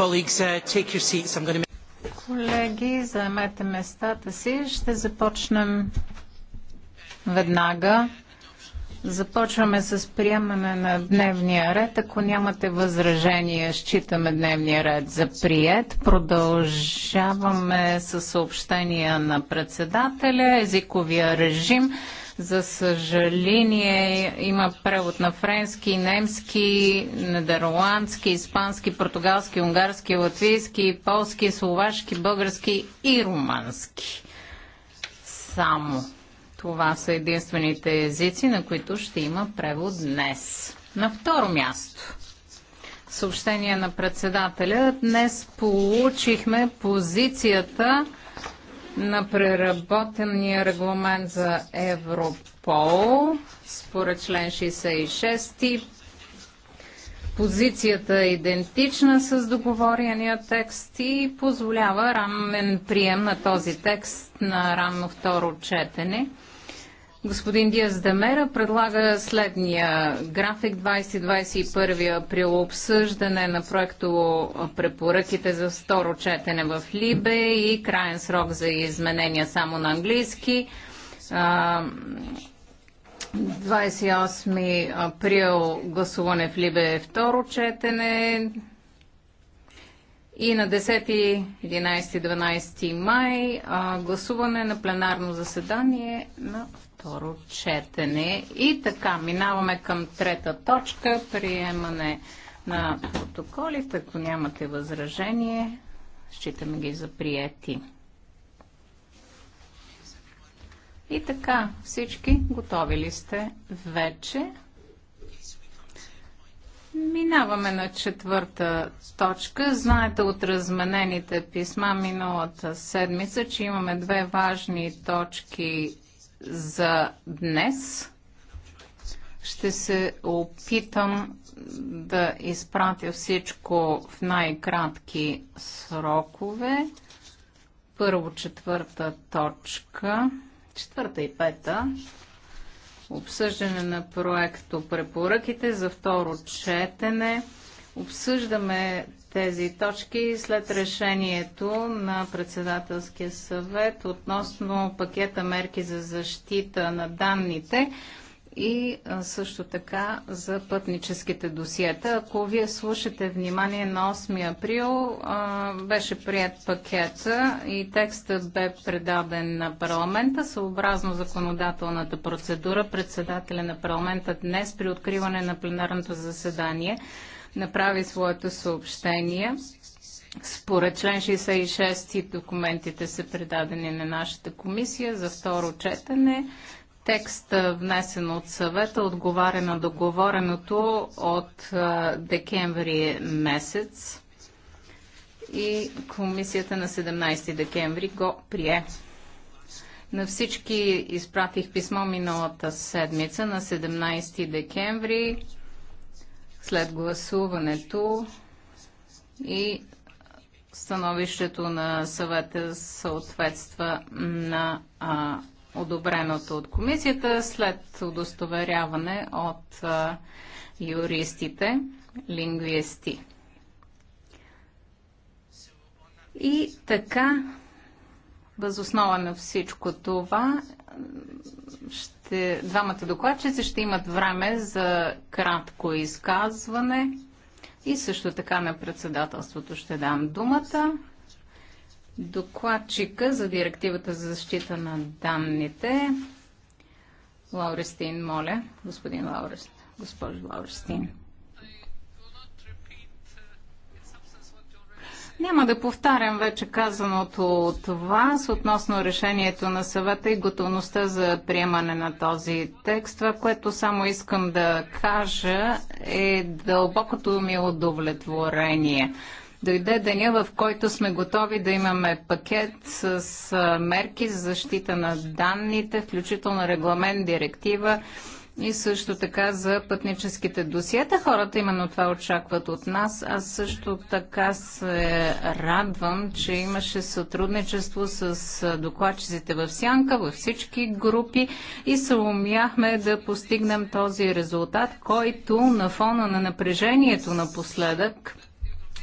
Uh, Колеги, заемете местата си. Ще започнем веднага. Започваме с приемане на дневния ред. Ако нямате възражение, считаме дневния ред за прият. Продължаваме с съобщения на председателя, езиковия режим. За съжаление има превод на френски, немски, нидерландски, испански, португалски, унгарски, латвийски, полски, словашки, български и румански. Само. Това са единствените езици, на които ще има превод днес. На второ място. Съобщение на председателя. Днес получихме позицията на преработения регламент за Европол според член 66. Позицията е идентична с договорения текст и позволява рамен прием на този текст на ранно второ четене. Господин Диас Демера предлага следния график 20-21 април обсъждане на проекто препоръките за второ четене в Либе и крайен срок за изменения само на английски. 28 април гласуване в Либе е второ четене и на 10, 11, 12 май гласуване на пленарно заседание на второ четене. И така, минаваме към трета точка, приемане на протоколите. Ако нямате възражение, считаме ги за приети. И така, всички готови ли сте вече? Минаваме на четвърта точка. Знаете от разменените писма миналата седмица, че имаме две важни точки за днес. Ще се опитам да изпратя всичко в най-кратки срокове. Първо четвърта точка, четвърта и пета, обсъждане на проекто препоръките за второ четене. Обсъждаме тези точки след решението на председателския съвет относно пакета мерки за защита на данните и също така за пътническите досиета. Ако вие слушате внимание на 8 април, беше прият пакета и текстът бе предаден на парламента. Съобразно законодателната процедура, председателя на парламента днес при откриване на пленарното заседание направи своето съобщение. Според член 66 документите са предадени на нашата комисия за второ четене. Текст, внесен от съвета, отговаря на договореното от декември месец и комисията на 17 декември го прие. На всички изпратих писмо миналата седмица на 17 декември след гласуването и становището на съвета съответства на а, одобреното от комисията след удостоверяване от а, юристите, лингвисти. И така, възоснова на всичко това, ще, двамата докладчици ще имат време за кратко изказване и също така на председателството ще дам думата. Докладчика за директивата за защита на данните. Лаурестин, моля, господин Лаурестин, госпожо Лаурестин. Няма да повтарям вече казаното от вас относно решението на съвета и готовността за приемане на този текст. Това, което само искам да кажа е дълбокото ми удовлетворение. Дойде деня, в който сме готови да имаме пакет с мерки за защита на данните, включително регламент, директива и също така за пътническите досиета. Хората именно това очакват от нас. Аз също така се радвам, че имаше сътрудничество с докладчиците в Сянка, във всички групи и се умяхме да постигнем този резултат, който на фона на напрежението напоследък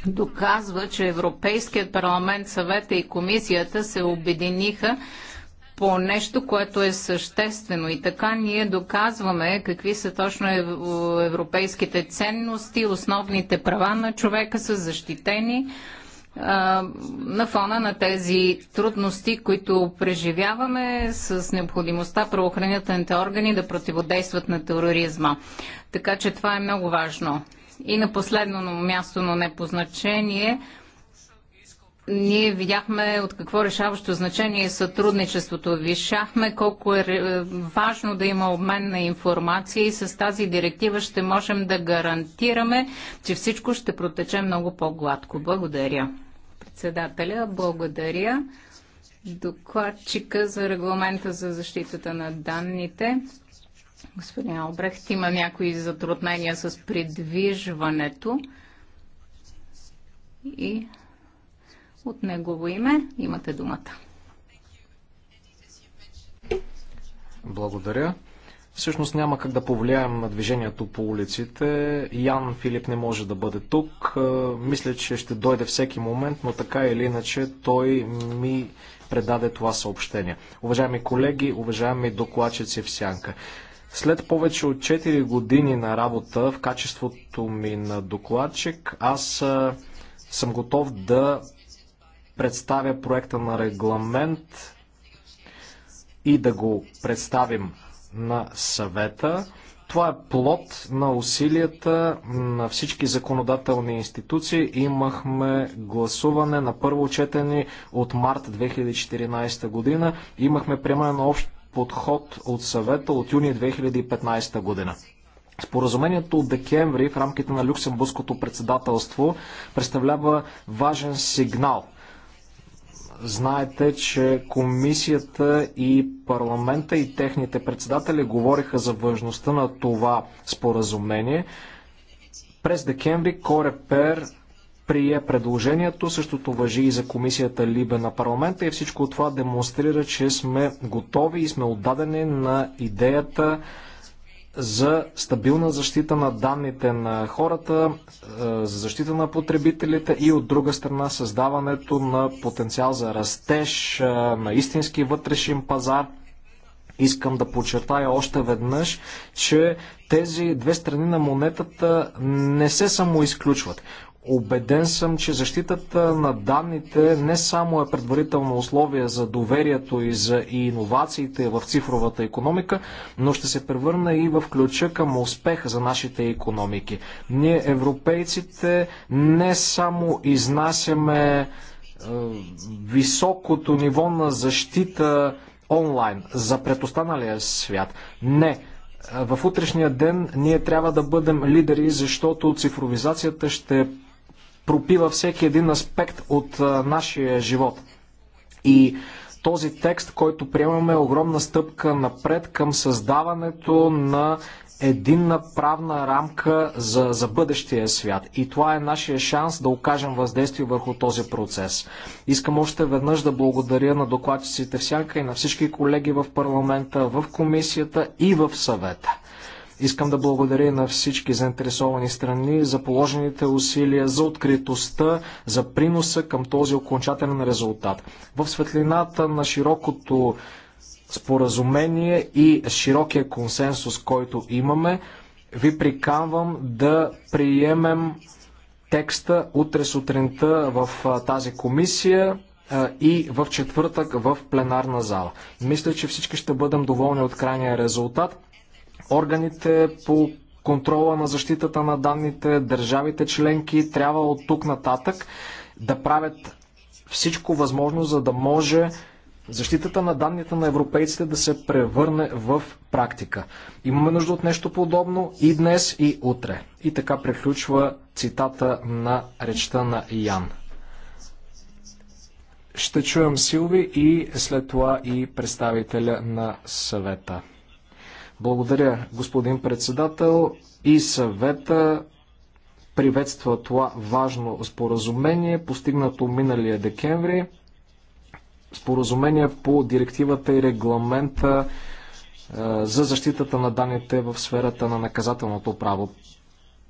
доказва, че Европейският парламент, съвета и комисията се обединиха по нещо, което е съществено. И така ние доказваме какви са точно европейските ценности, основните права на човека са защитени на фона на тези трудности, които преживяваме с необходимостта правоохранителните органи да противодействат на тероризма. Така че това е много важно. И на последно място, но не по значение – ние видяхме от какво решаващо значение е сътрудничеството. Вишахме колко е, е важно да има обмен на информация и с тази директива ще можем да гарантираме, че всичко ще протече много по-гладко. Благодаря. Председателя, благодаря. Докладчика за регламента за защитата на данните. Господин Албрехт, има някои затруднения с придвижването и от негово име имате думата. Благодаря. Всъщност няма как да повлияем на движението по улиците. Ян Филип не може да бъде тук. Мисля, че ще дойде всеки момент, но така или иначе той ми предаде това съобщение. Уважаеми колеги, уважаеми докладчици в Сянка. След повече от 4 години на работа в качеството ми на докладчик, аз съм готов да представя проекта на регламент и да го представим на съвета. Това е плод на усилията на всички законодателни институции. Имахме гласуване на първо четене от март 2014 година. Имахме приемане на общ подход от съвета от юни 2015 година. Споразумението от декември в рамките на Люксембургското председателство представлява важен сигнал – Знаете, че комисията и парламента и техните председатели говориха за важността на това споразумение. През декември Корепер прие предложението, същото въжи и за комисията Либе на парламента и всичко това демонстрира, че сме готови и сме отдадени на идеята за стабилна защита на данните на хората, е, за защита на потребителите и от друга страна създаването на потенциал за растеж, е, на истински вътрешен пазар. Искам да подчертая още веднъж, че тези две страни на монетата не се самоизключват. Обеден съм, че защитата на данните не само е предварително условие за доверието и за иновациите в цифровата економика, но ще се превърне и в ключа към успеха за нашите економики. Ние, европейците, не само изнасяме е, високото ниво на защита онлайн за предостаналия свят. Не, е, в утрешния ден ние трябва да бъдем лидери, защото цифровизацията ще пропива всеки един аспект от нашия живот. И този текст, който приемаме, е огромна стъпка напред към създаването на единна правна рамка за, за бъдещия свят. И това е нашия шанс да окажем въздействие върху този процес. Искам още веднъж да благодаря на докладчиците всяка Сянка и на всички колеги в парламента, в комисията и в съвета. Искам да благодаря на всички заинтересовани страни за положените усилия, за откритостта, за приноса към този окончателен резултат. В светлината на широкото споразумение и широкия консенсус, който имаме, ви приканвам да приемем текста утре сутринта в тази комисия и в четвъртък в пленарна зала. Мисля, че всички ще бъдем доволни от крайния резултат органите по контрола на защитата на данните, държавите членки трябва от тук нататък да правят всичко възможно, за да може защитата на данните на европейците да се превърне в практика. Имаме нужда от нещо подобно и днес, и утре. И така приключва цитата на речта на Ян. Ще чуем Силви и след това и представителя на съвета. Благодаря, господин председател и съвета приветства това важно споразумение, постигнато миналия декември. Споразумение по директивата и регламента за защитата на данните в сферата на наказателното право.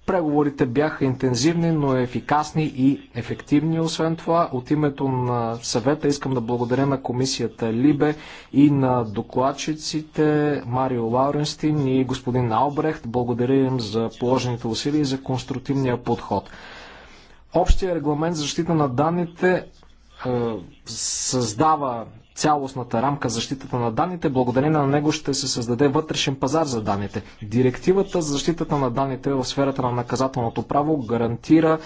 Преговорите бяха интензивни, но ефикасни и ефективни. Освен това, от името на съвета искам да благодаря на комисията Либе и на докладчиците Марио Лауренстин и господин Албрехт. Благодаря им за положените усилия и за конструктивния подход. Общия регламент за защита на данните е, създава цялостната рамка защитата на данните. Благодарение на него ще се създаде вътрешен пазар за данните. Директивата за защитата на данните в сферата на наказателното право гарантира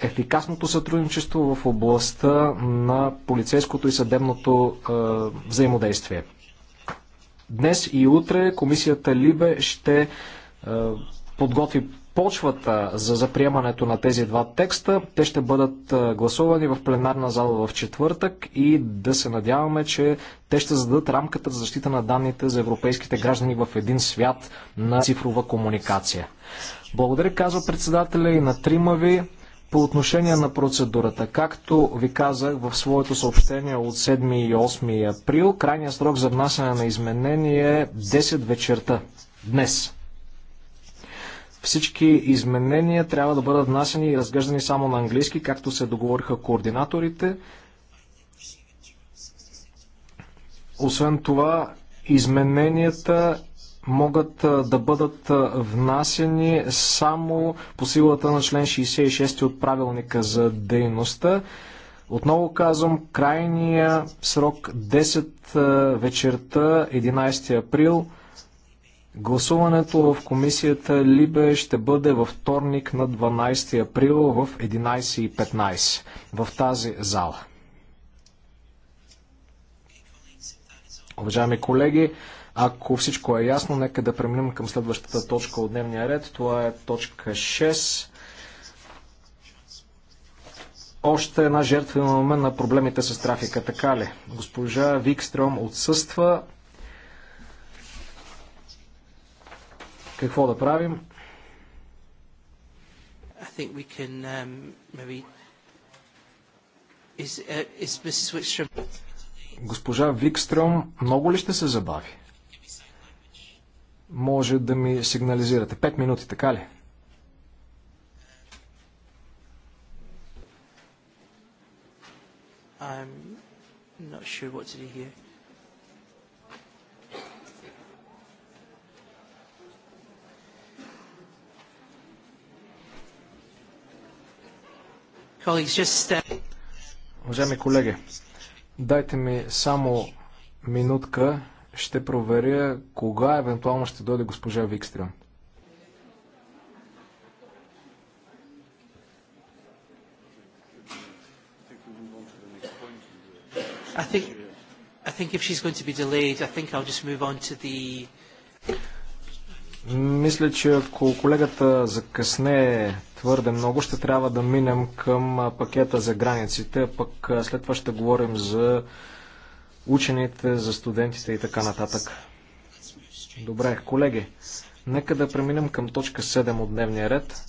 ефикасното сътрудничество в областта на полицейското и съдебното е, взаимодействие. Днес и утре комисията Либе ще е, подготви почвата за, за приемането на тези два текста. Те ще бъдат гласувани в пленарна зала в четвъртък и да се надяваме, че те ще зададат рамката за защита на данните за европейските граждани в един свят на цифрова комуникация. Благодаря, казва председателя и на трима ви. По отношение на процедурата, както ви казах в своето съобщение от 7 и 8 април, крайният срок за внасяне на изменение е 10 вечерта днес. Всички изменения трябва да бъдат внасени и разглеждани само на английски, както се договориха координаторите. Освен това, измененията могат да бъдат внасени само по силата на член 66 от правилника за дейността. Отново казвам, крайния срок 10 вечерта, 11 април. Гласуването в комисията Либе ще бъде във вторник на 12 април в 11.15 в тази зала. Уважаеми колеги, ако всичко е ясно, нека да преминем към следващата точка от дневния ред. Това е точка 6. Още една жертва имаме на проблемите с трафика, така ли? Госпожа Викстрем отсъства. Какво да правим? I think we can um, maybe is, uh, is Mrs. Wickstrom... Госпожа Викстром, много ли ще се забави? Може да ми сигнализирате. Пет минути, така ли? I'm not sure what to do here. Uh, Уважаеми колеги, дайте ми само минутка. Ще проверя кога евентуално ще дойде госпожа Викстрюм. Мисля, че ако колегата закъсне твърде много, ще трябва да минем към пакета за границите, пък след това ще говорим за учените, за студентите и така нататък. Добре, колеги, нека да преминем към точка 7 от дневния ред.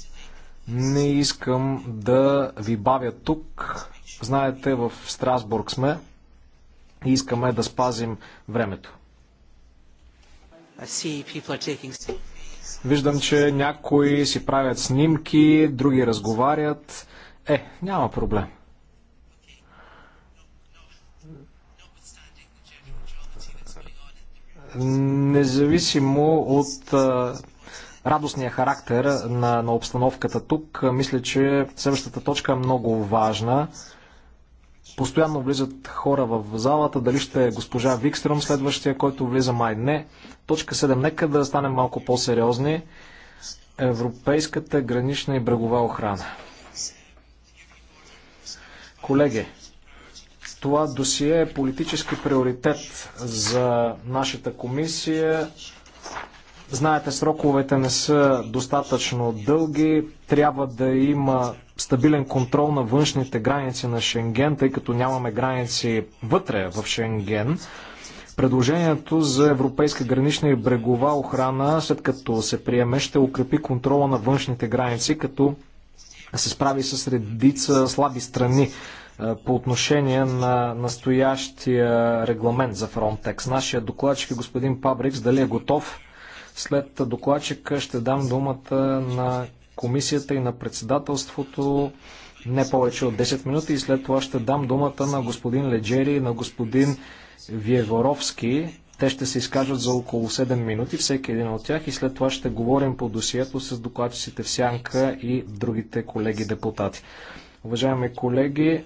Не искам да ви бавя тук. Знаете, в Страсбург сме и искаме да спазим времето. Виждам, че някои си правят снимки, други разговарят. Е, няма проблем. Независимо от радостния характер на, на обстановката тук, мисля, че следващата точка е много важна. Постоянно влизат хора в залата. Дали ще е госпожа Викстром следващия, който влиза май не. Точка 7. Нека да станем малко по-сериозни. Европейската гранична и брегова охрана. Колеги, това досие е политически приоритет за нашата комисия. Знаете, сроковете не са достатъчно дълги. Трябва да има стабилен контрол на външните граници на Шенген, тъй като нямаме граници вътре в Шенген. Предложението за европейска гранична и брегова охрана, след като се приеме, ще укрепи контрола на външните граници, като се справи с редица слаби страни е, по отношение на настоящия регламент за Frontex. Нашия докладчик е господин Пабрикс. Дали е готов след докладчика ще дам думата на комисията и на председателството не повече от 10 минути и след това ще дам думата на господин Леджери и на господин Виеворовски. Те ще се изкажат за около 7 минути, всеки един от тях и след това ще говорим по досието с докладчиците в Сянка и другите колеги депутати. Уважаеми колеги,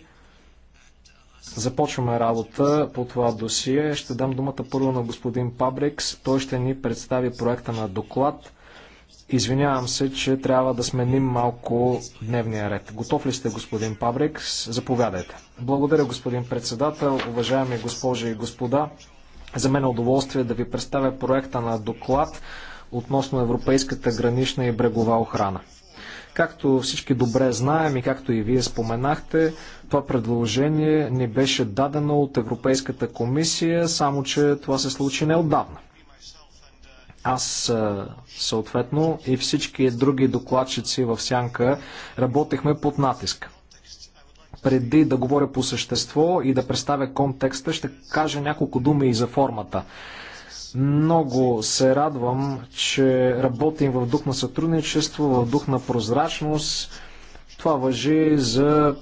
Започваме работа по това досие. Ще дам думата първо на господин Пабрикс. Той ще ни представи проекта на доклад. Извинявам се, че трябва да сменим малко дневния ред. Готов ли сте, господин Пабрикс? Заповядайте. Благодаря, господин председател, уважаеми госпожи и господа. За мен е удоволствие да ви представя проекта на доклад относно европейската гранична и брегова охрана. Както всички добре знаем и както и вие споменахте, това предложение ни беше дадено от Европейската комисия, само че това се случи неотдавна. Аз съответно и всички други докладчици в Сянка работехме под натиск. Преди да говоря по същество и да представя контекста, ще кажа няколко думи и за формата. Много се радвам, че работим в дух на сътрудничество, в дух на прозрачност. Това въжи за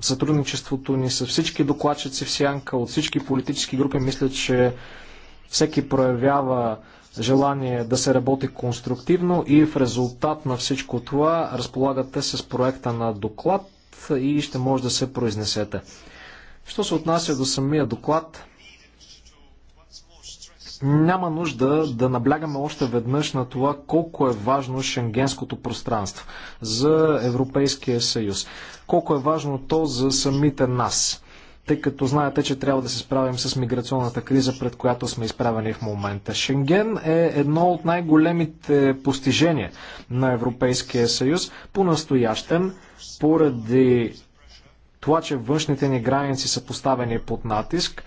сътрудничеството ни с всички докладчици в Сянка, от всички политически групи. Мисля, че всеки проявява желание да се работи конструктивно и в резултат на всичко това разполагате с проекта на доклад и ще може да се произнесете. Що се отнася до самия доклад, няма нужда да наблягаме още веднъж на това колко е важно шенгенското пространство за Европейския съюз. Колко е важно то за самите нас тъй като знаете, че трябва да се справим с миграционната криза, пред която сме изправени в момента. Шенген е едно от най-големите постижения на Европейския съюз по-настоящен, поради това, че външните ни граници са поставени под натиск,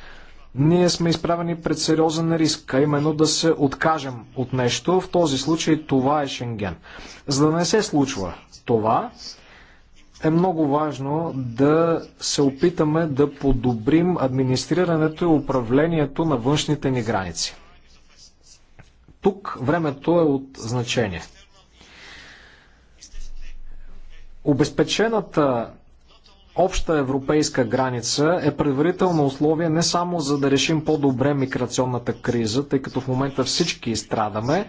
ние сме изправени пред сериозен риск, а именно да се откажем от нещо. В този случай това е Шенген. За да не се случва това, е много важно да се опитаме да подобрим администрирането и управлението на външните ни граници. Тук времето е от значение. Обезпечената обща европейска граница е предварително условие не само за да решим по-добре миграционната криза, тъй като в момента всички страдаме,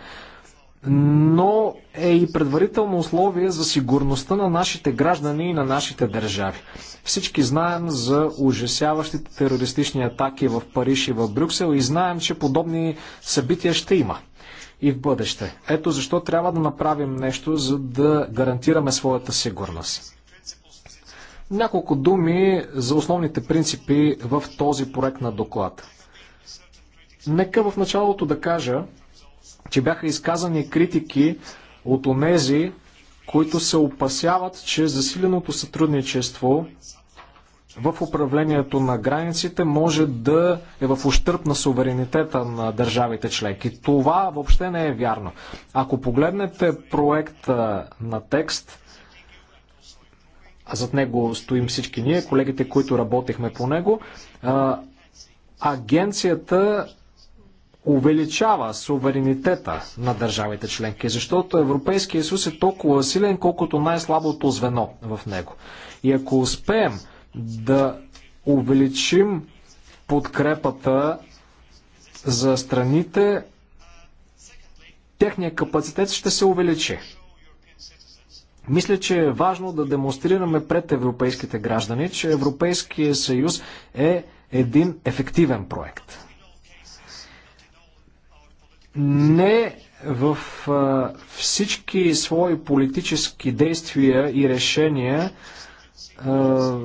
но е и предварително условие за сигурността на нашите граждани и на нашите държави. Всички знаем за ужасяващите терористични атаки в Париж и в Брюксел и знаем, че подобни събития ще има и в бъдеще. Ето защо трябва да направим нещо, за да гарантираме своята сигурност. Няколко думи за основните принципи в този проект на доклад. Нека в началото да кажа, че бяха изказани критики от онези, които се опасяват, че засиленото сътрудничество в управлението на границите може да е в ущърп на суверенитета на държавите членки. Това въобще не е вярно. Ако погледнете проекта на текст, а зад него стоим всички ние, колегите, които работехме по него, агенцията увеличава суверенитета на държавите членки, защото Европейския съюз е толкова силен, колкото най-слабото звено в него. И ако успеем да увеличим подкрепата за страните, техния капацитет ще се увеличи. Мисля, че е важно да демонстрираме пред европейските граждани, че Европейския съюз е един ефективен проект. Не в всички свои политически действия и решения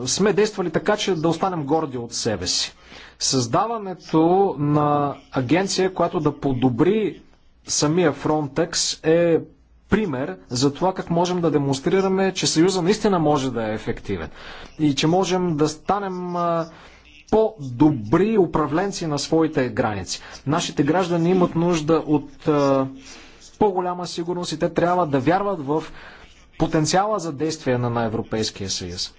сме действали така, че да останем горди от себе си. Създаването на агенция, която да подобри самия Frontex е пример за това как можем да демонстрираме, че Съюза наистина може да е ефективен и че можем да станем по-добри управленци на своите граници. Нашите граждани имат нужда от по-голяма сигурност и те трябва да вярват в потенциала за действие на Европейския съюз.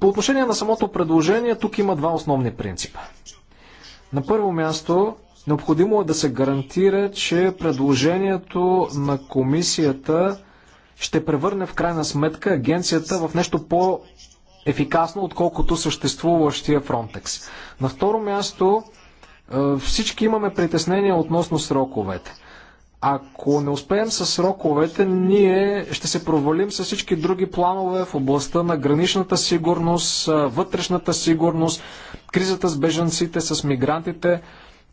По отношение на самото предложение, тук има два основни принципа. На първо място, Необходимо е да се гарантира, че предложението на комисията ще превърне в крайна сметка агенцията в нещо по- ефикасно, отколкото съществуващия Фронтекс. На второ място, е, всички имаме притеснения относно сроковете. Ако не успеем с сроковете, ние ще се провалим с всички други планове в областта на граничната сигурност, е, вътрешната сигурност, кризата с бежанците, с мигрантите.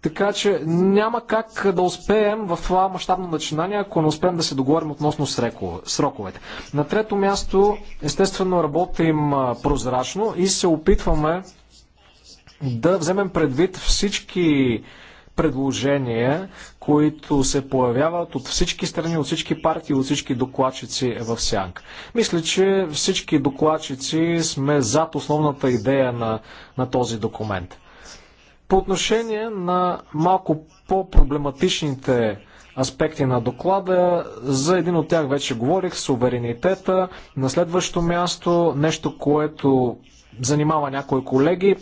Така че няма как да успеем в това мащабно начинание, ако не успеем да се договорим относно сроковете. На трето място, естествено, работим прозрачно и се опитваме да вземем предвид всички предложения, които се появяват от всички страни, от всички партии, от всички докладчици в сянка. Мисля, че всички докладчици сме зад основната идея на, на този документ. По отношение на малко по-проблематичните аспекти на доклада. За един от тях вече говорих суверенитета. На следващо място, нещо, което занимава някои колеги.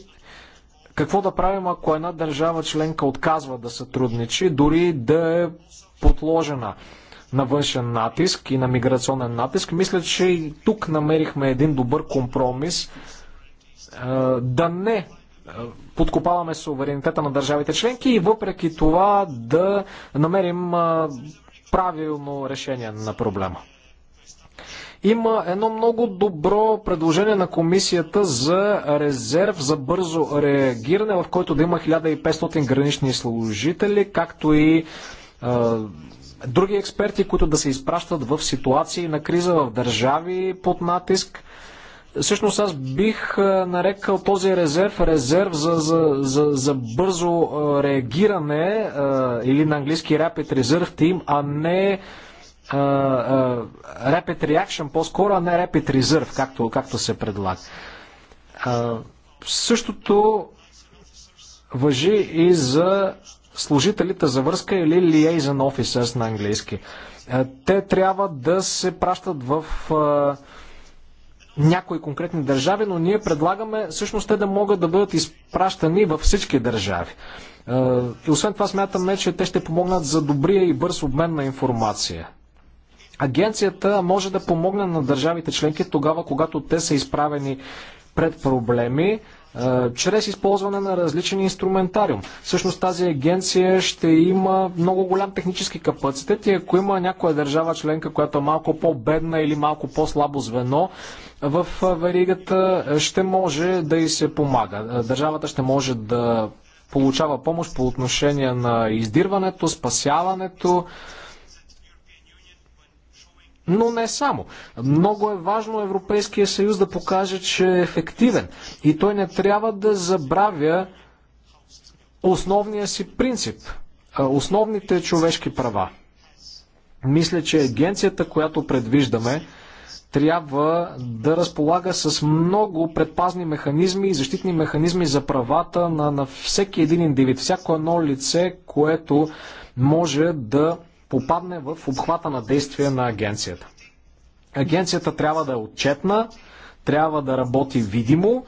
Какво да правим, ако една държава членка отказва да сътрудничи, дори да е подложена на външен натиск и на миграционен натиск? Мисля, че и тук намерихме един добър компромис да не подкопаваме суверенитета на държавите членки и въпреки това да намерим правилно решение на проблема. Има едно много добро предложение на комисията за резерв за бързо реагиране, в който да има 1500 гранични служители, както и е, други експерти, които да се изпращат в ситуации на криза в държави под натиск. Е, Всъщност аз бих нарекал този резерв резерв за, за, за, за бързо реагиране или на английски rapid reserve team, а не rapid reaction по-скоро, а не rapid reserve, както, както се предлага. Същото въжи и за служителите за връзка или liaison officers на английски. Те трябва да се пращат в някои конкретни държави, но ние предлагаме всъщност те да могат да бъдат изпращани във всички държави. Е, и освен това смятаме, че те ще помогнат за добрия и бърз обмен на информация. Агенцията може да помогне на държавите членки тогава, когато те са изправени пред проблеми чрез използване на различен инструментариум. Всъщност тази агенция ще има много голям технически капацитет и ако има някоя държава членка, която е малко по-бедна или малко по-слабо звено, в веригата ще може да и се помага. Държавата ще може да получава помощ по отношение на издирването, спасяването, но не само. Много е важно Европейския съюз да покаже, че е ефективен. И той не трябва да забравя основния си принцип, основните човешки права. Мисля, че агенцията, която предвиждаме, трябва да разполага с много предпазни механизми и защитни механизми за правата на, на всеки един индивид, всяко едно лице, което може да попадне в обхвата на действие на агенцията. Агенцията трябва да е отчетна, трябва да работи видимо.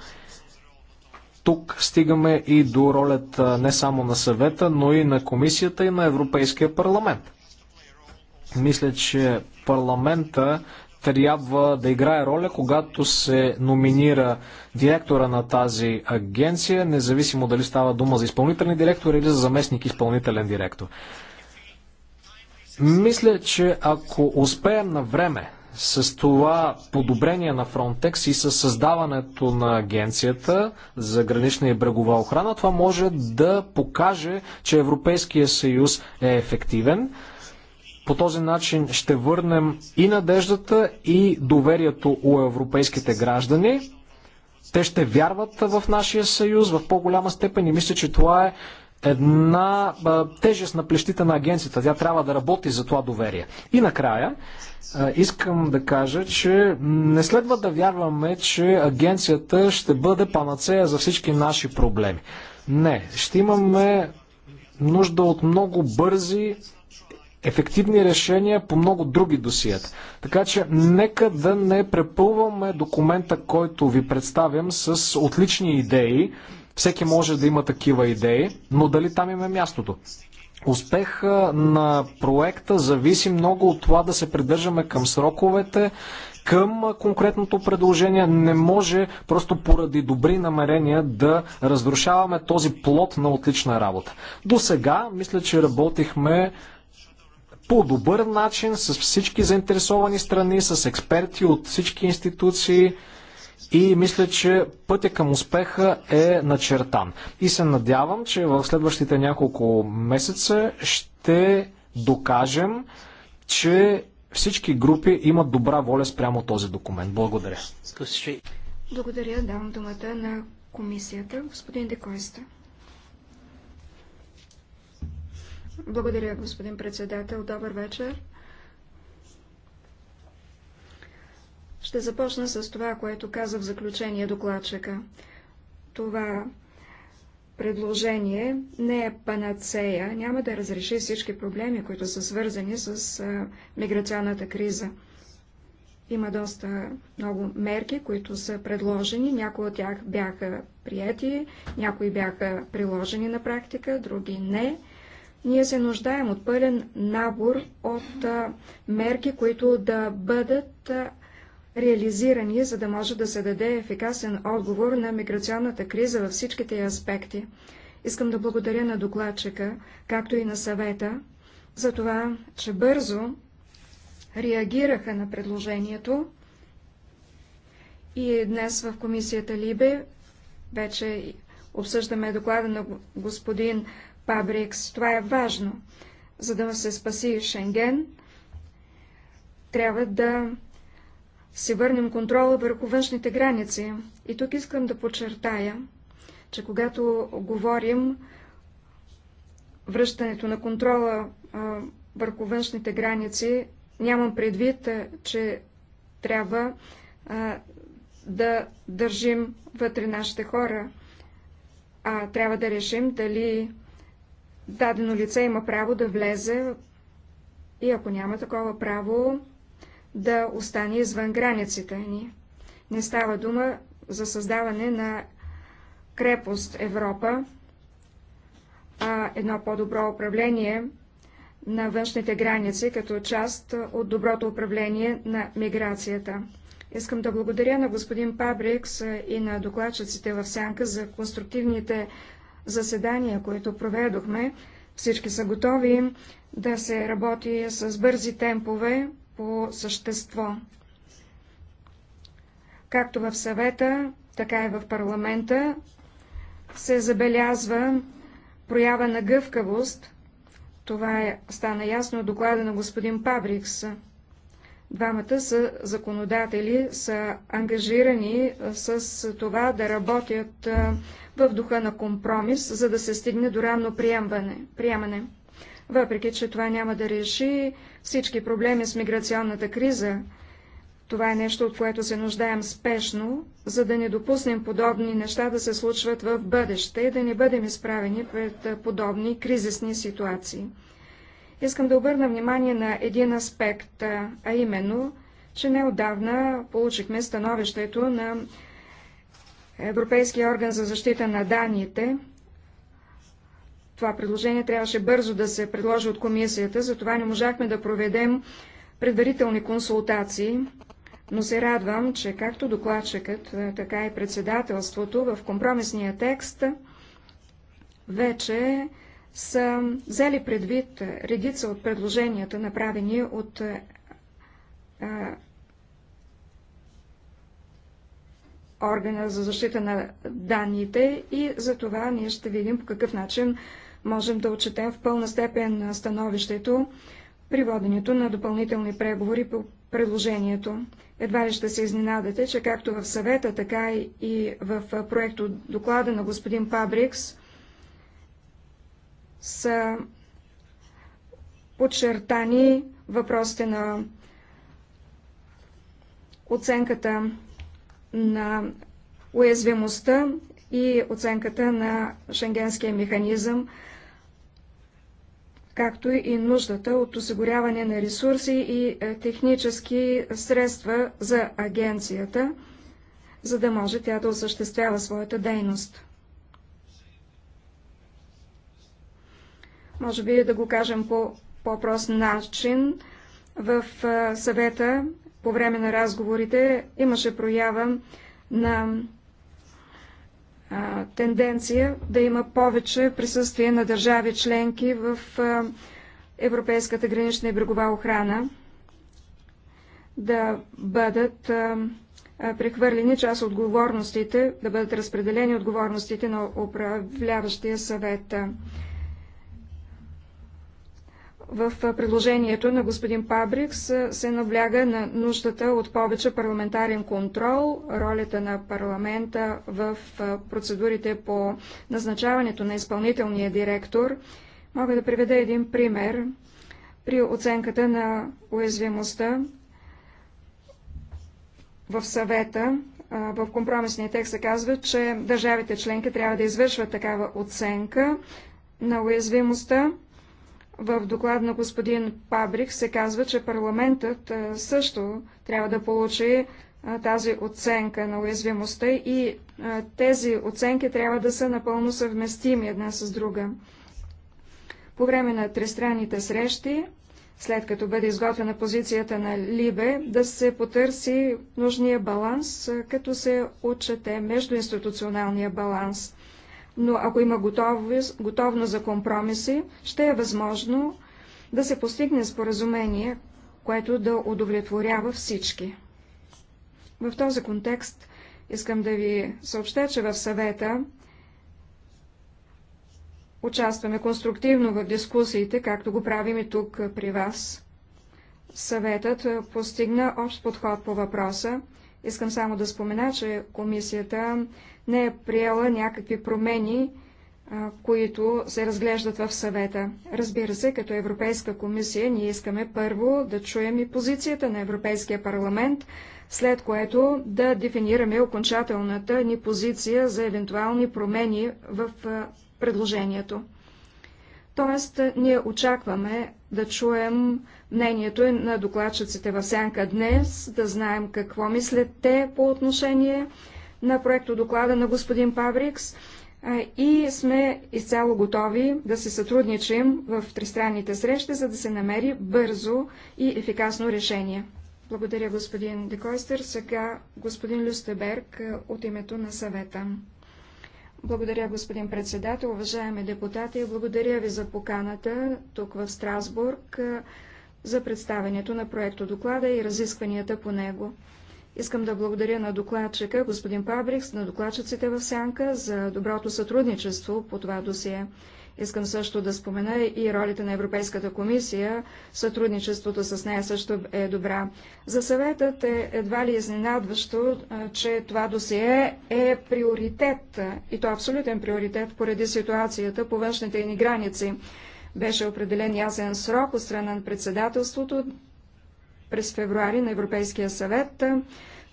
Тук стигаме и до ролята не само на съвета, но и на комисията и на Европейския парламент. Мисля, че парламента трябва да играе роля, когато се номинира директора на тази агенция, независимо дали става дума за изпълнителен директор или за заместник изпълнителен директор. Мисля, че ако успеем на време с това подобрение на Frontex и с създаването на агенцията за гранична и брегова охрана, това може да покаже, че Европейския съюз е ефективен. По този начин ще върнем и надеждата, и доверието у европейските граждани. Те ще вярват в нашия съюз в по-голяма степен и мисля, че това е една а, тежест на плещите на агенцията. Тя трябва да работи за това доверие. И накрая, а, искам да кажа, че не следва да вярваме, че агенцията ще бъде панацея за всички наши проблеми. Не, ще имаме нужда от много бързи ефективни решения по много други досията. Така че нека да не препълваме документа, който ви представям с отлични идеи, всеки може да има такива идеи, но дали там им е мястото? Успех на проекта зависи много от това да се придържаме към сроковете, към конкретното предложение. Не може просто поради добри намерения да разрушаваме този плод на отлична работа. До сега, мисля, че работихме по добър начин с всички заинтересовани страни, с експерти от всички институции. И мисля, че пътя към успеха е начертан. И се надявам, че в следващите няколко месеца ще докажем, че всички групи имат добра воля спрямо този документ. Благодаря. Благодаря. Давам думата на комисията. Господин Декойста. Благодаря, господин председател. Добър вечер. Ще започна с това, което каза в заключение докладчика. Това предложение не е панацея, няма да разреши всички проблеми, които са свързани с а, миграционната криза. Има доста много мерки, които са предложени. Някои от тях бяха прияти, някои бяха приложени на практика, други не. Ние се нуждаем от пълен набор от а, мерки, които да бъдат а, реализирани, за да може да се даде ефикасен отговор на миграционната криза във всичките аспекти. Искам да благодаря на докладчика, както и на съвета, за това, че бързо реагираха на предложението и днес в комисията Либе вече обсъждаме доклада на господин Пабрикс. Това е важно. За да се спаси Шенген, трябва да си върнем контрола върху външните граници. И тук искам да подчертая, че когато говорим връщането на контрола върху външните граници, нямам предвид, че трябва да държим вътре нашите хора, а трябва да решим дали дадено лице има право да влезе и ако няма такова право, да остане извън границите ни. Не става дума за създаване на крепост Европа, а едно по-добро управление на външните граници като част от доброто управление на миграцията. Искам да благодаря на господин Пабрикс и на докладчиците в Сянка за конструктивните заседания, които проведохме. Всички са готови да се работи с бързи темпове, по същество. Както в съвета, така и в парламента се забелязва проява на гъвкавост. Това е, стана ясно от доклада на господин Пабрикс. Двамата са законодатели, са ангажирани с това да работят в духа на компромис, за да се стигне до равно приемане въпреки че това няма да реши всички проблеми с миграционната криза. Това е нещо, от което се нуждаем спешно, за да не допуснем подобни неща да се случват в бъдеще и да не бъдем изправени пред подобни кризисни ситуации. Искам да обърна внимание на един аспект, а именно, че неодавна получихме становището на Европейския орган за защита на данните това предложение трябваше бързо да се предложи от комисията, затова не можахме да проведем предварителни консултации, но се радвам, че както докладчикът, е, така и председателството в компромисния текст вече са взели предвид редица от предложенията, направени от е, органа за защита на данните и за това ние ще видим по какъв начин можем да отчетем в пълна степен становището при воденето на допълнителни преговори по предложението. Едва ли ще се изненадате, че както в съвета, така и в проекто доклада на господин Пабрикс са подчертани въпросите на оценката на уязвимостта и оценката на шенгенския механизъм, както и нуждата от осигуряване на ресурси и е, технически средства за агенцията, за да може тя да осъществява своята дейност. Може би да го кажем по по-прост начин. В е, съвета по време на разговорите имаше проява на тенденция да има повече присъствие на държави членки в Европейската гранична и брегова охрана, да бъдат прехвърлени част от отговорностите, да бъдат разпределени отговорностите на управляващия съвет. В предложението на господин Пабрикс се набляга на нуждата от повече парламентарен контрол, ролята на парламента в процедурите по назначаването на изпълнителния директор. Мога да приведа един пример при оценката на уязвимостта в съвета. В компромисния текст се казва, че държавите членки трябва да извършват такава оценка на уязвимостта в доклад на господин Пабрик се казва, че парламентът е, също трябва да получи е, тази оценка на уязвимостта и е, тези оценки трябва да са напълно съвместими една с друга. По време на тристранните срещи, след като бъде изготвена позицията на Либе, да се потърси нужния баланс, като се отчете междуинституционалния баланс – но ако има готовност, готовност за компромиси, ще е възможно да се постигне споразумение, което да удовлетворява всички. В този контекст искам да ви съобща, че в съвета участваме конструктивно в дискусиите, както го правим и тук при вас. Съветът постигна общ подход по въпроса. Искам само да спомена, че комисията не е приела някакви промени, които се разглеждат в съвета. Разбира се, като Европейска комисия ние искаме първо да чуем и позицията на Европейския парламент, след което да дефинираме окончателната ни позиция за евентуални промени в предложението. Тоест, ние очакваме да чуем мнението на докладчиците в сянка днес, да знаем какво мислят те по отношение на проекто доклада на господин Паврикс и сме изцяло готови да се сътрудничим в тристранните срещи, за да се намери бързо и ефикасно решение. Благодаря, господин Декойстер. Сега господин Люстеберг от името на съвета. Благодаря, господин председател, уважаеми депутати. Благодаря ви за поканата тук в Страсбург за представенето на проекто доклада и разискванията по него. Искам да благодаря на докладчика, господин Пабрикс, на докладчиците в Сянка за доброто сътрудничество по това досие. Искам също да спомена и ролите на Европейската комисия. Сътрудничеството с нея също е добра. За съветът е едва ли изненадващо, че това досие е приоритет, и то абсолютен приоритет, поради ситуацията по външните ни граници. Беше определен ясен срок от страна на председателството през февруари на Европейския съвет.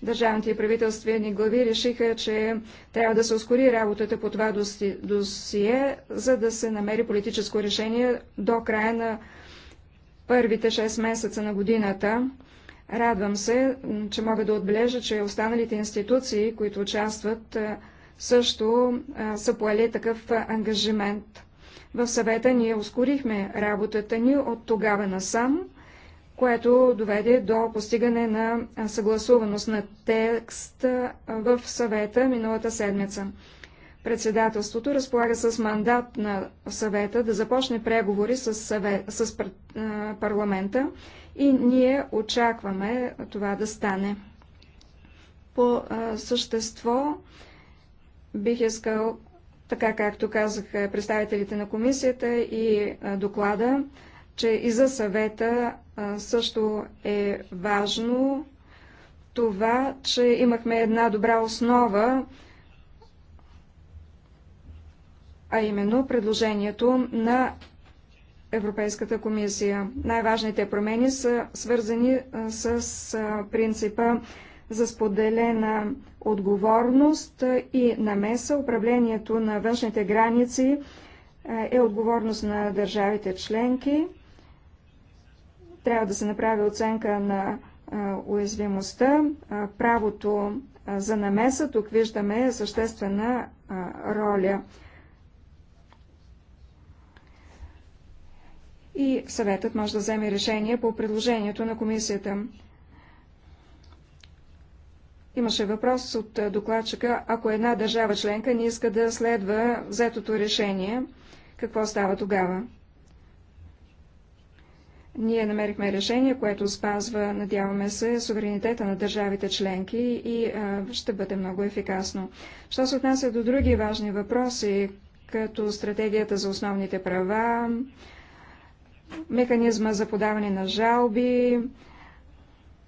Държавните и правителствени глави решиха, че трябва да се ускори работата по това досие, за да се намери политическо решение до края на първите 6 месеца на годината. Радвам се, че мога да отбележа, че останалите институции, които участват, също са поели такъв ангажимент. В съвета ние ускорихме работата ни от тогава насам което доведе до постигане на съгласуваност на текст в съвета миналата седмица. Председателството разполага с мандат на съвета да започне преговори с, съвет, с парламента и ние очакваме това да стане. По същество бих искал, така както казах представителите на комисията и доклада, че и за съвета също е важно това, че имахме една добра основа, а именно предложението на Европейската комисия. Най-важните промени са свързани с принципа за споделена отговорност и намеса. Управлението на външните граници е отговорност на държавите членки. Трябва да се направи оценка на уязвимостта, правото за намеса. Тук виждаме е съществена роля. И съветът може да вземе решение по предложението на комисията. Имаше въпрос от докладчика, ако една държава членка не иска да следва взетото решение, какво става тогава? Ние намерихме решение, което спазва, надяваме се, суверенитета на държавите членки и а, ще бъде много ефикасно. Що се отнася до други важни въпроси, като стратегията за основните права, механизма за подаване на жалби,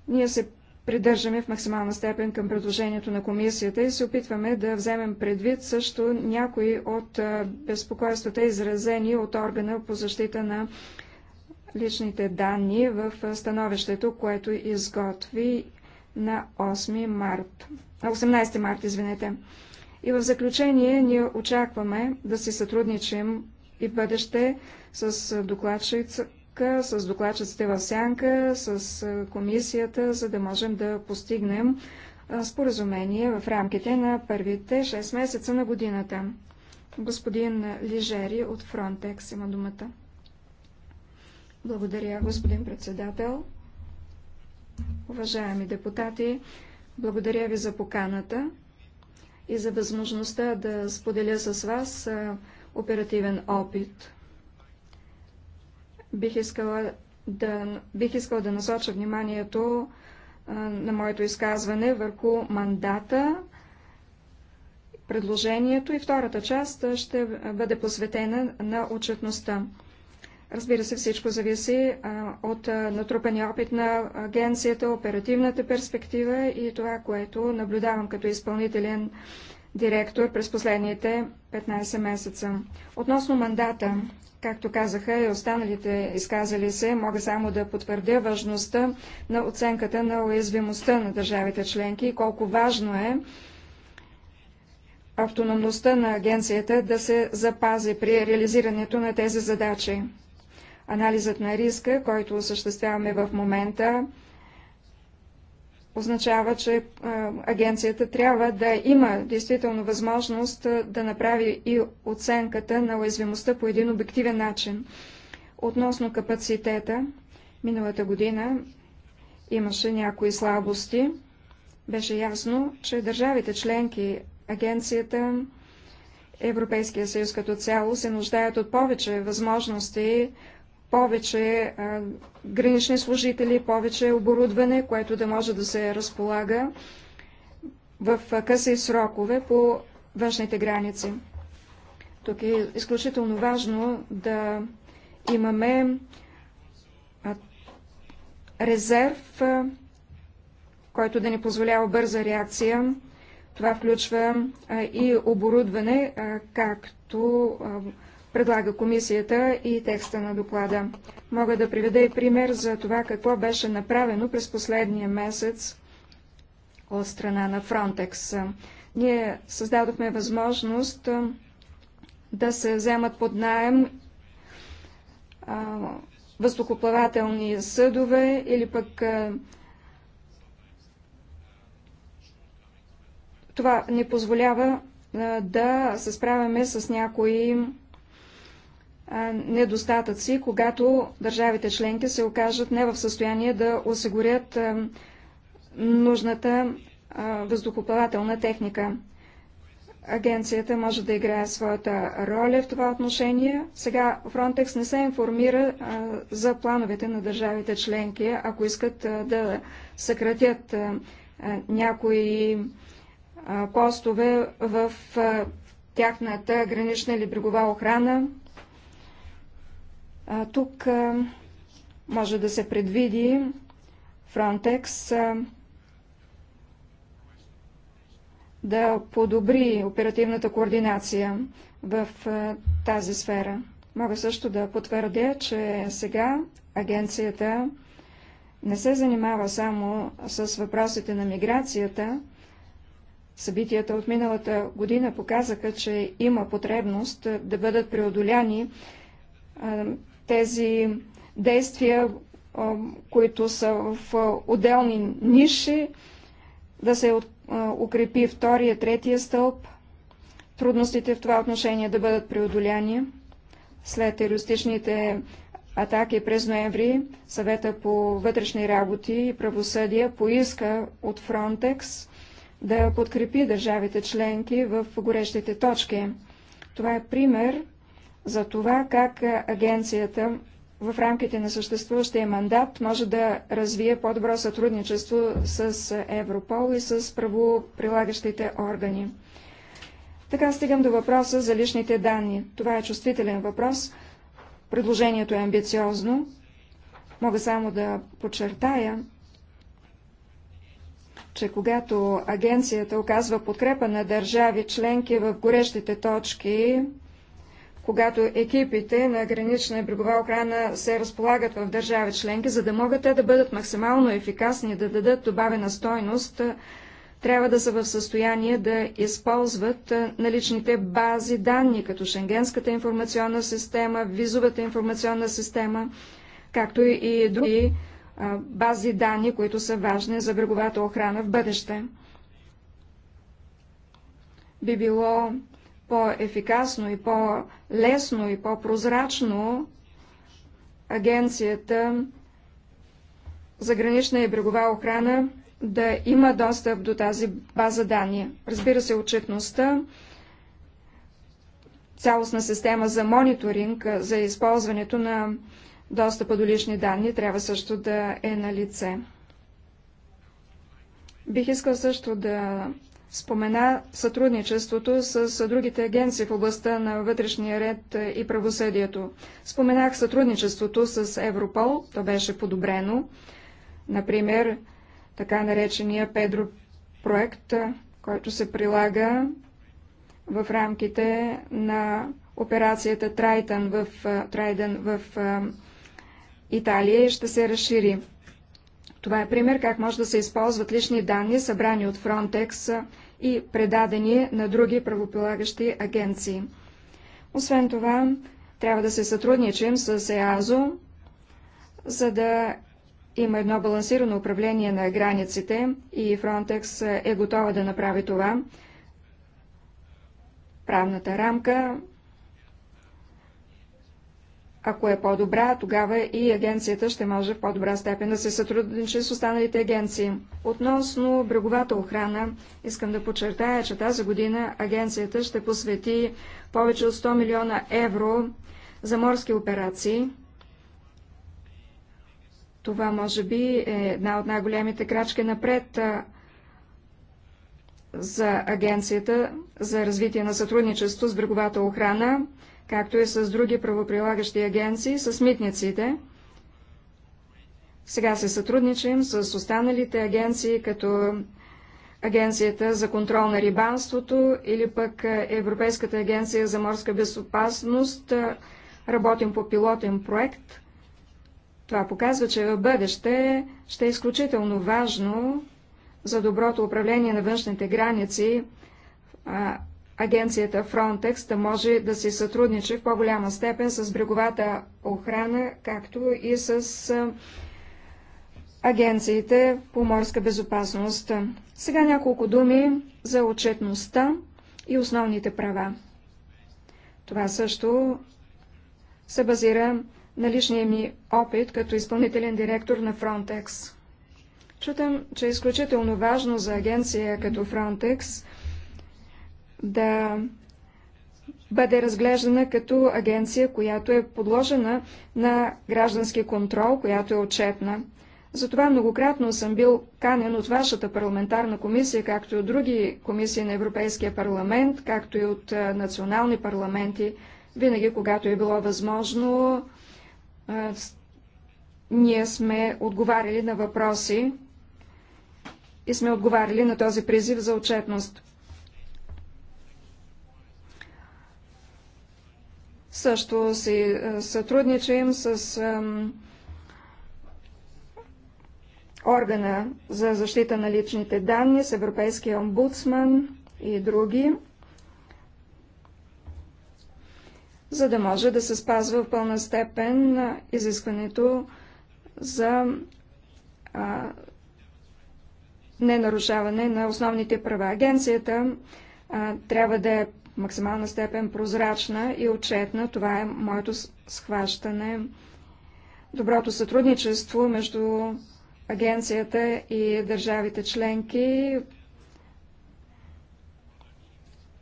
ние се придържаме в максимална степен към предложението на комисията и се опитваме да вземем предвид също някои от безпокойствата, изразени от органа по защита на личните данни в становището, което изготви на 8 март, 18 март. Извинете. И в заключение ние очакваме да си сътрудничим и в бъдеще с докладчика, с докладчиците в сянка, с комисията, за да можем да постигнем споразумение в рамките на първите 6 месеца на годината. Господин Лижери от Фронтекс има думата. Благодаря, господин председател. Уважаеми депутати, благодаря ви за поканата и за възможността да споделя с вас оперативен опит. Бих искала да, бих искала да насоча вниманието на моето изказване върху мандата, предложението и втората част ще бъде посветена на отчетността. Разбира се, всичко зависи а, от натрупания опит на агенцията, оперативната перспектива и това, което наблюдавам като изпълнителен директор през последните 15 месеца. Относно мандата, както казаха и останалите изказали се, мога само да потвърдя важността на оценката на уязвимостта на държавите членки и колко важно е автономността на агенцията да се запази при реализирането на тези задачи. Анализът на риска, който осъществяваме в момента, означава, че агенцията трябва да има действително възможност да направи и оценката на уязвимостта по един обективен начин. Относно капацитета, миналата година имаше някои слабости. Беше ясно, че държавите членки, агенцията, Европейския съюз като цяло се нуждаят от повече възможности повече а, гранични служители, повече оборудване, което да може да се разполага в къси срокове по външните граници. Тук е изключително важно да имаме резерв, който да ни позволява бърза реакция. Това включва и оборудване, както предлага комисията и текста на доклада. Мога да приведа и пример за това какво беше направено през последния месец от страна на Фронтекс. Ние създадохме възможност да се вземат под найем въздухоплавателни съдове или пък това ни позволява да се справяме с някои недостатъци, когато държавите членки се окажат не в състояние да осигурят нужната въздухоплавателна техника. Агенцията може да играе своята роля в това отношение. Сега Frontex не се информира за плановете на държавите членки, ако искат да съкратят някои постове в тяхната гранична или брегова охрана, тук може да се предвиди Frontex да подобри оперативната координация в тази сфера. Мога също да потвърдя, че сега агенцията не се занимава само с въпросите на миграцията. Събитията от миналата година показаха, че има потребност да бъдат преодоляни тези действия, които са в отделни ниши, да се укрепи втория, третия стълб, трудностите в това отношение да бъдат преодоляни. След терористичните атаки през ноември, съвета по вътрешни работи и правосъдие поиска от Фронтекс да подкрепи държавите членки в горещите точки. Това е пример за това как е, агенцията в рамките на съществуващия мандат може да развие по-добро сътрудничество с е, Европол и с правоприлагащите органи. Така стигам до въпроса за личните данни. Това е чувствителен въпрос. Предложението е амбициозно. Мога само да подчертая, че когато агенцията оказва подкрепа на държави членки в горещите точки когато екипите на гранична и брегова охрана се разполагат в държави членки, за да могат те да бъдат максимално ефикасни, и да дадат добавена стойност, трябва да са в състояние да използват наличните бази данни, като Шенгенската информационна система, визовата информационна система, както и други бази данни, които са важни за бреговата охрана в бъдеще. Би било по-ефикасно и по-лесно и по-прозрачно агенцията за гранична и брегова охрана да има достъп до тази база данни. Разбира се, отчетността, цялостна система за мониторинг за използването на достъпа до лични данни трябва също да е на лице. Бих искал също да спомена сътрудничеството с другите агенции в областта на вътрешния ред и правосъдието. Споменах сътрудничеството с Европол, то беше подобрено. Например, така наречения Педро проект, който се прилага в рамките на операцията Трайтън в, Трайден в Италия и ще се разшири. Това е пример как може да се използват лични данни, събрани от Frontex и предадени на други правополагащи агенции. Освен това, трябва да се сътрудничим с ЕАЗО, за да има едно балансирано управление на границите и Frontex е готова да направи това. Правната рамка ако е по-добра, тогава и агенцията ще може в по-добра степен да се сътрудничи с останалите агенции. Относно бреговата охрана, искам да подчертая, че тази година агенцията ще посвети повече от 100 милиона евро за морски операции. Това може би е една от най-големите крачки напред за агенцията за развитие на сътрудничество с бреговата охрана както и с други правоприлагащи агенции, с митниците. Сега се сътрудничим с останалите агенции, като Агенцията за контрол на рибанството или пък Европейската агенция за морска безопасност. Работим по пилотен проект. Това показва, че в бъдеще ще е изключително важно за доброто управление на външните граници агенцията Frontex да може да се сътрудничи в по-голяма степен с бреговата охрана, както и с агенциите по морска безопасност. Сега няколко думи за отчетността и основните права. Това също се базира на личния ми опит като изпълнителен директор на Фронтекс. Чутам, че е изключително важно за агенция като Фронтекс да бъде разглеждана като агенция, която е подложена на граждански контрол, която е отчетна. Затова многократно съм бил канен от вашата парламентарна комисия, както и от други комисии на Европейския парламент, както и от национални парламенти. Винаги, когато е било възможно, ние сме отговаряли на въпроси и сме отговаряли на този призив за отчетност. Също си е, сътрудничим с органа за защита на личните данни, с Европейския омбудсман и други, за да може да се спазва в пълна степен на изискването за а, ненарушаване на основните права. Агенцията а, трябва да е максимална степен прозрачна и отчетна. Това е моето схващане. Доброто сътрудничество между агенцията и държавите членки.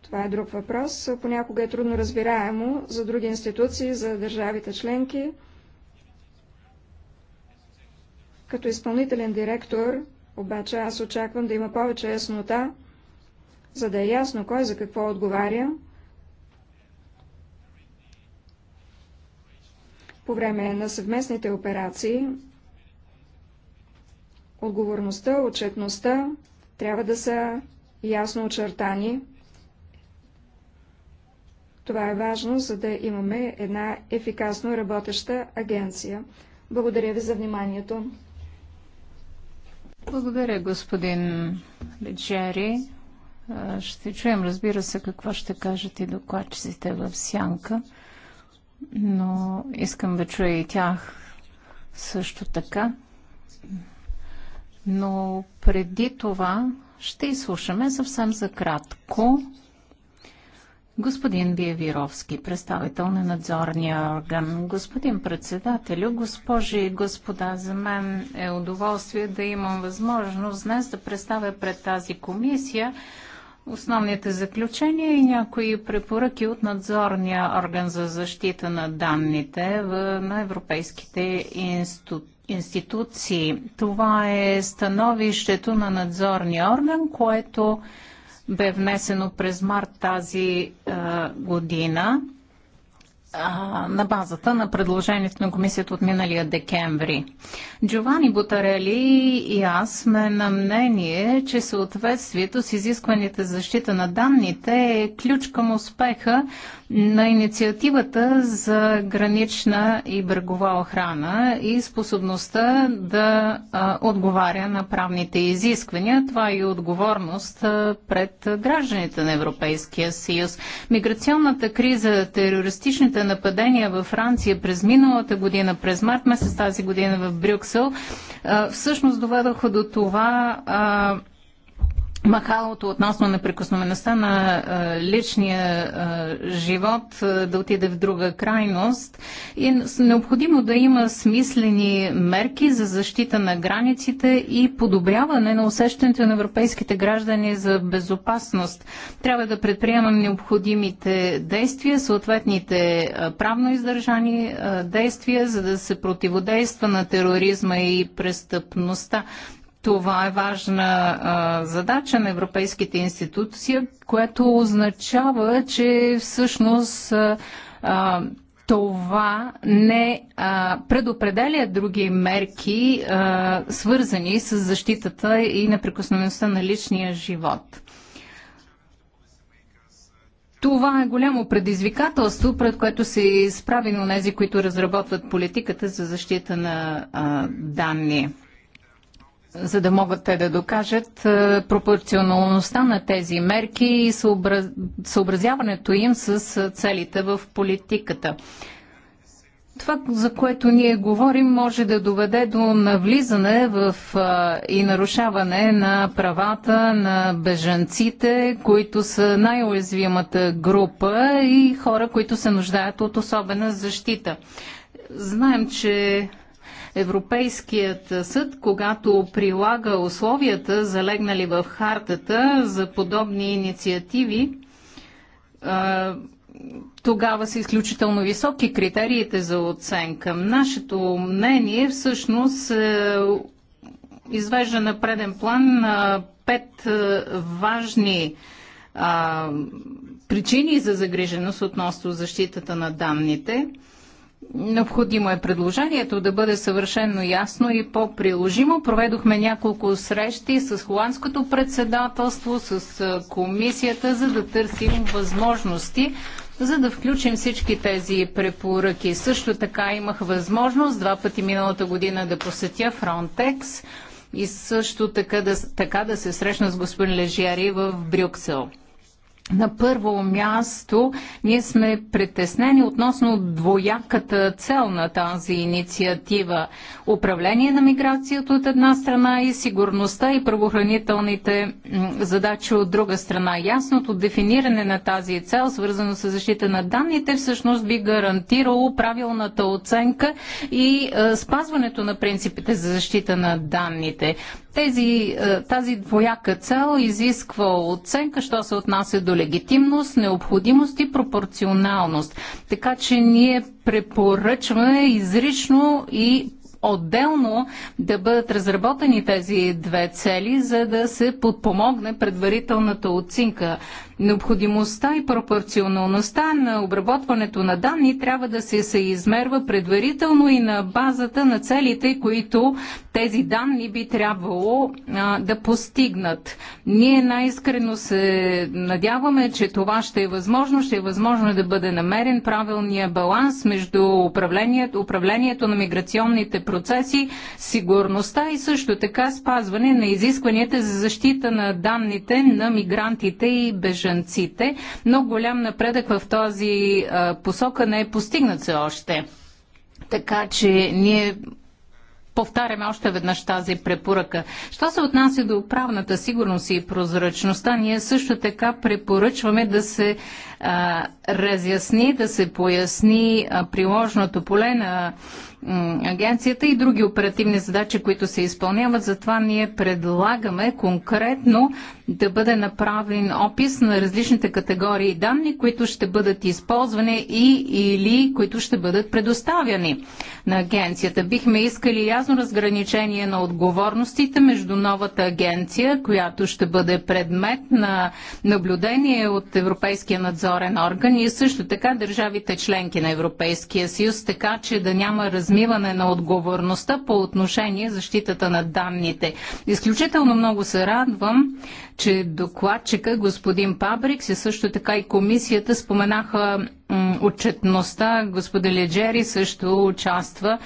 Това е друг въпрос. Понякога е трудно разбираемо за други институции, за държавите членки. Като изпълнителен директор, обаче аз очаквам да има повече яснота за да е ясно кой за какво отговаря. По време на съвместните операции отговорността, отчетността трябва да са ясно очертани. Това е важно, за да имаме една ефикасно работеща агенция. Благодаря ви за вниманието. Благодаря, господин Леджери. Ще чуем, разбира се, какво ще кажат и докладчиците в Сянка, но искам да чуя и тях също така. Но преди това ще изслушаме съвсем за кратко господин Биевировски, представител на надзорния орган. Господин председателю, госпожи и господа, за мен е удоволствие да имам възможност днес да представя пред тази комисия основните заключения и някои препоръки от надзорния орган за защита на данните в, на европейските институции институции. Това е становището на надзорния орган, което бе внесено през март тази година на базата на предложението на комисията от миналия декември. Джовани Бутарели и аз сме на мнение, че съответствието с изискваните защита на данните е ключ към успеха на инициативата за гранична и брегова охрана и способността да а, отговаря на правните изисквания. Това е и отговорност а, пред гражданите на Европейския съюз. Миграционната криза, терористичните серията нападения във Франция през миналата година, през март месец тази година в Брюксел, всъщност доведоха до това махалото относно неприкосновеността на личния живот да отиде в друга крайност. И необходимо да има смислени мерки за защита на границите и подобряване на усещането на европейските граждани за безопасност. Трябва да предприемам необходимите действия, съответните правно издържани действия, за да се противодейства на тероризма и престъпността. Това е важна а, задача на европейските институции, което означава, че всъщност а, това не а, предопределя други мерки, а, свързани с защитата и неприкосновеността на личния живот. Това е голямо предизвикателство, пред което се изправи на тези, които разработват политиката за защита на а, данни за да могат те да докажат е, пропорционалността на тези мерки и съобразяването им с е, целите в политиката. Това, за което ние говорим, може да доведе до навлизане в а, е, и нарушаване на правата на бежанците, които са най-уязвимата група и хора, които се нуждаят от особена защита. Знаем, че Европейският съд, когато прилага условията, залегнали в хартата за подобни инициативи, тогава са изключително високи критериите за оценка. Нашето мнение всъщност е, извежда на преден план пет важни а, причини за загриженост относно защитата на данните. Необходимо е предложението да бъде съвършенно ясно и по-приложимо. Проведохме няколко срещи с холандското председателство, с комисията, за да търсим възможности за да включим всички тези препоръки. Също така имах възможност два пъти миналата година да посетя Frontex и също така да, така да се срещна с господин Лежиари в Брюксел. На първо място, ние сме притеснени относно двояката цел на тази инициатива. Управление на миграцията от една страна и сигурността и правоохранителните задачи от друга страна. Ясното дефиниране на тази цел, свързано с защита на данните, всъщност би гарантирало правилната оценка и е, спазването на принципите за защита на данните. Тези, е, тази двояка цел изисква оценка, що се отнася до легитимност, необходимост и пропорционалност. Така че ние препоръчваме изрично и отделно да бъдат разработени тези две цели, за да се подпомогне предварителната оценка Необходимостта и пропорционалността на обработването на данни трябва да се съизмерва предварително и на базата на целите, които тези данни би трябвало а, да постигнат. Ние най-искрено се надяваме, че това ще е възможно, ще е възможно да бъде намерен правилния баланс между управлението, управлението на миграционните процеси, сигурността и също така спазване на изискванията за защита на данните на мигрантите и бежанците бежанците, но голям напредък в този посока не е постигнат все още. Така че ние повтаряме още веднъж тази препоръка. Що се отнася до правната сигурност и прозрачността, ние също така препоръчваме да се а, разясни, да се поясни а, приложното поле на агенцията и други оперативни задачи, които се изпълняват. Затова ние предлагаме конкретно да бъде направен опис на различните категории данни, които ще бъдат използвани и или които ще бъдат предоставяни на агенцията. Бихме искали ясно разграничение на отговорностите между новата агенция, която ще бъде предмет на наблюдение от Европейския надзорен орган и също така държавите членки на Европейския съюз, така че да няма раз размиване на отговорността по отношение защитата на данните. Изключително много се радвам, че докладчика господин Пабрикс и също така и комисията споменаха отчетността. Господин Леджери също участва,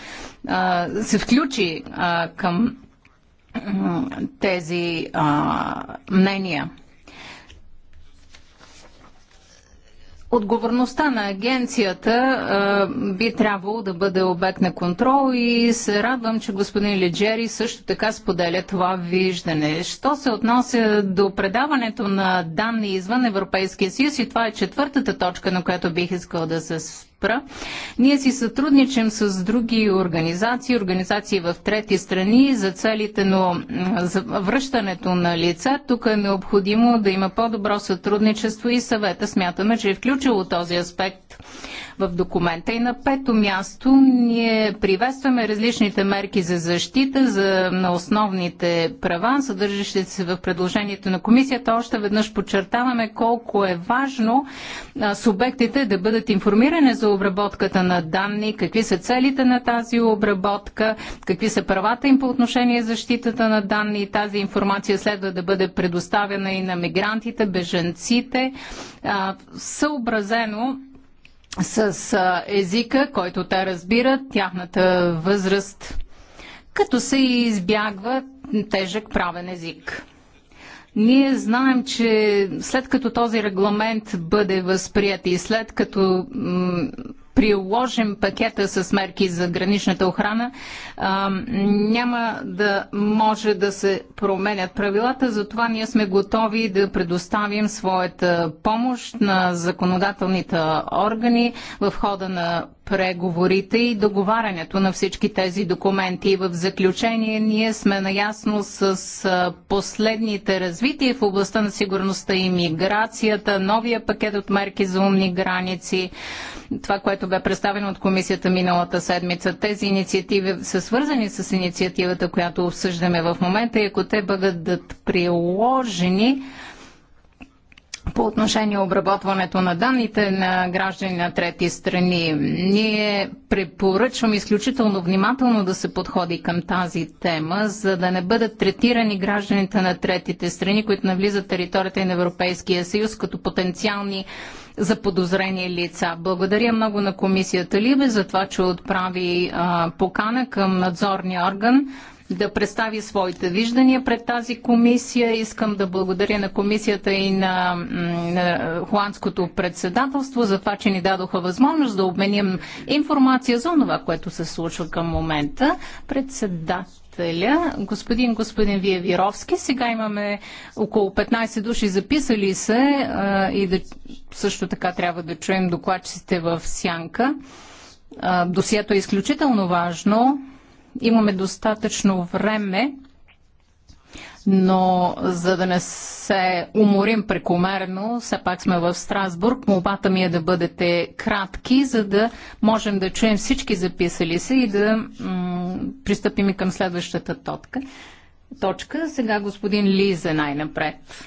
а, се включи а, към тези а, мнения. Отговорността на агенцията а, би трябвало да бъде обект на контрол и се радвам, че господин Леджери също така споделя това виждане. Що се отнася до предаването на данни извън Европейския съюз и това е четвъртата точка, на която бих искал да се спра. Ние си сътрудничим с други организации, организации в трети страни за целите на връщането на лица. Тук е необходимо да има по-добро сътрудничество и съвета. Смятаме, че е включило този аспект в документа. И на пето място ние приветстваме различните мерки за защита за, на основните права, съдържащи се в предложението на комисията. Още веднъж подчертаваме колко е важно а, субектите да бъдат информирани за обработката на данни, какви са целите на тази обработка, какви са правата им по отношение защитата на данни и тази информация следва да бъде предоставена и на мигрантите, беженците, съобразено с езика, който те разбират, тяхната възраст, като се избягва тежък правен език. Ние знаем, че след като този регламент бъде възприят и след като приложим пакета с мерки за граничната охрана, а, няма да може да се променят правилата, затова ние сме готови да предоставим своята помощ на законодателните органи в хода на преговорите и договарянето на всички тези документи. И в заключение ние сме наясно с последните развития в областта на сигурността и миграцията, новия пакет от мерки за умни граници, това, което бе представено от комисията миналата седмица. Тези инициативи са свързани с инициативата, която обсъждаме в момента и ако те бъдат приложени, по отношение обработването на данните на граждани на трети страни. Ние препоръчвам изключително внимателно да се подходи към тази тема, за да не бъдат третирани гражданите на третите страни, които навлизат територията на Европейския съюз като потенциални за подозрени лица. Благодаря много на комисията Либе за това, че отправи а, покана към надзорния орган да представи своите виждания пред тази комисия. Искам да благодаря на комисията и на, на Хуанското председателство за това, че ни дадоха възможност да обменим информация за това, което се случва към момента. Председател председателя, господин господин Вие Вировски. Сега имаме около 15 души записали се а, и да, също така трябва да чуем докладчиците в сянка. А, досието е изключително важно имаме достатъчно време, но за да не се уморим прекомерно, все пак сме в Страсбург. Молбата ми е да бъдете кратки, за да можем да чуем всички записали се и да пристъпим и към следващата точка. Точка. Сега господин Лиза най-напред.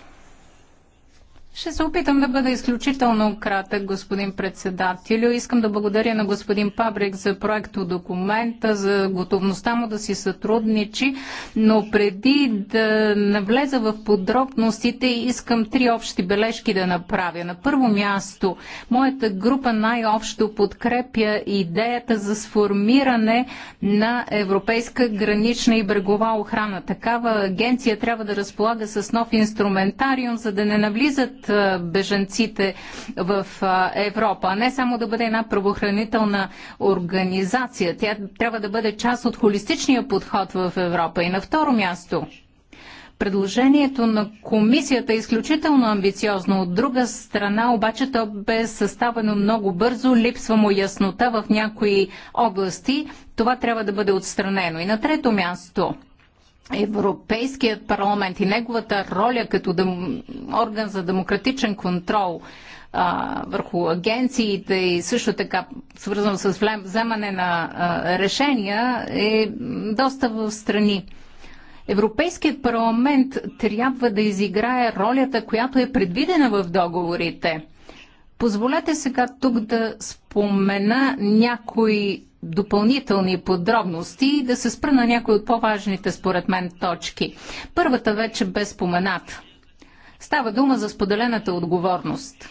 Ще се опитам да бъда изключително кратък, господин председателю. Искам да благодаря на господин Пабрик за проекто документа, за готовността му да си сътрудничи, но преди да навлеза в подробностите, искам три общи бележки да направя. На първо място, моята група най-общо подкрепя идеята за сформиране на Европейска гранична и брегова охрана. Такава агенция трябва да разполага с нов инструментариум, за да не навлизат Беженците бежанците в Европа. Не само да бъде една правоохранителна организация, тя трябва да бъде част от холистичния подход в Европа. И на второ място, Предложението на комисията е изключително амбициозно. От друга страна, обаче, то бе съставено много бързо, липсва му яснота в някои области. Това трябва да бъде отстранено. И на трето място – Европейският парламент и неговата роля като дем... орган за демократичен контрол а, върху агенциите и също така свързано с вземане на а, решения е доста в страни. Европейският парламент трябва да изиграе ролята, която е предвидена в договорите. Позволете сега тук да спомена някои допълнителни подробности и да се спра на някои от по-важните според мен точки. Първата вече бе спомената. Става дума за споделената отговорност.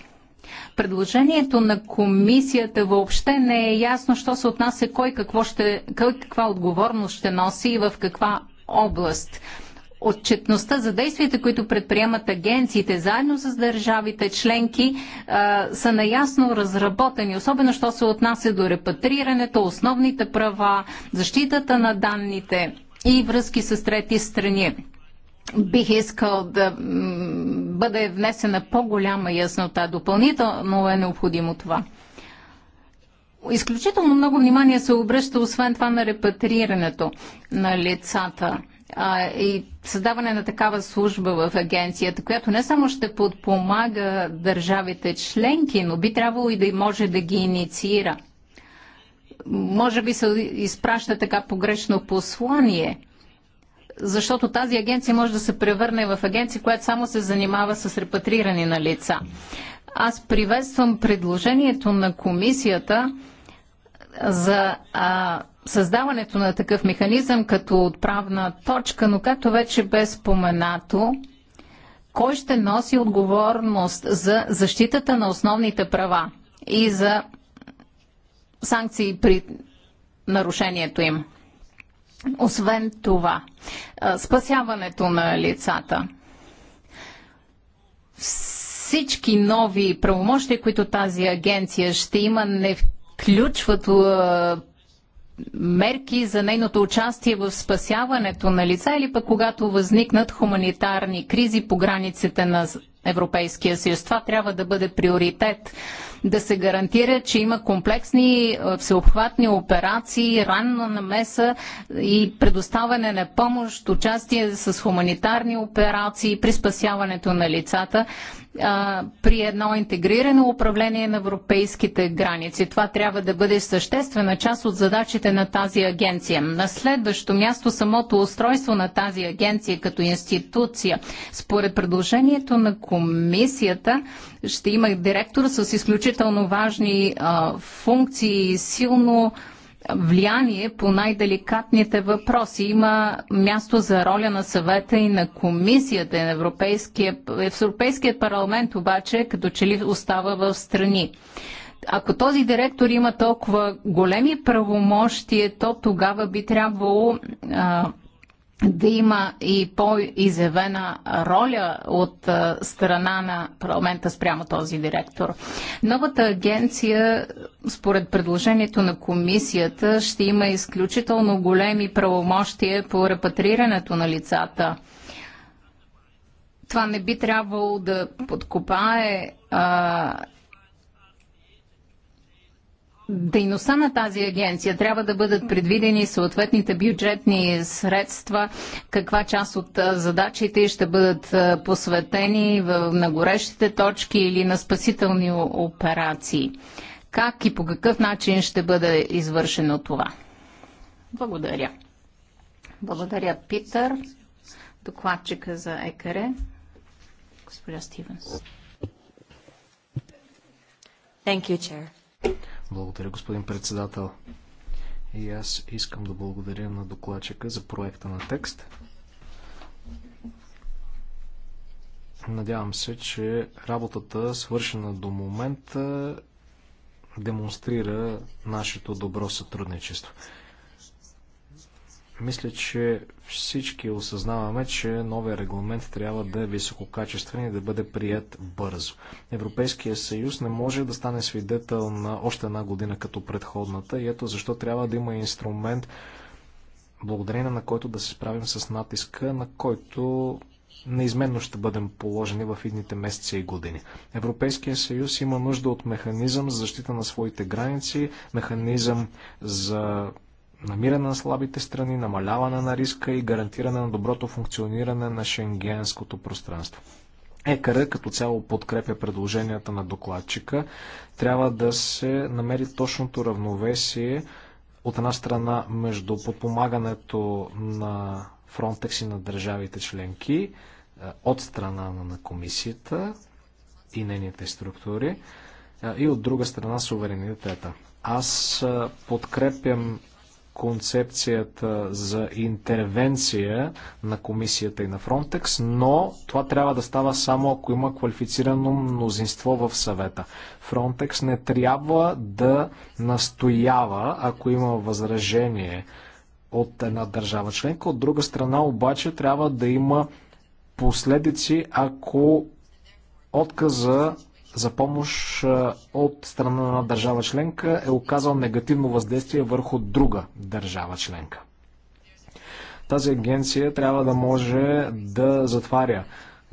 Предложението на комисията въобще не е ясно, що се отнася кой, какво ще, кой каква отговорност ще носи и в каква област отчетността за действията, които предприемат агенциите заедно с държавите членки а, са наясно разработени, особено що се отнася до репатрирането, основните права, защитата на данните и връзки с трети страни. Бих искал да бъде внесена по-голяма яснота. Допълнително е необходимо това. Изключително много внимание се обръща освен това на репатрирането на лицата а, и създаване на такава служба в агенцията, която не само ще подпомага държавите членки, но би трябвало и да може да ги инициира. Може би се изпраща така погрешно послание, защото тази агенция може да се превърне в агенция, която само се занимава с репатриране на лица. Аз приветствам предложението на комисията за а, създаването на такъв механизъм като отправна точка, но както вече бе споменато, кой ще носи отговорност за защитата на основните права и за санкции при нарушението им? Освен това, спасяването на лицата. Всички нови правомощи, които тази агенция ще има, не включват мерки за нейното участие в спасяването на лица или пък когато възникнат хуманитарни кризи по границите на Европейския съюз. Това трябва да бъде приоритет. Да се гарантира, че има комплексни, всеобхватни операции, ранна намеса и предоставяне на помощ, участие с хуманитарни операции при спасяването на лицата при едно интегрирано управление на европейските граници. Това трябва да бъде съществена част от задачите на тази агенция. На следващо място самото устройство на тази агенция като институция. Според предложението на комисията ще има директор с изключително важни а, функции и силно а, влияние по най-деликатните въпроси. Има място за роля на съвета и на комисията на Европейския, Европейския парламент, обаче като че ли остава в страни. Ако този директор има толкова големи правомощия, то тогава би трябвало а, да има и по-изявена роля от страна на парламента спрямо този директор. Новата агенция, според предложението на комисията, ще има изключително големи правомощия по репатрирането на лицата. Това не би трябвало да подкопае дейността на тази агенция трябва да бъдат предвидени съответните бюджетни средства, каква част от задачите ще бъдат посветени на горещите точки или на спасителни операции. Как и по какъв начин ще бъде извършено това? Благодаря. Благодаря, Питър, докладчика за ЕКР. госпожа Стивенс. Thank you, Chair. Благодаря, господин председател. И аз искам да благодаря на докладчика за проекта на текст. Надявам се, че работата, свършена до момента, демонстрира нашето добро сътрудничество. Мисля, че всички осъзнаваме, че новия регламент трябва да е висококачествен и да бъде прият бързо. Европейския съюз не може да стане свидетел на още една година като предходната и ето защо трябва да има инструмент, благодарение на който да се справим с натиска, на който неизменно ще бъдем положени в идните месеци и години. Европейския съюз има нужда от механизъм за защита на своите граници, механизъм за намиране на слабите страни, намаляване на риска и гарантиране на доброто функциониране на шенгенското пространство. ЕКР като цяло подкрепя предложенията на докладчика. Трябва да се намери точното равновесие от една страна между подпомагането на фронтекси и на държавите членки е, от страна на комисията и нейните структури е, и от друга страна суверенитета. Аз е, подкрепям концепцията за интервенция на комисията и на Фронтекс, но това трябва да става само ако има квалифицирано мнозинство в съвета. Фронтекс не трябва да настоява, ако има възражение от една държава членка. От друга страна обаче трябва да има последици, ако отказа за помощ от страна на държава членка е оказал негативно въздействие върху друга държава членка. Тази агенция трябва да може да затваря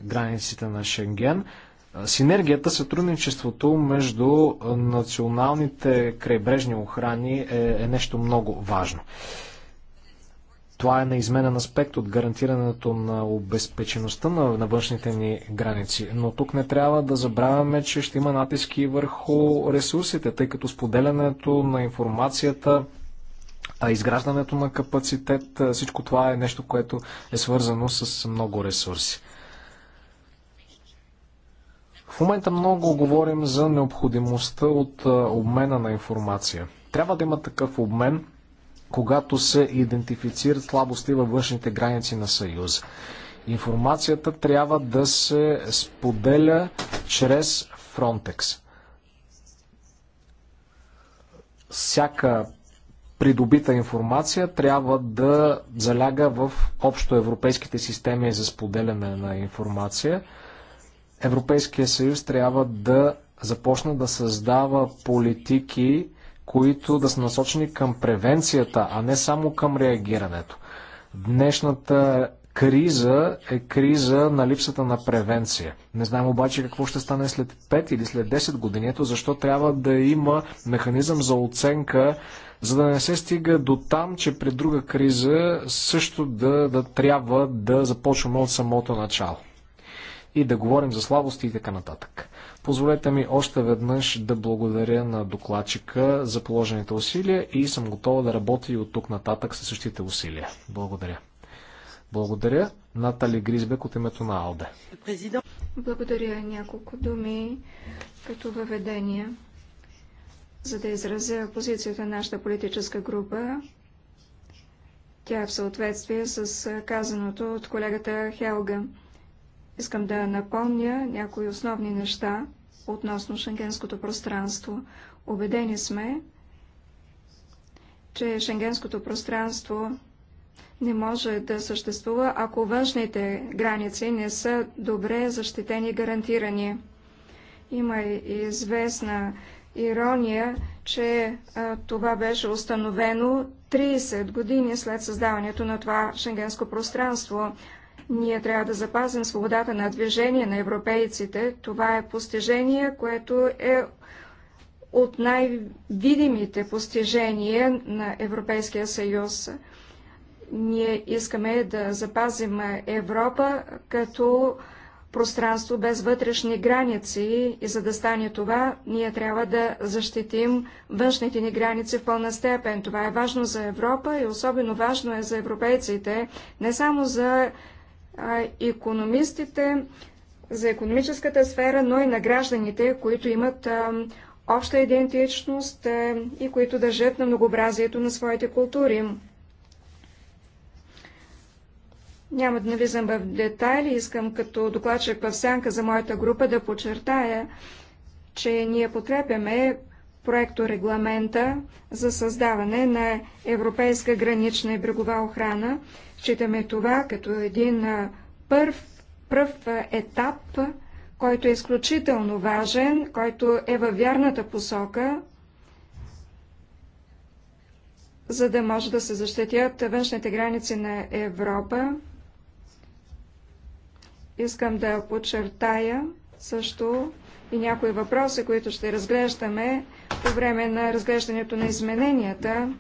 границите на Шенген. Синергията, сътрудничеството между националните крайбрежни охрани е, е нещо много важно. Това е неизменен аспект от гарантирането на обезпечеността на, на външните ни граници. Но тук не трябва да забравяме, че ще има натиски върху ресурсите, тъй като споделянето на информацията, а изграждането на капацитет, всичко това е нещо, което е свързано с много ресурси. В момента много говорим за необходимостта от обмена на информация. Трябва да има такъв обмен, когато се идентифицират слабости във външните граници на Съюза. Информацията трябва да се споделя чрез Frontex. Всяка придобита информация трябва да заляга в общоевропейските системи за споделяне на информация. Европейския съюз трябва да започне да създава политики, които да са насочени към превенцията, а не само към реагирането. Днешната криза е криза на липсата на превенция. Не знаем обаче какво ще стане след 5 или след 10 години, ето защо трябва да има механизъм за оценка, за да не се стига до там, че при друга криза също да, да трябва да започваме от самото начало. И да говорим за слабости и така нататък. Позволете ми още веднъж да благодаря на докладчика за положените усилия и съм готова да работя и от тук нататък със същите усилия. Благодаря. Благодаря. Натали Гризбек от името на Алде. Благодаря няколко думи като въведение, за да изразя позицията на нашата политическа група. Тя е в съответствие с казаното от колегата Хелга. Искам да напомня някои основни неща относно шенгенското пространство. Обедени сме, че шенгенското пространство не може да съществува, ако външните граници не са добре защитени и гарантирани. Има и известна ирония, че а, това беше установено 30 години след създаването на това шенгенско пространство, ние трябва да запазим свободата на движение на европейците. Това е постижение, което е от най-видимите постижения на Европейския съюз. Ние искаме да запазим Европа като пространство без вътрешни граници и за да стане това, ние трябва да защитим външните ни граници в пълна степен. Това е важно за Европа и особено важно е за европейците, не само за економистите за економическата сфера, но и на гражданите, които имат обща идентичност и които държат на многообразието на своите култури. Няма да навлизам в детайли, искам като докладчик в сянка за моята група да подчертая, че ние подкрепяме проекто регламента за създаване на Европейска гранична и брегова охрана Считаме това като един първ, първ етап, който е изключително важен, който е във вярната посока, за да може да се защитят външните граници на Европа. Искам да подчертая също и някои въпроси, които ще разглеждаме по време на разглеждането на измененията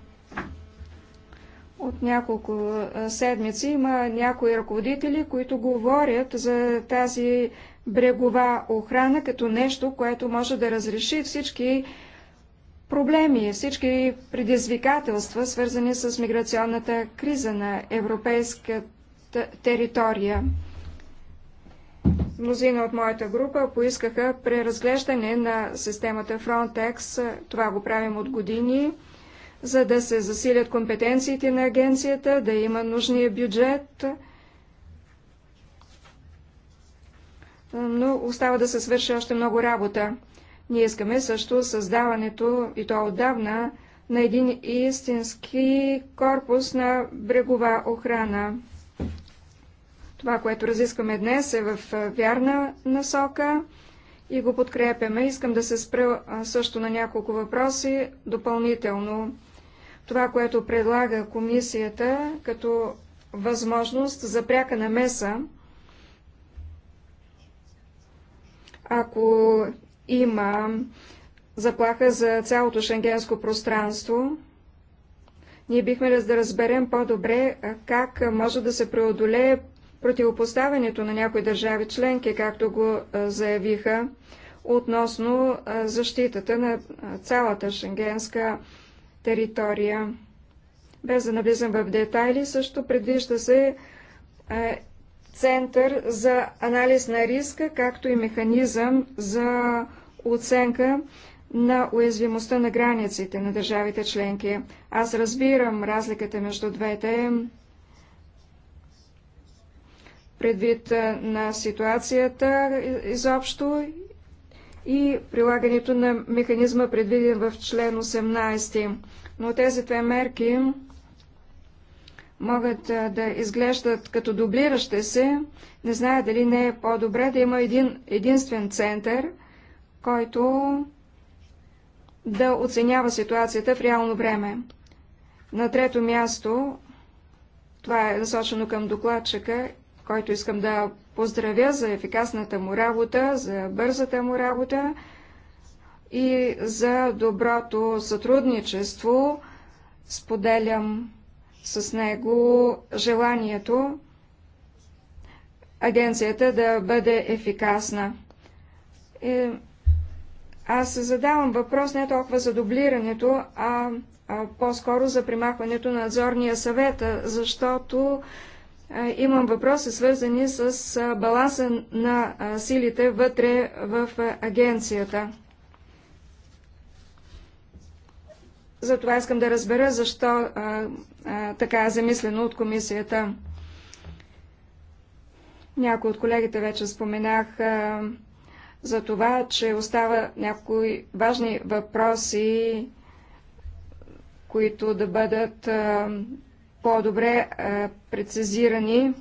от няколко седмици има някои ръководители, които говорят за тази брегова охрана като нещо, което може да разреши всички проблеми, всички предизвикателства, свързани с миграционната криза на европейската територия. Мнозина от моята група поискаха преразглеждане на системата Frontex. Това го правим от години за да се засилят компетенциите на агенцията, да има нужния бюджет. Но остава да се свърши още много работа. Ние искаме също създаването, и то отдавна, на един истински корпус на брегова охрана. Това, което разискваме днес, е в вярна насока и го подкрепяме. Искам да се спра също на няколко въпроси допълнително. Това, което предлага комисията като възможност за пряка намеса, ако има заплаха за цялото шенгенско пространство, ние бихме да разберем по-добре как може да се преодолее противопоставянето на някои държави членки, както го заявиха, относно защитата на цялата шенгенска територия. Без да навлизам в детайли, също предвижда се е, център за анализ на риска, както и механизъм за оценка на уязвимостта на границите на държавите членки. Аз разбирам разликата между двете предвид е, на ситуацията е, изобщо и прилагането на механизма, предвиден в член 18. Но тези две мерки могат да изглеждат като дублиращи се. Не зная дали не е по-добре да има един единствен център, който да оценява ситуацията в реално време. На трето място, това е насочено към докладчика, който искам да поздравя за ефикасната му работа, за бързата му работа и за доброто сътрудничество. Споделям с него желанието агенцията да бъде ефикасна. И е, аз задавам въпрос не толкова за дублирането, а, а по-скоро за примахването на надзорния съвет, защото имам въпроси свързани с баланса на силите вътре в агенцията. Затова искам да разбера защо а, а, така е замислено от комисията. Някои от колегите вече споменах а, за това, че остава някои важни въпроси, които да бъдат по-добре е, прецизирани,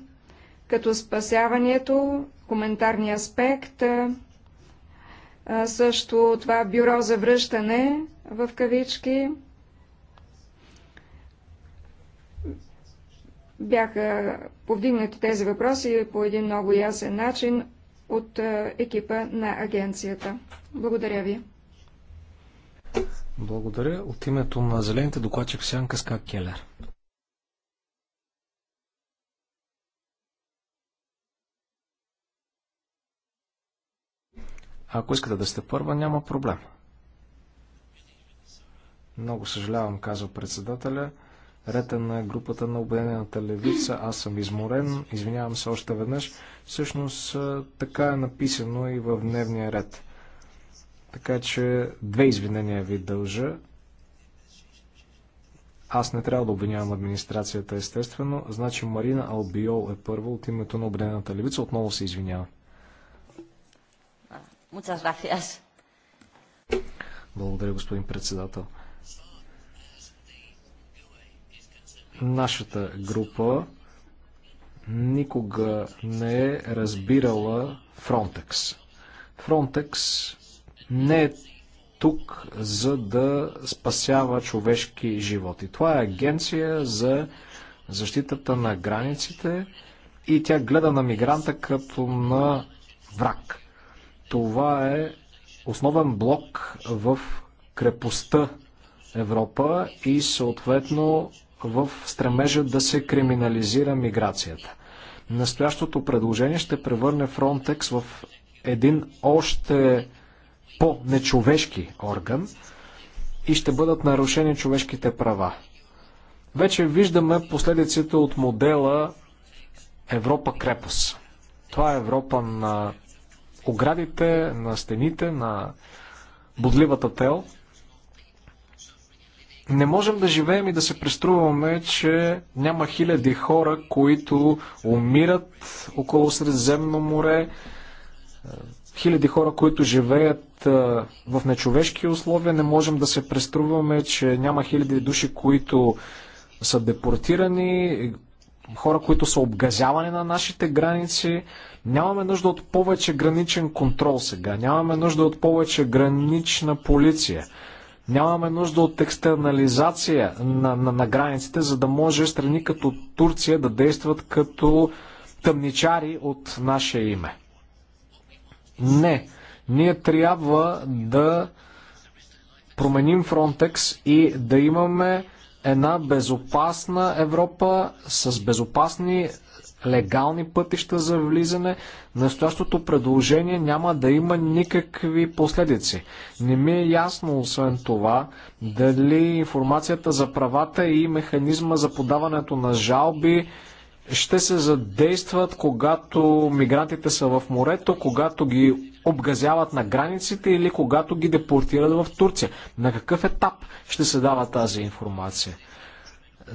като спасяването, коментарния аспект, а, е, е, също това бюро за връщане в кавички. Бяха повдигнати тези въпроси по един много ясен начин от екипа на агенцията. Благодаря ви. Благодаря. От името на Зелените докладчик Сянка Скак Келер. Ако искате да сте първа, няма проблем. Много съжалявам, казва председателя. Рета е на групата на Обединената левица. Аз съм изморен. Извинявам се още веднъж. Всъщност така е написано и в дневния ред. Така че две извинения ви дължа. Аз не трябва да обвинявам администрацията, естествено. Значи Марина Албиол е първа от името на Обединената левица. Отново се извинявам. Muchas gracias. Благодаря, господин председател. Нашата група никога не е разбирала Фронтекс. Фронтекс не е тук, за да спасява човешки животи. Това е агенция за защитата на границите и тя гледа на мигранта като на враг. Това е основен блок в крепостта Европа и съответно в стремежа да се криминализира миграцията. Настоящото предложение ще превърне Фронтекс в един още по-нечовешки орган и ще бъдат нарушени човешките права. Вече виждаме последиците от модела Европа крепост. Това е Европа на оградите, на стените, на бодливата тел. Не можем да живеем и да се преструваме, че няма хиляди хора, които умират около Средиземно море, е, хиляди хора, които живеят е, в нечовешки условия. Не можем да се преструваме, че няма хиляди души, които са депортирани, хора, които са обгазявани на нашите граници. Нямаме нужда от повече граничен контрол сега. Нямаме нужда от повече гранична полиция. Нямаме нужда от екстернализация на, на, на границите, за да може страни като Турция да действат като тъмничари от наше име. Не. Ние трябва да променим Фронтекс и да имаме една безопасна Европа с безопасни легални пътища за влизане, настоящото предложение няма да има никакви последици. Не ми е ясно, освен това, дали информацията за правата и механизма за подаването на жалби ще се задействат, когато мигрантите са в морето, когато ги обгазяват на границите или когато ги депортират в Турция. На какъв етап ще се дава тази информация?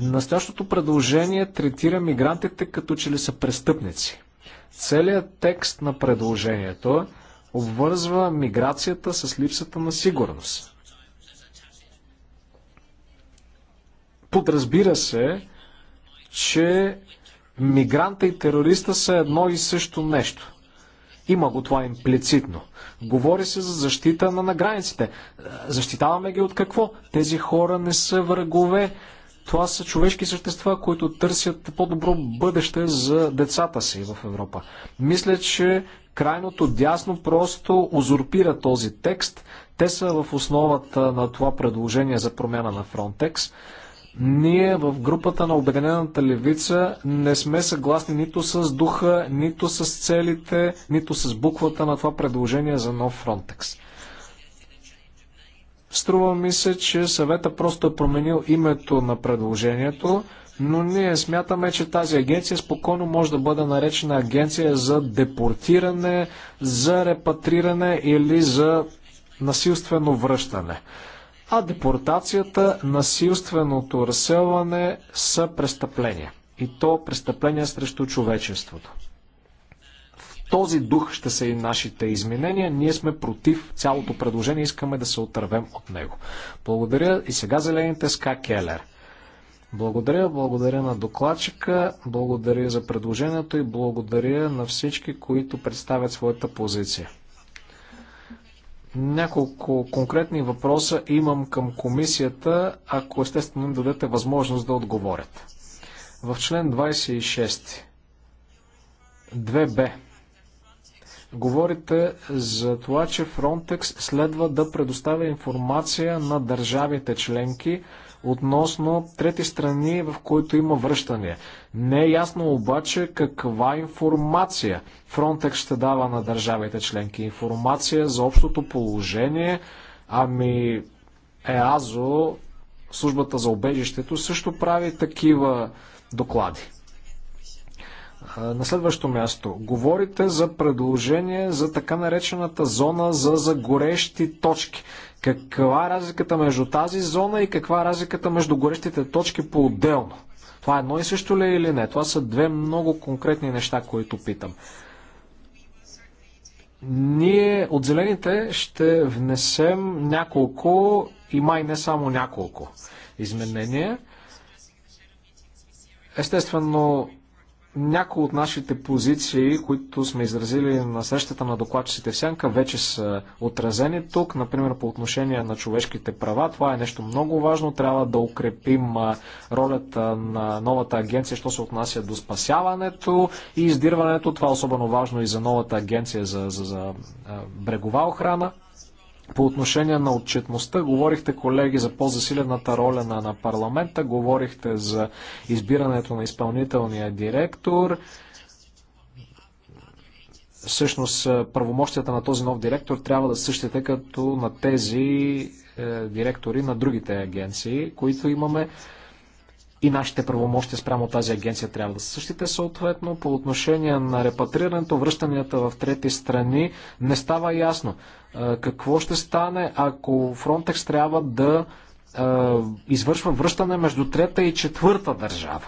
Настоящото предложение третира мигрантите като че ли са престъпници. Целият текст на предложението обвързва миграцията с липсата на сигурност. Подразбира се, че мигранта и терориста са едно и също нещо. Има го това имплицитно. Говори се за защита на, награниците. границите. Е, защитаваме ги от какво? Тези хора не са врагове. Това са човешки същества, които търсят по-добро бъдеще за децата си в Европа. Мисля, че крайното дясно просто узурпира този текст. Те са в основата на това предложение за промяна на Фронтекс. Ние в групата на Обединената левица не сме съгласни нито с духа, нито с целите, нито с буквата на това предложение за нов Фронтекс. Струва ми се, че съвета просто е променил името на предложението, но ние смятаме, че тази агенция спокойно може да бъде наречена агенция за депортиране, за репатриране или за насилствено връщане. А депортацията, насилственото разселване са престъпления. И то престъпления срещу човечеството. В този дух ще са и нашите изменения. Ние сме против цялото предложение. и Искаме да се отървем от него. Благодаря и сега зелените Ска Келер. Благодаря, благодаря на докладчика, благодаря за предложението и благодаря на всички, които представят своята позиция. Няколко конкретни въпроса имам към комисията, ако естествено им дадете възможност да отговорят. В член 26 2 б говорите за това, че Frontex следва да предоставя информация на държавите членки относно трети страни, в които има връщане. Не е ясно обаче каква информация Frontex ще дава на държавите членки. Информация за общото положение, ами ЕАЗО, службата за обежището, също прави такива доклади. На следващо място, говорите за предложение за така наречената зона за загорещи точки. Каква е разликата между тази зона и каква е разликата между горещите точки по-отделно? Това е едно и също ли е или не? Това са две много конкретни неща, които питам. Ние от зелените ще внесем няколко и май не само няколко изменения. Естествено, някои от нашите позиции, които сме изразили на срещата на докладчиците в Сянка, вече са отразени тук. Например, по отношение на човешките права. Това е нещо много важно. Трябва да укрепим ролята на новата агенция, що се отнася до спасяването и издирването. Това е особено важно и за новата агенция за, за, за брегова охрана. По отношение на отчетността, говорихте, колеги, за по-засилената роля на, на парламента, говорихте за избирането на изпълнителния директор. Всъщност, е, правомощията на този нов директор трябва да същите като на тези е, директори на другите агенции, които имаме и нашите правомощи спрямо тази агенция трябва да са същите. Съответно, по отношение на репатрирането, връщанията в трети страни, не става ясно какво ще стане, ако Фронтекс трябва да извършва връщане между трета и четвърта държава.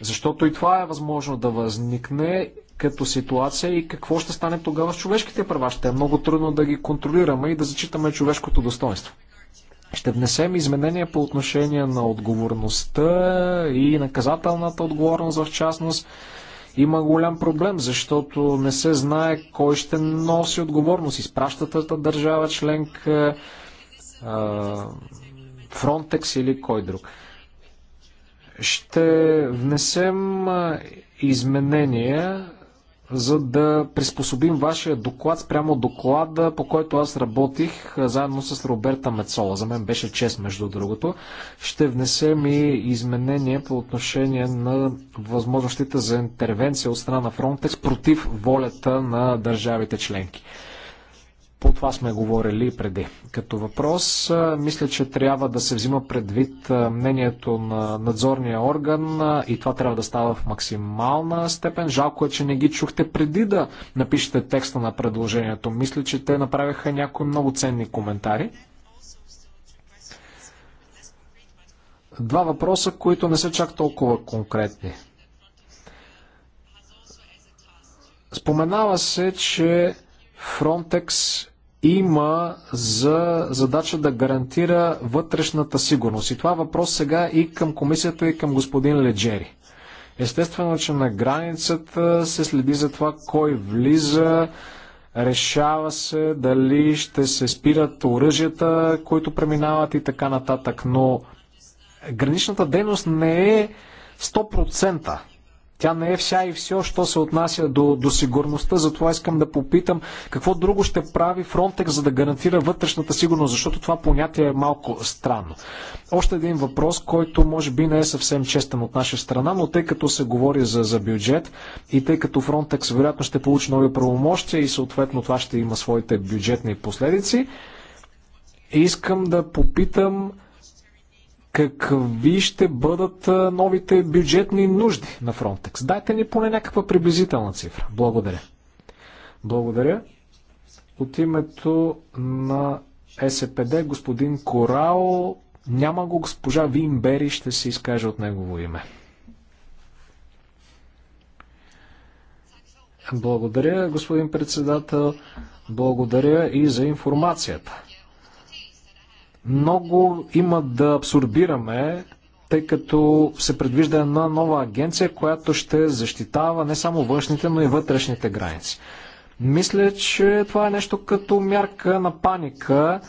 Защото и това е възможно да възникне като ситуация и какво ще стане тогава с човешките права. Ще е много трудно да ги контролираме и да зачитаме човешкото достоинство. Ще внесем изменения по отношение на отговорността и наказателната отговорност в частност. Има голям проблем, защото не се знае кой ще носи отговорност. Изпращатата държава членка, Фронтекс или кой друг. Ще внесем изменения за да приспособим вашия доклад спрямо доклада, по който аз работих заедно с Роберта Мецола. За мен беше чест, между другото. Ще внесем и изменения по отношение на възможностите за интервенция от страна на Фронтекс против волята на държавите членки. По това сме говорили преди. Като въпрос, мисля, че трябва да се взима предвид мнението на надзорния орган и това трябва да става в максимална степен. Жалко е, че не ги чухте преди да напишете текста на предложението. Мисля, че те направиха някои много ценни коментари. Два въпроса, които не са чак толкова конкретни. Споменава се, че Frontex има за задача да гарантира вътрешната сигурност. И това е въпрос сега и към комисията, и към господин Леджери. Естествено, че на границата се следи за това кой влиза, решава се дали ще се спират оръжията, които преминават и така нататък. Но граничната дейност не е 100%. Тя не е вся и все, що се отнася до, до сигурността, затова искам да попитам какво друго ще прави Фронтекс, за да гарантира вътрешната сигурност, защото това понятие е малко странно. Още един въпрос, който може би не е съвсем честен от наша страна, но тъй като се говори за, за бюджет и тъй като Фронтекс вероятно ще получи нови правомощия и съответно това ще има своите бюджетни последици, искам да попитам какви ще бъдат новите бюджетни нужди на Фронтекс? Дайте ни поне някаква приблизителна цифра. Благодаря. Благодаря. От името на СПД господин Корао, няма го госпожа Вимбери, ще се изкаже от негово име. Благодаря, господин председател. Благодаря и за информацията. Много има да абсорбираме, тъй като се предвижда една нова агенция, която ще защитава не само външните, но и вътрешните граници. Мисля, че това е нещо като мярка на паника,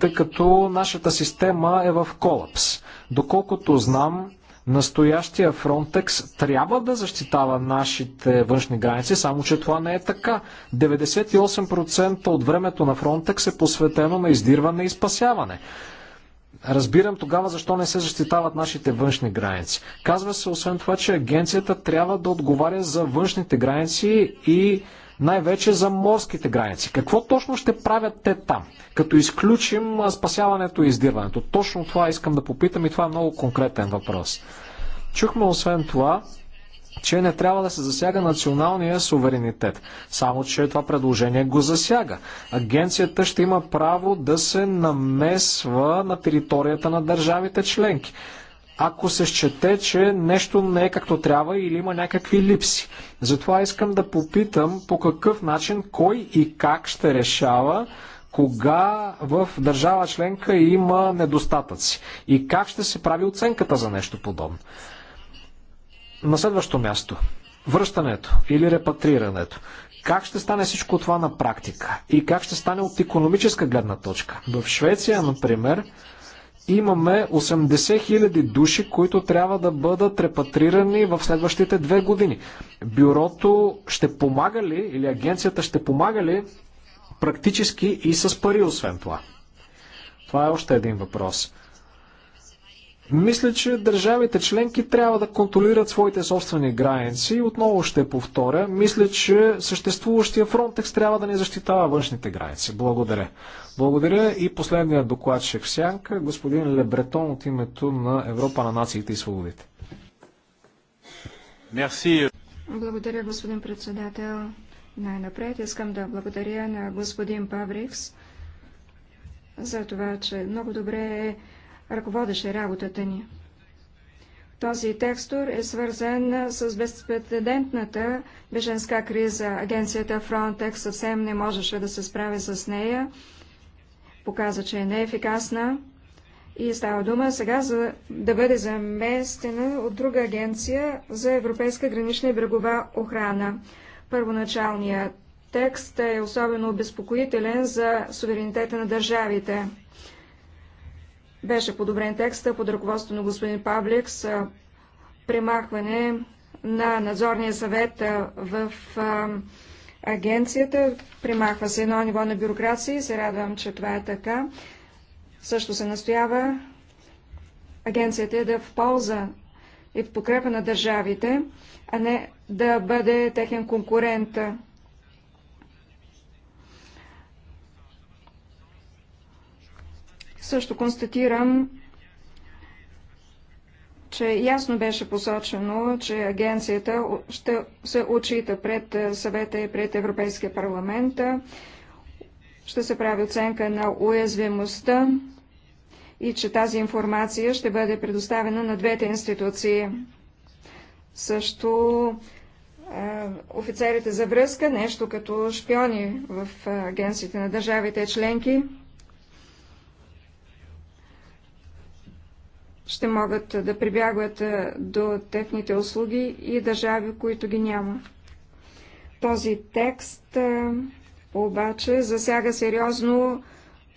тъй като нашата система е в колапс. Доколкото знам, Настоящия Фронтекс трябва да защитава нашите външни граници, само че това не е така. 98% от времето на Фронтекс е посветено на издирване и спасяване. Разбирам тогава защо не се защитават нашите външни граници. Казва се освен това, че агенцията трябва да отговаря за външните граници и най-вече за морските граници. Какво точно ще правят те там, като изключим спасяването и издирването? Точно това искам да попитам и това е много конкретен въпрос. Чухме освен това, че не трябва да се засяга националния суверенитет. Само, че това предложение го засяга. Агенцията ще има право да се намесва на територията на държавите членки ако се счете, че нещо не е както трябва или има някакви липси. Затова искам да попитам по какъв начин, кой и как ще решава кога в държава членка има недостатъци и как ще се прави оценката за нещо подобно. На следващо място. Връщането или репатрирането. Как ще стане всичко това на практика? И как ще стане от економическа гледна точка? В Швеция, например, имаме 80 000 души, които трябва да бъдат репатрирани в следващите две години. Бюрото ще помага ли или агенцията ще помага ли практически и с пари, освен това? Това е още един въпрос. Мисля, че държавите членки трябва да контролират своите собствени граници. Отново ще повторя. Мисля, че съществуващия Фронтекс трябва да не защитава външните граници. Благодаря. Благодаря и последния докладчик в сянка, господин Лебретон от името на Европа на нациите и свободите. Мерси. Благодаря, господин председател. Най-напред искам да благодаря на господин Паврикс за това, че много добре е ръководеше работата ни. Този текстор е свързан с безпредседентната беженска криза. Агенцията Frontex съвсем не можеше да се справи с нея. Показа, че е неефикасна. И става дума сега за да бъде заместена от друга агенция за европейска гранична и брегова охрана. Първоначалният текст е особено обезпокоителен за суверенитета на държавите. Беше подобрен текста под ръководството на господин с премахване на надзорния съвет в агенцията, премахва се едно ниво на бюрокрация и се радвам, че това е така. Също се настоява агенцията е да е в полза и в покрепа на държавите, а не да бъде техен конкурент. Също констатирам, че ясно беше посочено, че агенцията ще се отчита пред е, съвета и пред Европейския парламент. Ще се прави оценка на уязвимостта и че тази информация ще бъде предоставена на двете институции. Също е, офицерите за връзка, нещо като шпиони в е, агенциите на държавите членки, ще могат да прибягват до техните услуги и държави, които ги няма. Този текст обаче засяга сериозно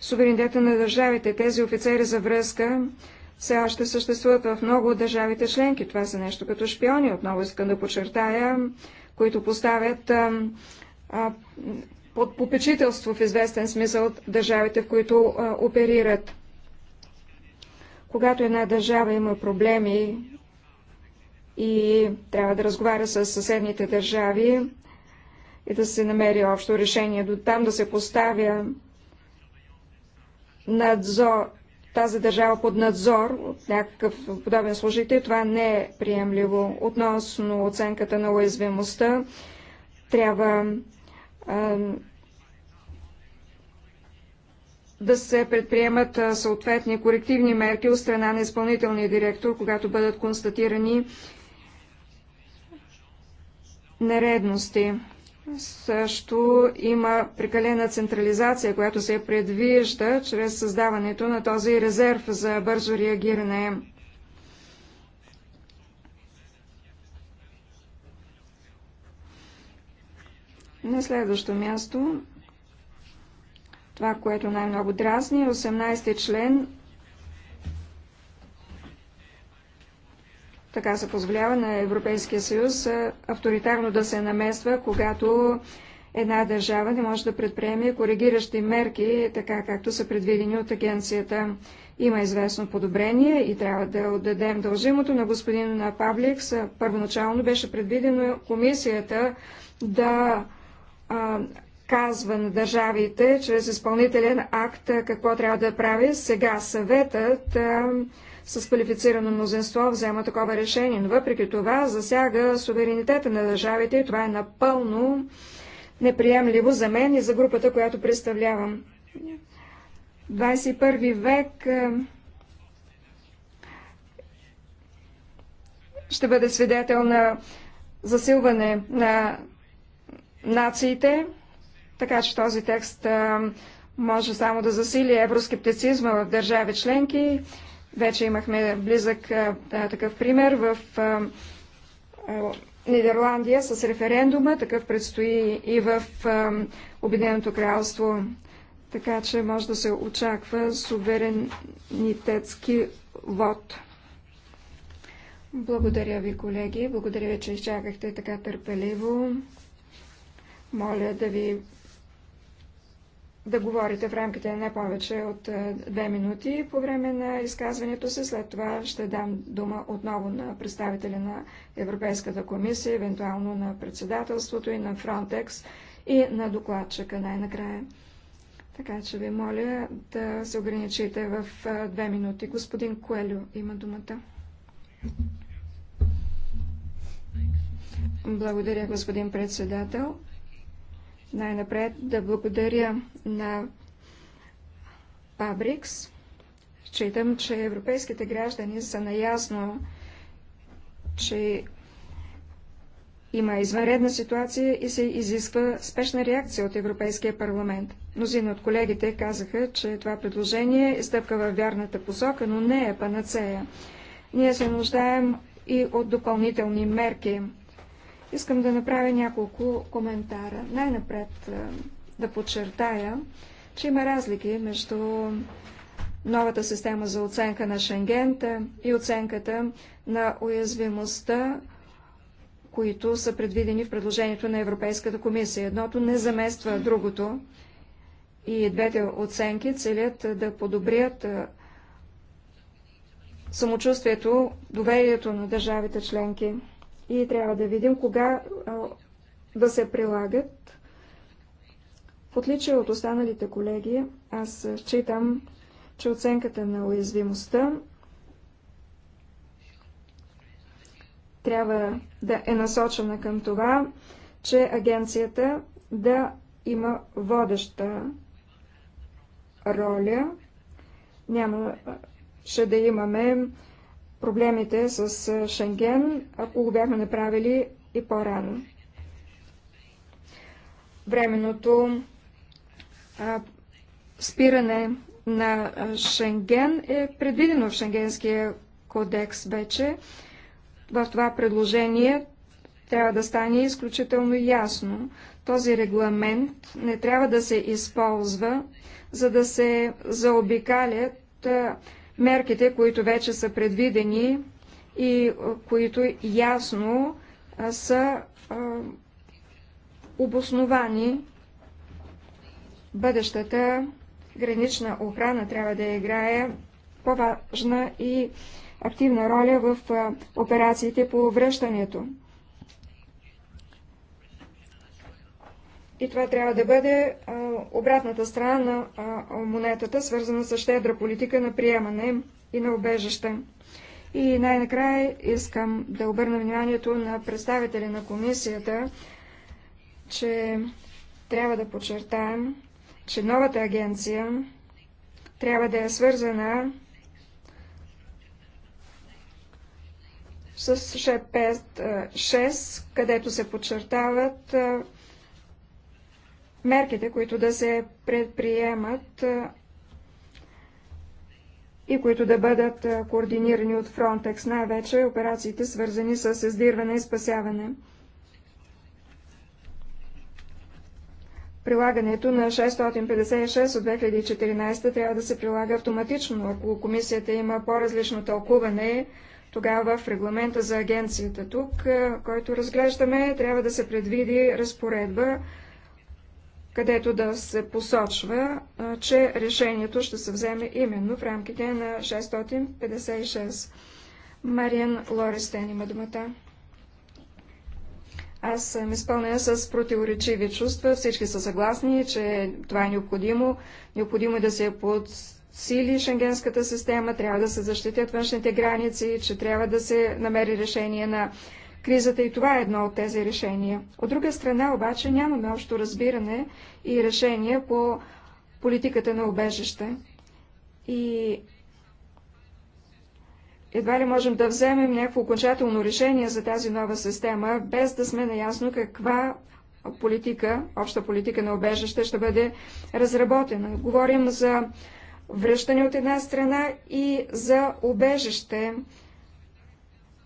суверенитета на държавите. Тези офицери за връзка все още съществуват в много от държавите членки. Това са нещо като шпиони, отново искам да подчертая, които поставят под попечителство в известен смисъл държавите, в които оперират. Когато една държава има проблеми и трябва да разговаря с съседните държави и да се намери общо решение, до там да се поставя надзор, тази държава под надзор от някакъв подобен служител, това не е приемливо. Относно оценката на уязвимостта, трябва да се предприемат съответни корективни мерки от страна на изпълнителния директор, когато бъдат констатирани нередности. Също има прекалена централизация, която се предвижда чрез създаването на този резерв за бързо реагиране. На следващо място това, което най-много дразни, 18 член Така се позволява на Европейския съюз авторитарно да се намества, когато една държава не може да предприеме коригиращи мерки, така както са предвидени от агенцията. Има известно подобрение и трябва да отдадем дължимото на господин Павликс. Първоначално беше предвидено комисията да а, казва на държавите чрез изпълнителен акт какво трябва да прави. Сега съветът а, с квалифицирано мнозинство взема такова решение, но въпреки това засяга суверенитета на държавите и това е напълно неприемливо за мен и за групата, която представлявам. 21 век а, ще бъде свидетел на засилване на нациите, така че този текст може само да засили евроскептицизма в държави членки. Вече имахме близък такъв пример в Нидерландия с референдума, такъв предстои и в Обединеното кралство. Така че може да се очаква суверенитетски вод. Благодаря ви, колеги. Благодаря ви, че изчакахте така търпеливо. Моля да ви да говорите в рамките на не повече от е, две минути по време на изказването си. След това ще дам дума отново на представители на Европейската комисия, евентуално на председателството и на Фронтекс и на докладчика най-накрая. Така че ви моля да се ограничите в е, две минути. Господин Коелю има думата. Благодаря, господин председател. Най-напред да благодаря на Пабрикс. Считам, че европейските граждани са наясно, че има извънредна ситуация и се изисква спешна реакция от Европейския парламент. Мнозина от колегите казаха, че това предложение е стъпка във вярната посока, но не е панацея. Ние се нуждаем и от допълнителни мерки. Искам да направя няколко коментара. Най-напред е, да подчертая, че има разлики между новата система за оценка на Шенгента и оценката на уязвимостта, които са предвидени в предложението на Европейската комисия. Едното не замества другото и двете оценки целят да подобрят е, самочувствието, доверието на държавите членки и трябва да видим кога а, да се прилагат. В отличие от останалите колеги, аз считам, че оценката на уязвимостта трябва да е насочена към това, че агенцията да има водеща роля. Няма ще да имаме проблемите с е, Шенген, ако го бяхме направили и по-рано. Временното а, спиране на Шенген е предвидено в Шенгенския кодекс вече. В това предложение трябва да стане изключително ясно. Този регламент не трябва да се използва, за да се заобикалят мерките, които вече са предвидени и които ясно са обосновани. Бъдещата гранична охрана трябва да играе по-важна и активна роля в операциите по връщането. И това трябва да бъде а, обратната страна на а, монетата, свързана с щедра политика на приемане и на обежище. И най-накрая искам да обърна вниманието на представители на комисията, че трябва да подчертаем, че новата агенция трябва да е свързана с шеп 5, 6 където се подчертават мерките, които да се предприемат и които да бъдат координирани от Frontex, най-вече операциите свързани с издирване и спасяване. Прилагането на 656 от 2014 трябва да се прилага автоматично. Ако комисията има по-различно тълкуване, тогава в регламента за агенцията тук, който разглеждаме, трябва да се предвиди разпоредба, където да се посочва, че решението ще се вземе именно в рамките на 656. Мариан Лористен има думата. Аз съм изпълнена с противоречиви чувства. Всички са съгласни, че това е необходимо. Необходимо е да се подсили шенгенската система, трябва да се защитят външните граници, че трябва да се намери решение на кризата и това е едно от тези решения. От друга страна обаче нямаме общо разбиране и решение по политиката на убежище. И едва ли можем да вземем някакво окончателно решение за тази нова система, без да сме наясно каква политика, обща политика на обежище ще бъде разработена. Говорим за връщане от една страна и за обежище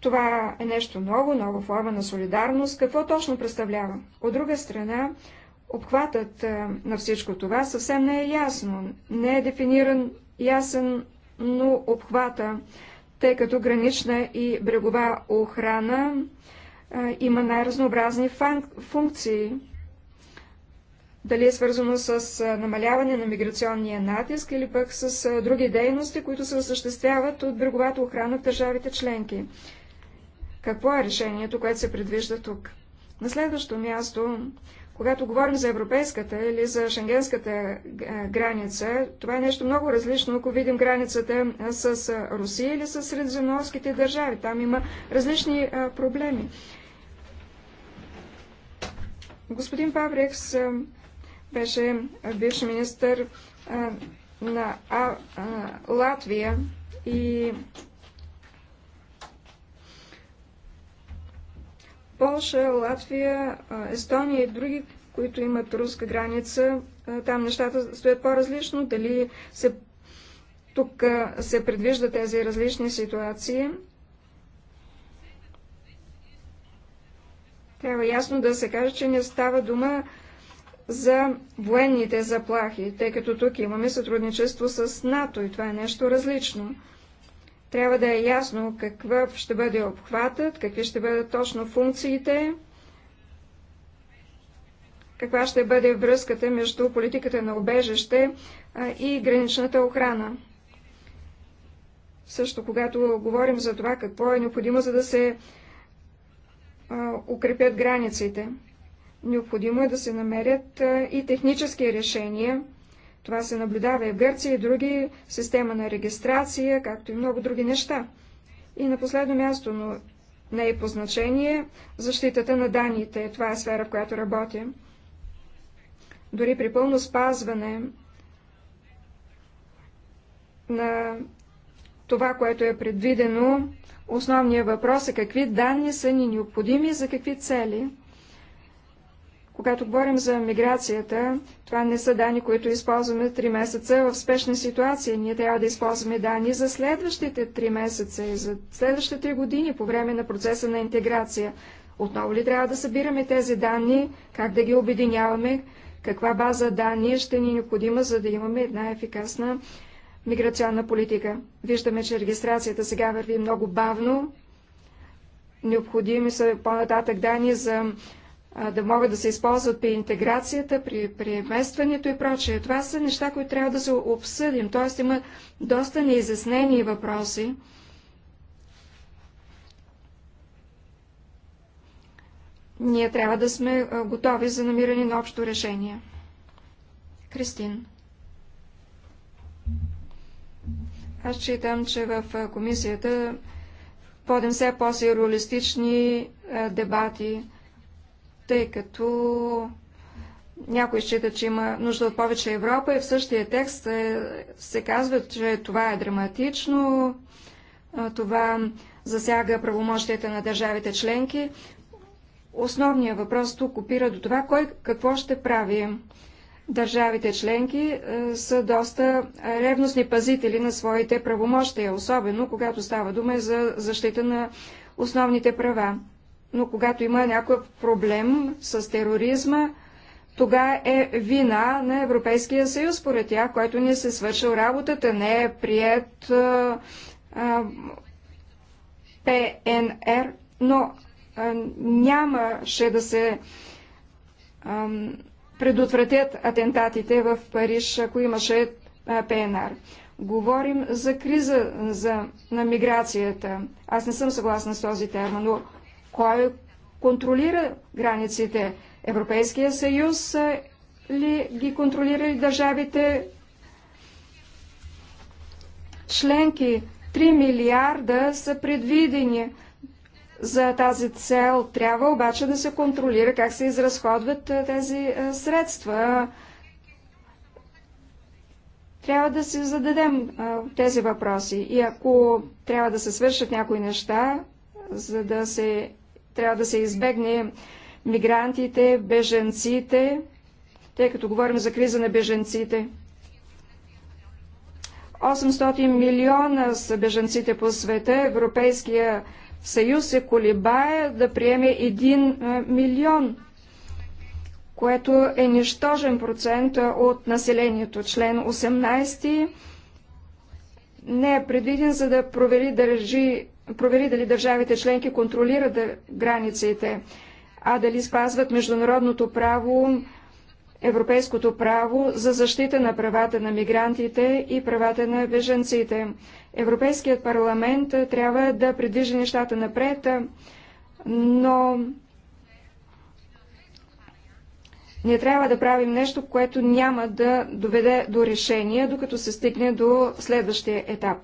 това е нещо ново, нова форма на солидарност. Какво точно представлява? От друга страна, обхватът е, на всичко това съвсем не е ясно. Не е дефиниран ясен, но обхвата, тъй като гранична и брегова охрана е, има най-разнообразни функции. Дали е свързано с е, намаляване на миграционния натиск или пък с други дейности, които се осъществяват от бреговата охрана в държавите членки. Какво е решението, което се предвижда тук? На следващо място, когато говорим за европейската или за шенгенската е, граница, това е нещо много различно, ако видим границата е, с е, Русия или с средиземноморските държави. Там има различни проблеми. Господин Паврекс беше бивш министър на Латвия и Полша, Латвия, Естония и други, които имат руска граница, там нещата стоят по-различно. Дали се, тук се предвижда тези различни ситуации? Трябва ясно да се каже, че не става дума за военните заплахи, тъй като тук имаме сътрудничество с НАТО и това е нещо различно. Трябва да е ясно каква ще бъде обхватът, какви ще бъдат точно функциите, каква ще бъде връзката между политиката на обежище и граничната охрана. Също когато говорим за това какво е необходимо, за да се укрепят границите. Необходимо е да се намерят и технически решения – това се наблюдава и в Гърция и други, система на регистрация, както и много други неща. И на последно място, но не е по значение, защитата на данните. Това е сфера, в която работя. Дори при пълно спазване на това, което е предвидено, основният въпрос е какви данни са ни необходими за какви цели. Когато говорим за миграцията, това не са данни, които използваме 3 месеца в спешна ситуация. Ние трябва да използваме данни за следващите 3 месеца и за следващите години по време на процеса на интеграция. Отново ли трябва да събираме тези данни, как да ги обединяваме, каква база данни ще ни е необходима, за да имаме една ефикасна миграционна политика. Виждаме, че регистрацията сега върви много бавно. Необходими са по-нататък данни за да могат да се използват при интеграцията, при преместването и прочее. Това са неща, които трябва да се обсъдим. Т.е. има доста неизяснени въпроси. Ние трябва да сме готови за намиране на общо решение. Кристин. Аз считам, че в комисията водим все по-сюрреалистични дебати тъй като някой счита, че има нужда от повече Европа и в същия текст е, се казва, че това е драматично, това засяга правомощията на държавите членки. Основният въпрос тук опира до това, кой какво ще прави. Държавите членки е, са доста ревностни пазители на своите правомощия, особено когато става дума за защита на основните права но когато има някакъв проблем с тероризма, тога е вина на Европейския съюз, според тях, който не се свършил работата, не е прият а, а, ПНР, но а, нямаше да се а, предотвратят атентатите в Париж, ако имаше а, ПНР. Говорим за криза за, на миграцията. Аз не съм съгласна с този термин, но кой контролира границите? Европейския съюз ли ги контролира ли държавите членки? 3 милиарда са предвидени за тази цел. Трябва обаче да се контролира как се изразходват тези средства. Трябва да си зададем тези въпроси. И ако трябва да се свършат някои неща, за да се трябва да се избегне мигрантите, беженците, тъй като говорим за криза на беженците. 800 милиона са беженците по света. Европейския съюз се колебае да приеме 1 милион, което е нищожен процент от населението. Член 18 не е предвиден за да провери държи провери дали държавите членки контролират границите, а дали спазват международното право, европейското право за защита на правата на мигрантите и правата на беженците. Европейският парламент трябва да придвижи нещата напред, но не трябва да правим нещо, което няма да доведе до решение, докато се стигне до следващия етап.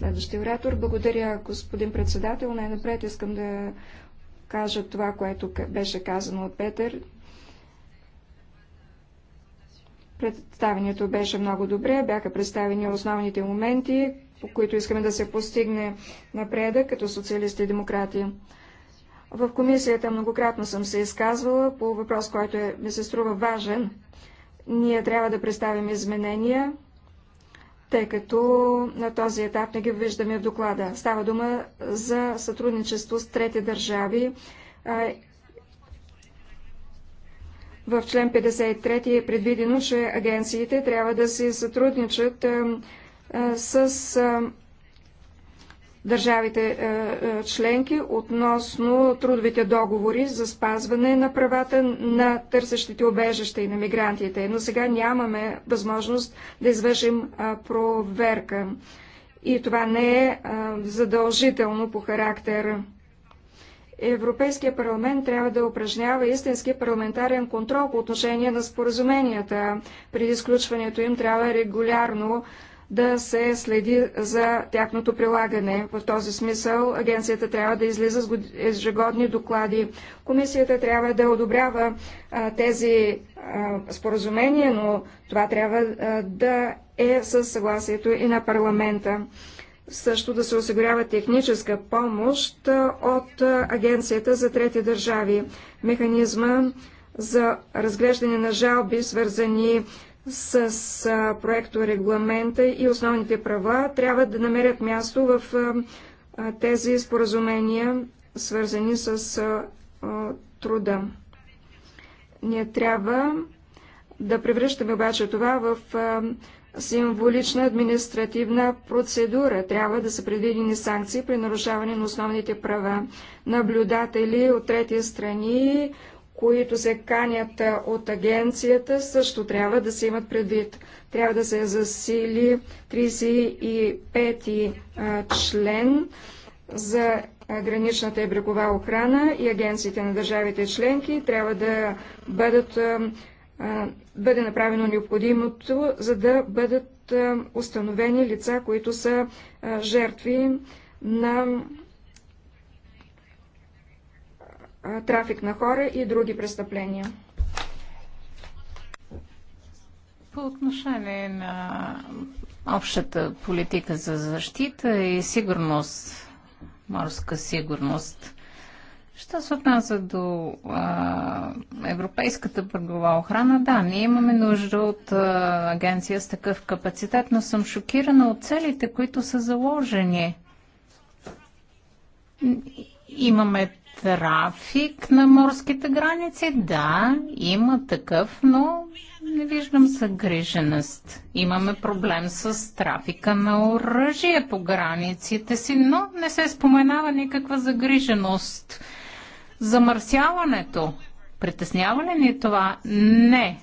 Следващия оратор. Благодаря, господин председател. Най-напред искам да кажа това, което беше казано от Петър. Представението беше много добре, бяха представени основните моменти, по които искаме да се постигне напредък като социалисти и демократи. В комисията многократно съм се изказвала по въпрос, който е, ми се струва важен. Ние трябва да представим изменения, тъй като на този етап не ги виждаме в доклада. Става дума за сътрудничество с трети държави. В член 53 е предвидено, че агенциите трябва да се сътрудничат с държавите е, е, членки относно трудовите договори за спазване на правата на търсещите обежаща и на мигрантите. Но сега нямаме възможност да извършим е, проверка. И това не е задължително по характер. Европейския парламент трябва да упражнява истински парламентарен контрол по отношение на споразуменията. Преди изключването им трябва регулярно да се следи за тяхното прилагане. В този смисъл агенцията трябва да излиза с ежегодни доклади. Комисията трябва да одобрява а, тези а, споразумения, но това трябва а, да е със съгласието и на парламента. Също да се осигурява техническа помощ от агенцията за трети държави. Механизма за разглеждане на жалби, свързани с а, проекто регламента и основните права трябва да намерят място в а, тези споразумения, свързани с а, а, труда. Ние трябва да превръщаме обаче това в а, символична административна процедура. Трябва да са предвидени санкции при нарушаване на основните права. Наблюдатели от трети страни, които се канят от агенцията, също трябва да се имат предвид. Трябва да се засили 35 член за граничната и брегова охрана и агенциите на държавите членки трябва да бъдат, бъде направено необходимото, за да бъдат установени лица, които са жертви на трафик на хора и други престъпления. По отношение на общата политика за защита и сигурност, морска сигурност, Що се отнася до а, европейската бъргова охрана, да, ние имаме нужда от а, агенция с такъв капацитет, но съм шокирана от целите, които са заложени. Имаме трафик на морските граници? Да, има такъв, но не виждам загриженост. Имаме проблем с трафика на оръжие по границите си, но не се споменава никаква загриженост. Замърсяването. Притеснява ли ни това? Не.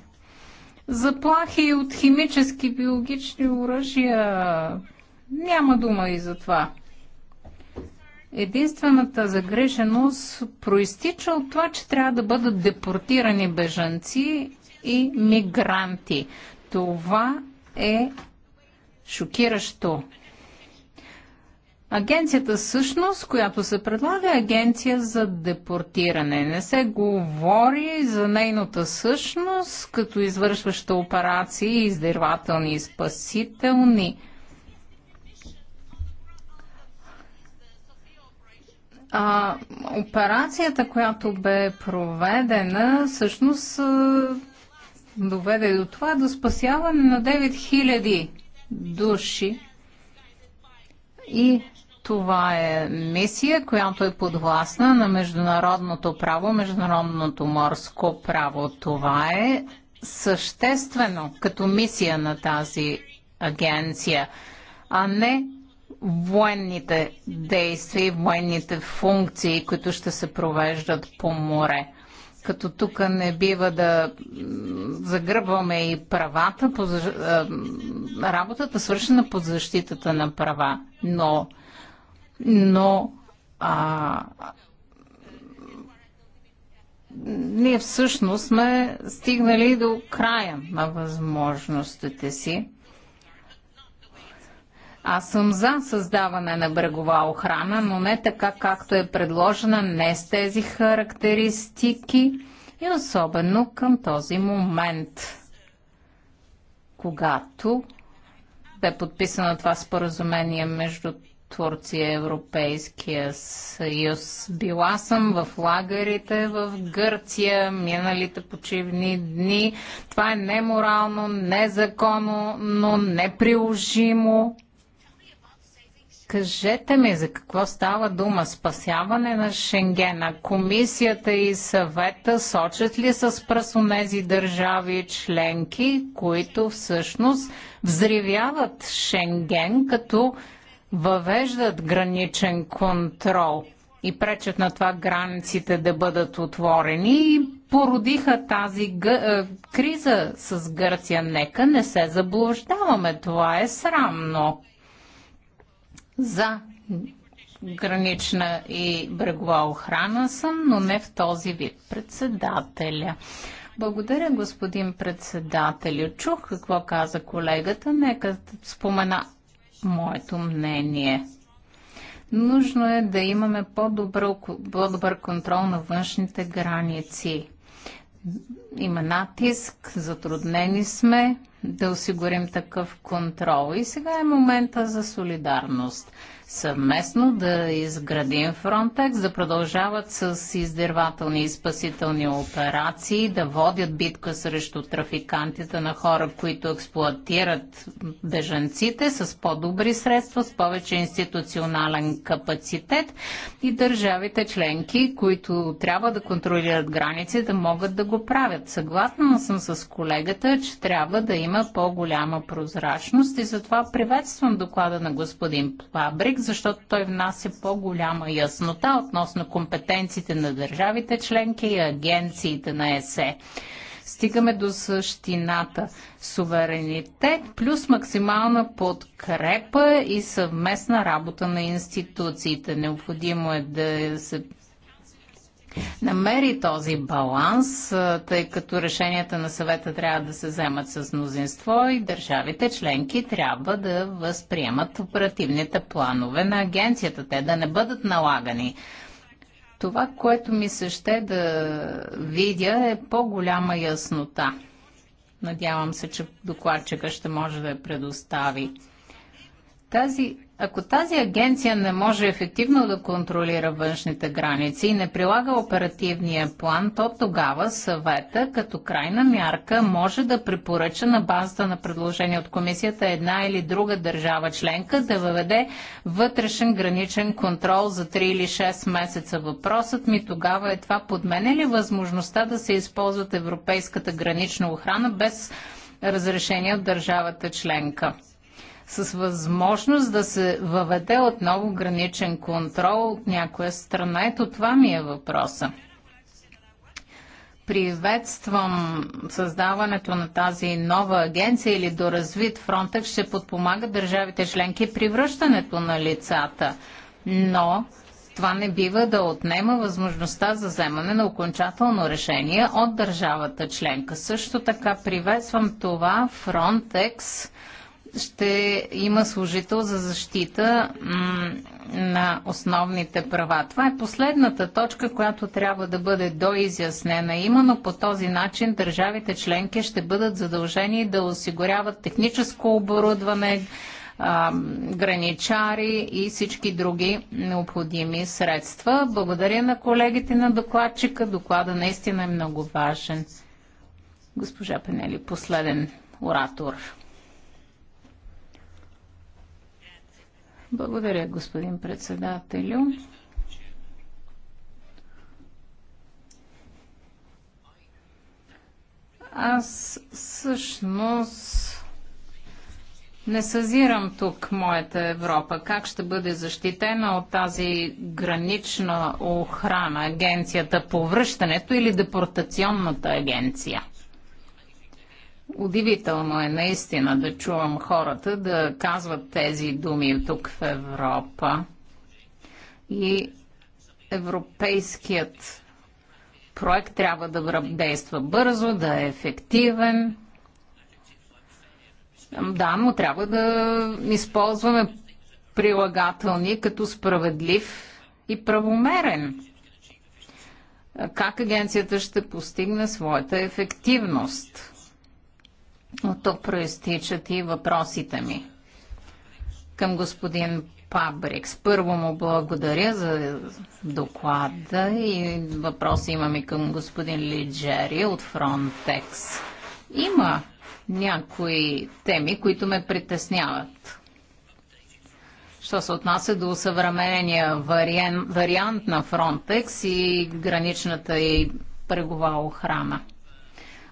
Заплахи от химически, биологични оръжия. Няма дума и за това единствената загриженост проистича от това, че трябва да бъдат депортирани бежанци и мигранти. Това е шокиращо. Агенцията всъщност, която се предлага, е агенция за депортиране. Не се говори за нейната същност, като извършваща операции, издирвателни и спасителни А, операцията, която бе проведена, всъщност доведе до това до спасяване на 9000 души. И това е мисия, която е подвластна на международното право, международното морско право. Това е съществено като мисия на тази агенция, а не военните действия и военните функции, които ще се провеждат по море. Като тук не бива да загръбваме и правата, по, работата свършена под защитата на права, но, но а, ние всъщност сме стигнали до края на възможностите си. Аз съм за създаване на брегова охрана, но не така както е предложена, не с тези характеристики и особено към този момент, когато бе подписано това споразумение между Турция и Европейския съюз. Била съм в лагерите в Гърция миналите почивни дни. Това е неморално, незаконно, но неприложимо Кажете ми за какво става дума. Спасяване на Шенгена. Комисията и съвета сочат ли с пръсонези държави членки, които всъщност взривяват Шенген, като въвеждат граничен контрол и пречат на това границите да бъдат отворени и породиха тази гъ... Е, криза с Гърция. Нека не се заблуждаваме. Това е срамно. За гранична и брегова охрана съм, но не в този вид председателя. Благодаря, господин председател. Чух какво каза колегата. Нека спомена моето мнение. Нужно е да имаме по-добър, по-добър контрол на външните граници. Има натиск, затруднени сме да осигурим такъв контрол. И сега е момента за солидарност съвместно да изградим Фронтекс, да продължават с издирвателни и спасителни операции, да водят битка срещу трафикантите на хора, които експлуатират бежанците с по-добри средства, с повече институционален капацитет и държавите членки, които трябва да контролират граници, да могат да го правят. Съгласна съм с колегата, че трябва да има по-голяма прозрачност и затова приветствам доклада на господин Пабрик конфликт, защото той внася по-голяма яснота относно компетенциите на държавите членки и агенциите на ЕСЕ стигаме до същината. Суверенитет плюс максимална подкрепа и съвместна работа на институциите. Необходимо е да се намери този баланс, тъй като решенията на съвета трябва да се вземат с мнозинство и държавите членки трябва да възприемат оперативните планове на агенцията, те да не бъдат налагани. Това, което ми се ще да видя е по-голяма яснота. Надявам се, че докладчика ще може да я предостави. Тази, ако тази агенция не може ефективно да контролира външните граници и не прилага оперативния план, то тогава съвета като крайна мярка може да препоръча на базата на предложение от комисията една или друга държава членка да въведе вътрешен граничен контрол за 3 или 6 месеца. Въпросът ми тогава е това подменя ли възможността да се използват европейската гранична охрана без разрешение от държавата членка? с възможност да се въведе отново граничен контрол от някоя страна. Ето това ми е въпроса. Приветствам създаването на тази нова агенция или доразвит Фронтък ще подпомага държавите членки при връщането на лицата. Но това не бива да отнема възможността за вземане на окончателно решение от държавата членка. Също така приветствам това Фронтекс ще има служител за защита на основните права. Това е последната точка, която трябва да бъде доизяснена. Именно по този начин държавите членки ще бъдат задължени да осигуряват техническо оборудване, граничари и всички други необходими средства. Благодаря на колегите на докладчика. Доклада наистина е много важен. Госпожа Пенели, последен оратор. Благодаря, господин председателю. Аз всъщност не съзирам тук моята Европа. Как ще бъде защитена от тази гранична охрана, агенцията по връщането или депортационната агенция? Удивително е наистина да чувам хората да казват тези думи тук в Европа. И европейският проект трябва да действа бързо, да е ефективен. Да, но трябва да използваме прилагателни като справедлив и правомерен. Как агенцията ще постигне своята ефективност? От тук проистичат и въпросите ми към господин Пабрикс. Първо му благодаря за доклада и въпроси имаме към господин Лиджери от Frontex. Има някои теми, които ме притесняват. Що се отнася до съвременния вариант, вариант на Frontex и граничната и прегова охрана.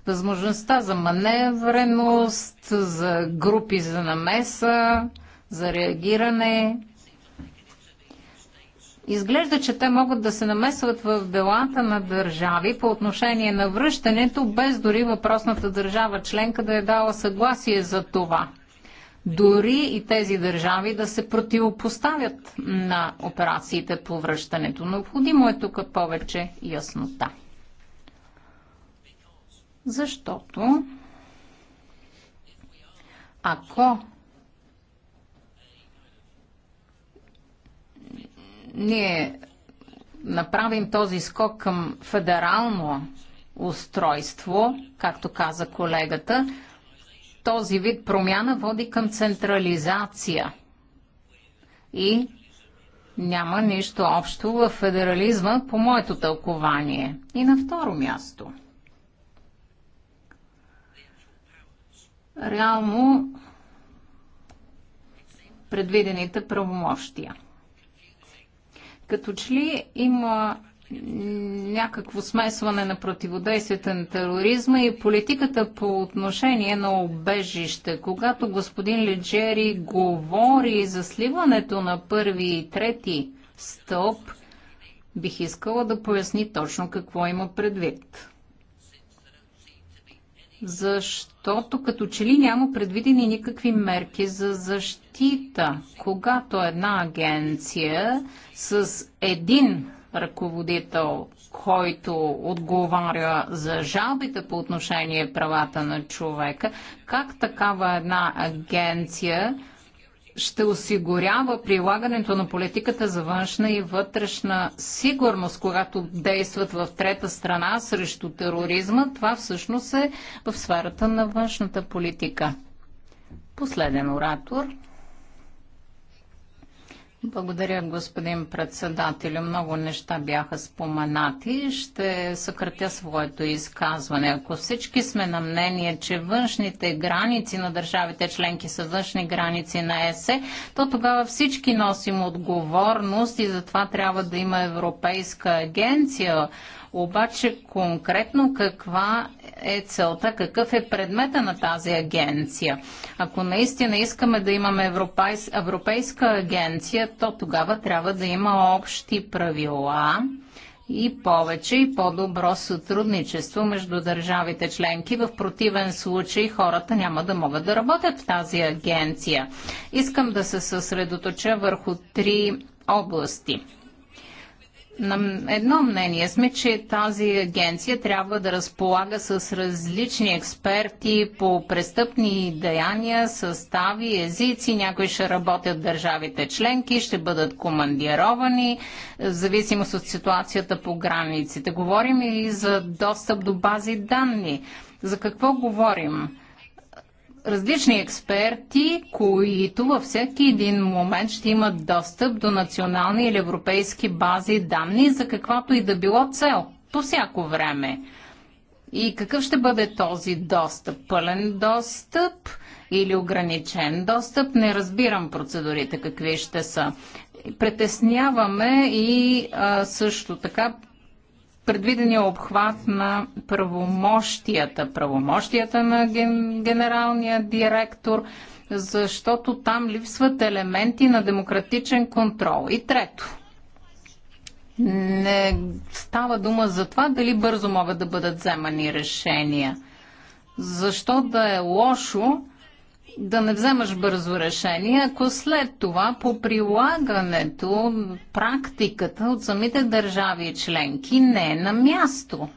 Възможността за маневреност, за групи за намеса, за реагиране. Изглежда, че те могат да се намесват в делата на държави по отношение на връщането, без дори въпросната държава членка да е дала съгласие за това. Дори и тези държави да се противопоставят на операциите по връщането. Необходимо е тук повече яснота защото ако ние направим този скок към федерално устройство, както каза колегата, този вид промяна води към централизация. И няма нищо общо в федерализма, по моето тълкование. И на второ място – реално предвидените правомощия. Като че ли има някакво смесване на противодействията на тероризма и политиката по отношение на обежище. Когато господин Леджери говори за сливането на първи и трети стълб, бих искала да поясни точно какво има предвид защото като че ли няма предвидени никакви мерки за защита. Когато една агенция с един ръководител, който отговаря за жалбите по отношение правата на човека, как такава една агенция ще осигурява прилагането на политиката за външна и вътрешна сигурност, когато действат в трета страна срещу тероризма. Това всъщност е в сферата на външната политика. Последен оратор. Благодаря, господин председателю. Много неща бяха споменати. Ще съкратя своето изказване. Ако всички сме на мнение, че външните граници на държавите членки са външни граници на ЕСЕ, то тогава всички носим отговорност и затова трябва да има Европейска агенция обаче конкретно каква е целта, какъв е предмета на тази агенция. Ако наистина искаме да имаме европейс, европейска агенция, то тогава трябва да има общи правила и повече и по-добро сътрудничество между държавите членки. В противен случай хората няма да могат да работят в тази агенция. Искам да се съсредоточа върху три области на едно мнение сме, че тази агенция трябва да разполага с различни експерти по престъпни деяния, състави, езици. Някои ще работят в държавите членки, ще бъдат командировани, в зависимост от ситуацията по границите. Говорим и за достъп до бази данни. За какво говорим? различни експерти, които във всеки един момент ще имат достъп до национални или европейски бази данни за каквато и да било цел по всяко време. И какъв ще бъде този достъп? Пълен достъп или ограничен достъп? Не разбирам процедурите какви ще са. Претесняваме и а, също така предвидения е обхват на правомощията, правомощията на ген, генералния директор, защото там липсват елементи на демократичен контрол. И трето, не става дума за това дали бързо могат да бъдат вземани решения. Защо да е лошо да не вземаш бързо решение, ако след това по прилагането, практиката от самите държави и членки не е на място.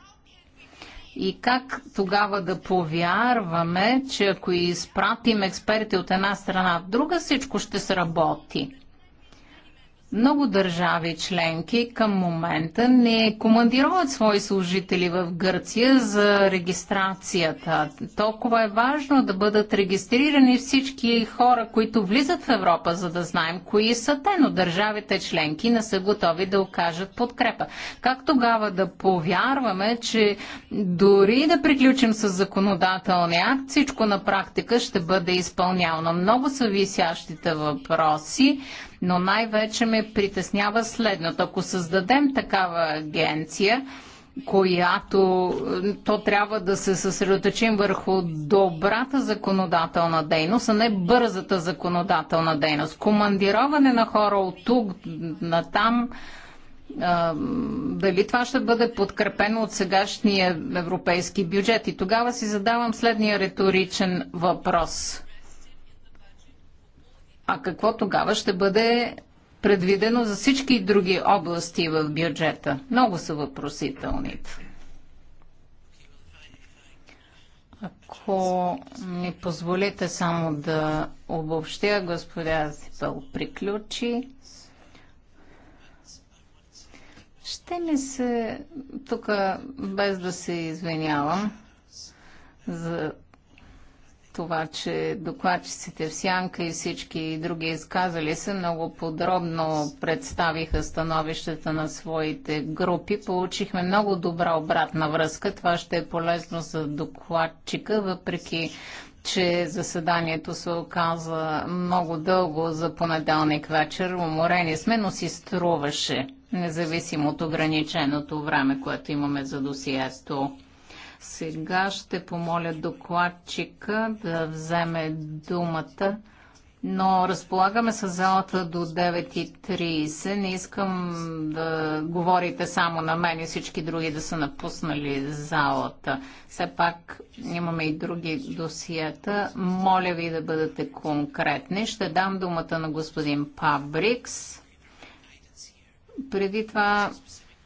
И как тогава да повярваме, че ако изпратим експерти от една страна в друга, всичко ще сработи? Много държави членки към момента не командироват свои служители в Гърция за регистрацията. Толкова е важно да бъдат регистрирани всички хора, които влизат в Европа, за да знаем кои са те, но държавите членки не са готови да окажат подкрепа. Как тогава да повярваме, че дори да приключим с законодателния акт, всичко на практика ще бъде изпълнявано? Много са висящите въпроси но най-вече ме притеснява следното. Ако създадем такава агенция, която то трябва да се съсредоточим върху добрата законодателна дейност, а не бързата законодателна дейност. Командироване на хора от тук на там, дали това ще бъде подкрепено от сегашния европейски бюджет? И тогава си задавам следния риторичен въпрос. А какво тогава ще бъде предвидено за всички други области в бюджета? Много са въпросителните. Ако ми позволите само да обобщя, господя Зипъл приключи. Ще ми се, тук без да се извинявам за това, че докладчиците в Сянка и всички други изказали се много подробно представиха становищата на своите групи. Получихме много добра обратна връзка. Това ще е полезно за докладчика, въпреки че заседанието се оказа много дълго за понеделник вечер. Уморени сме, но си струваше, независимо от ограниченото време, което имаме за досието. Сега ще помоля докладчика да вземе думата, но разполагаме с залата до 9.30. Не искам да говорите само на мен и всички други да са напуснали залата. Все пак имаме и други досиета. Моля ви да бъдете конкретни. Ще дам думата на господин Пабрикс. Преди това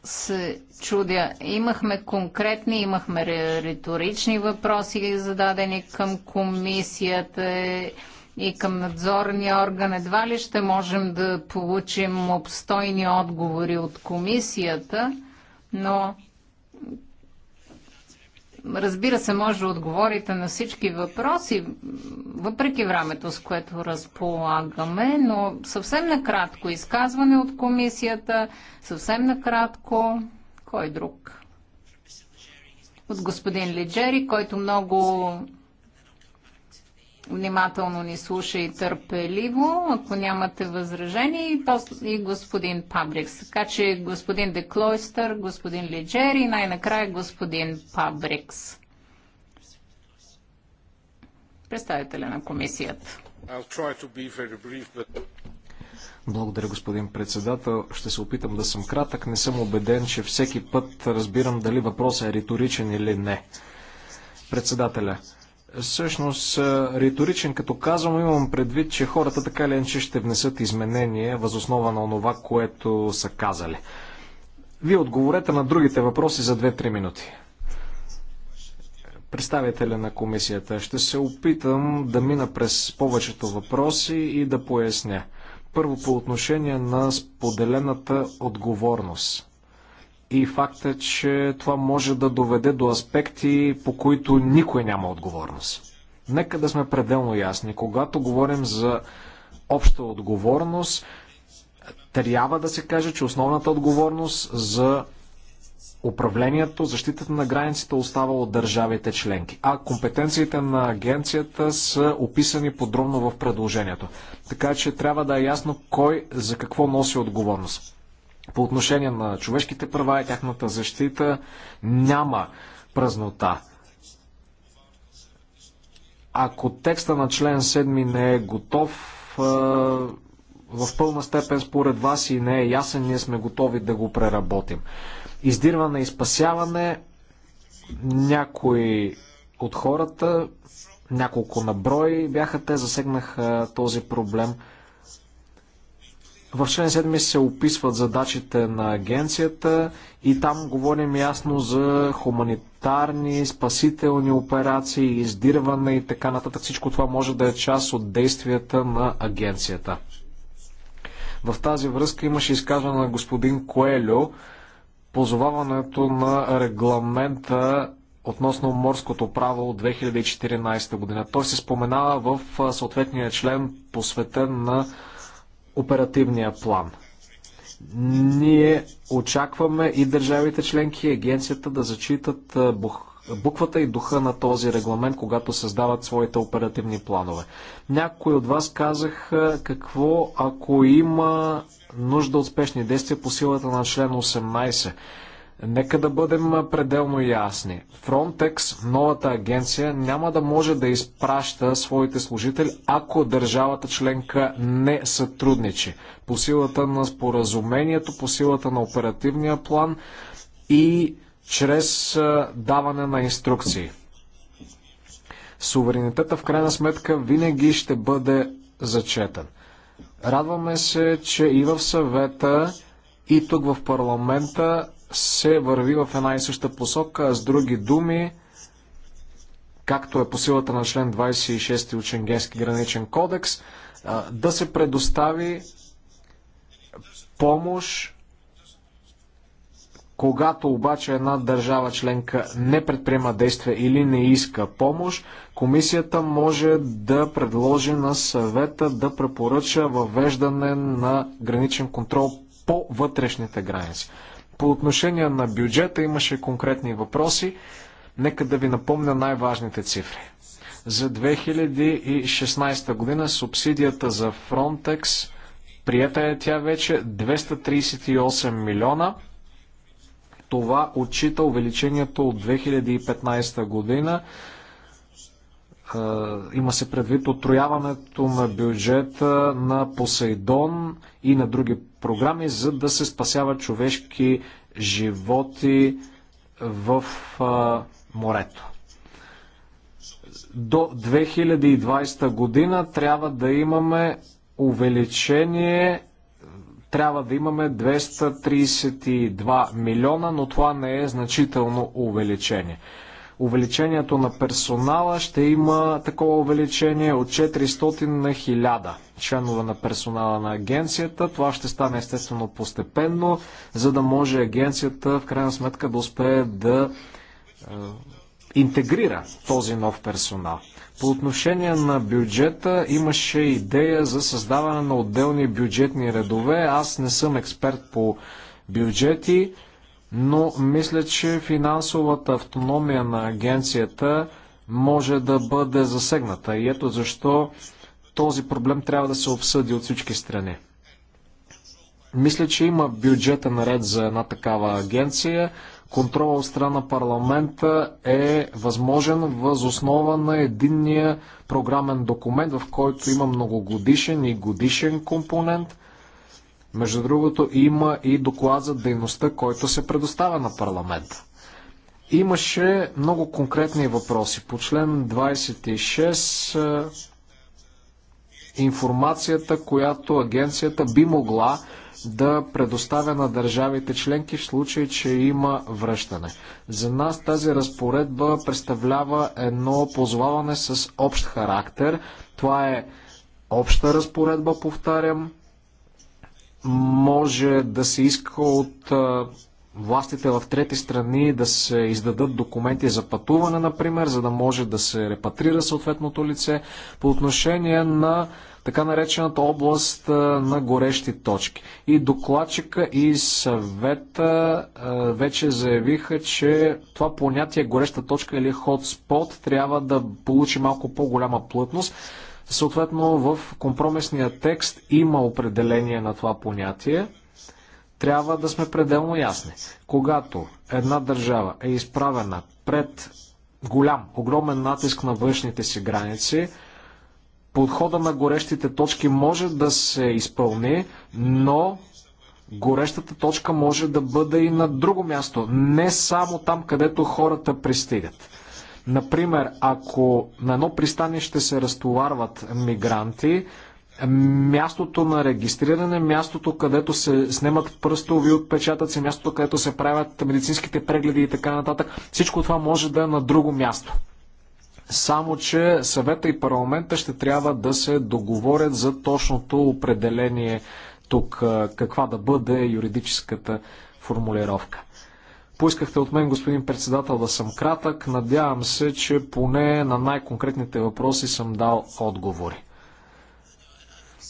се чудя. Имахме конкретни, имахме риторични въпроси, зададени към комисията и към надзорния орган. Едва ли ще можем да получим обстойни отговори от комисията, но Разбира се, може да отговорите на всички въпроси, въпреки времето, с което разполагаме, но съвсем накратко изказване от комисията, съвсем накратко, кой друг? От господин Лиджери, който много внимателно ни слуша и търпеливо, ако нямате възражение, и, после, и господин Пабрикс. Така че господин Деклойстър, господин Лиджер и най-накрая господин Пабрикс. Представителя на комисията. Brief, but... Благодаря, господин председател. Ще се опитам да съм кратък. Не съм убеден, че всеки път разбирам дали въпросът е риторичен или не. Председателя, всъщност риторичен, като казвам, имам предвид, че хората така или иначе ще внесат изменения възоснова на онова, което са казали. Вие отговорете на другите въпроси за 2-3 минути. Представителя на комисията, ще се опитам да мина през повечето въпроси и да поясня. Първо по отношение на споделената отговорност и факта, че това може да доведе до аспекти, по които никой няма отговорност. Нека да сме пределно ясни. Когато говорим за обща отговорност, трябва да се каже, че основната отговорност за управлението, защитата на границите остава от държавите членки, а компетенциите на агенцията са описани подробно в предложението. Така че трябва да е ясно кой за какво носи отговорност. По отношение на човешките права и тяхната защита няма празнота. Ако текста на член 7 не е готов, в пълна степен според вас и не е ясен, ние сме готови да го преработим. Издирване и спасяване, някои от хората, няколко наброи бяха те, засегнаха този проблем – в член 7 се описват задачите на агенцията и там говорим ясно за хуманитарни, спасителни операции, издирване и така нататък. Всичко това може да е част от действията на агенцията. В тази връзка имаше изказване на господин Коелю, позоваването на регламента относно морското право от 2014 година. Той се споменава в съответния член посветен на оперативния план. Ние очакваме и държавите членки и агенцията да зачитат буквата и духа на този регламент, когато създават своите оперативни планове. Някои от вас казаха какво ако има нужда от спешни действия по силата на член 18. Нека да бъдем пределно ясни. Frontex, новата агенция, няма да може да изпраща своите служители, ако държавата членка не сътрудничи. По силата на споразумението, по силата на оперативния план и чрез даване на инструкции. Суверенитета в крайна сметка винаги ще бъде зачетен. Радваме се, че и в съвета, и тук в парламента се върви в една и съща посока, а с други думи, както е по силата на член 26 от Шенгенски граничен кодекс, да се предостави помощ, когато обаче една държава членка не предприема действия или не иска помощ, комисията може да предложи на съвета да препоръча въвеждане на граничен контрол по вътрешните граници. По отношение на бюджета имаше конкретни въпроси. Нека да ви напомня най-важните цифри. За 2016 година субсидията за Frontex, приета е тя вече 238 милиона. Това отчита увеличението от 2015 година е, има се предвид отрояването на бюджета на Посейдон и на други програми, за да се спасяват човешки животи в а, морето. До 2020 година трябва да имаме увеличение трябва да имаме 232 милиона, но това не е значително увеличение увеличението на персонала ще има такова увеличение от 400 на 1000 членове на персонала на агенцията. Това ще стане естествено постепенно, за да може агенцията в крайна сметка да успее да е, интегрира този нов персонал. По отношение на бюджета имаше идея за създаване на отделни бюджетни редове. Аз не съм експерт по бюджети но мисля, че финансовата автономия на агенцията може да бъде засегната. И ето защо този проблем трябва да се обсъди от всички страни. Мисля, че има бюджета наред за една такава агенция. Контрола от страна парламента е възможен въз основа на единния програмен документ, в който има многогодишен и годишен компонент – между другото, има и доклад за дейността, който се предоставя на парламента. Имаше много конкретни въпроси. По член 26 е, информацията, която агенцията би могла да предоставя на държавите членки в случай, че има връщане. За нас тази разпоредба представлява едно позваване с общ характер. Това е обща разпоредба, повтарям, може да се иска от властите в трети страни да се издадат документи за пътуване, например, за да може да се репатрира съответното лице по отношение на така наречената област на горещи точки. И докладчика и съвета вече заявиха, че това понятие гореща точка или hotspot трябва да получи малко по-голяма плътност, Съответно, в компромисния текст има определение на това понятие. Трябва да сме пределно ясни. Когато една държава е изправена пред голям, огромен натиск на външните си граници, подхода на горещите точки може да се изпълни, но горещата точка може да бъде и на друго място, не само там, където хората пристигат. Например, ако на едно пристанище се разтоварват мигранти, мястото на регистриране, мястото където се снимат пръстови отпечатъци, мястото където се правят медицинските прегледи и така нататък, всичко това може да е на друго място. Само, че съвета и парламента ще трябва да се договорят за точното определение тук, каква да бъде юридическата формулировка. Поискахте от мен, господин председател, да съм кратък. Надявам се, че поне на най-конкретните въпроси съм дал отговори.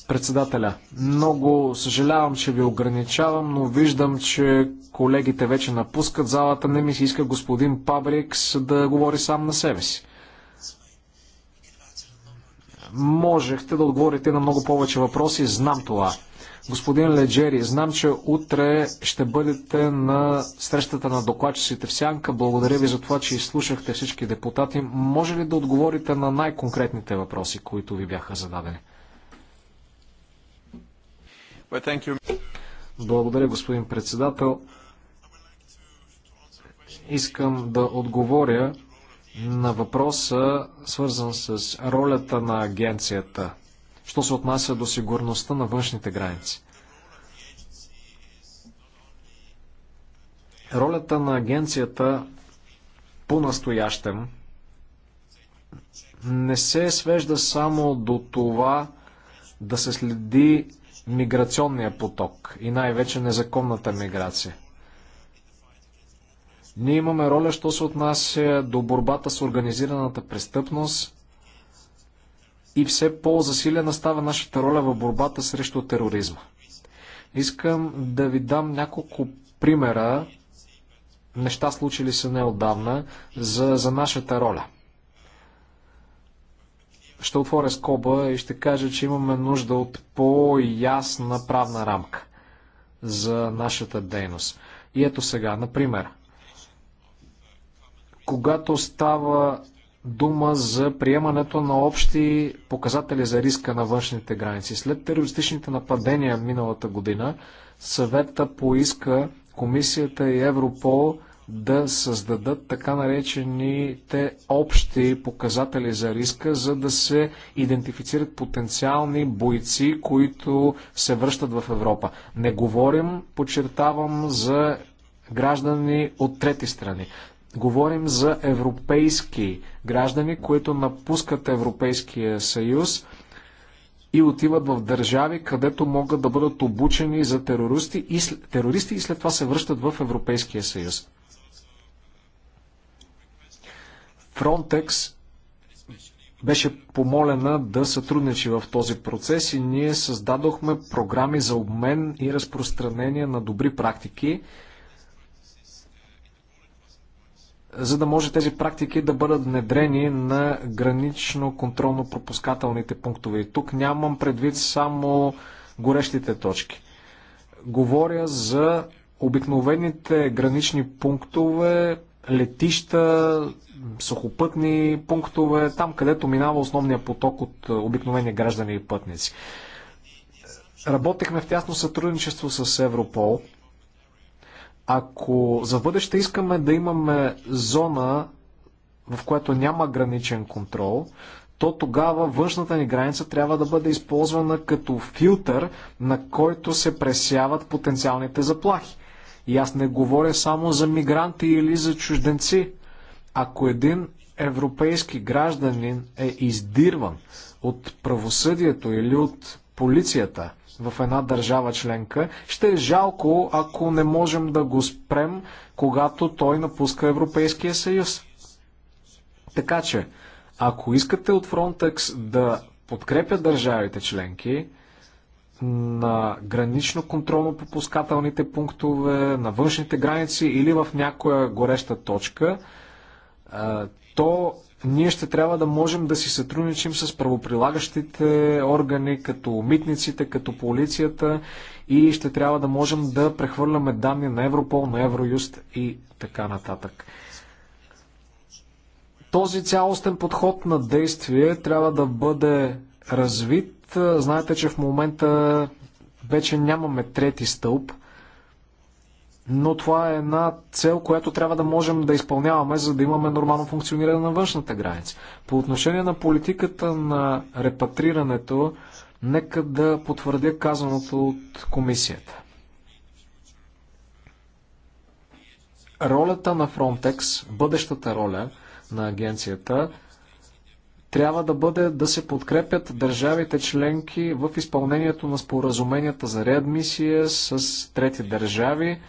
Председателя, много съжалявам, че ви ограничавам, но виждам, че колегите вече напускат залата. Не ми се иска господин Пабрикс да говори сам на себе си. Можехте да отговорите на много повече въпроси, знам това. Господин Леджери, знам, че утре ще бъдете на срещата на докладчиците в Сянка. Благодаря ви за това, че изслушахте всички депутати. Може ли да отговорите на най-конкретните въпроси, които ви бяха зададени? Благодаря, господин председател. Искам да отговоря на въпроса, свързан с ролята на агенцията що се отнася до сигурността на външните граници. Ролята на агенцията по-настоящем не се свежда само до това да се следи миграционния поток и най-вече незаконната миграция. Ние имаме роля, що се отнася до борбата с организираната престъпност, и все по-засилена става нашата роля в борбата срещу тероризма. Искам да ви дам няколко примера, неща случили се неодавна, за, за нашата роля. Ще отворя скоба и ще кажа, че имаме нужда от по-ясна правна рамка за нашата дейност. И ето сега, например, когато става дума за приемането на общи показатели за риска на външните граници. След терористичните нападения миналата година, съвета поиска комисията и Европол да създадат така наречените общи показатели за риска, за да се идентифицират потенциални бойци, които се връщат в Европа. Не говорим, подчертавам, за граждани от трети страни. Говорим за европейски граждани, които напускат Европейския съюз и отиват в държави, където могат да бъдат обучени за терористи и, терористи и след това се връщат в Европейския съюз. Фронтекс беше помолена да сътрудничи в този процес и ние създадохме програми за обмен и разпространение на добри практики за да може тези практики да бъдат внедрени на гранично контролно-пропускателните пунктове. И тук нямам предвид само горещите точки. Говоря за обикновените гранични пунктове, летища, сухопътни пунктове, там където минава основния поток от обикновени граждани и пътници. Работехме в тясно сътрудничество с Европол ако за бъдеще искаме да имаме зона, в която няма граничен контрол, то тогава външната ни граница трябва да бъде използвана като филтър, на който се пресяват потенциалните заплахи. И аз не говоря само за мигранти или за чужденци. Ако един европейски гражданин е издирван от правосъдието или от полицията, в една държава членка, ще е жалко, ако не можем да го спрем, когато той напуска Европейския съюз. Така че, ако искате от Frontex да подкрепя държавите членки на гранично контролно-пропускателните пунктове, на външните граници или в някоя гореща точка, то ние ще трябва да можем да си сътрудничим с правоприлагащите органи, като митниците, като полицията и ще трябва да можем да прехвърляме данни на Европол, на Евроюст и така нататък. Този цялостен подход на действие трябва да бъде развит. Знаете, че в момента вече нямаме трети стълб – но това е една цел, която трябва да можем да изпълняваме, за да имаме нормално функциониране на външната граница. По отношение на политиката на репатрирането, нека да потвърдя казаното от комисията. Ролята на Frontex, бъдещата роля на агенцията, трябва да бъде да се подкрепят държавите членки в изпълнението на споразуменията за реадмисия с трети държави,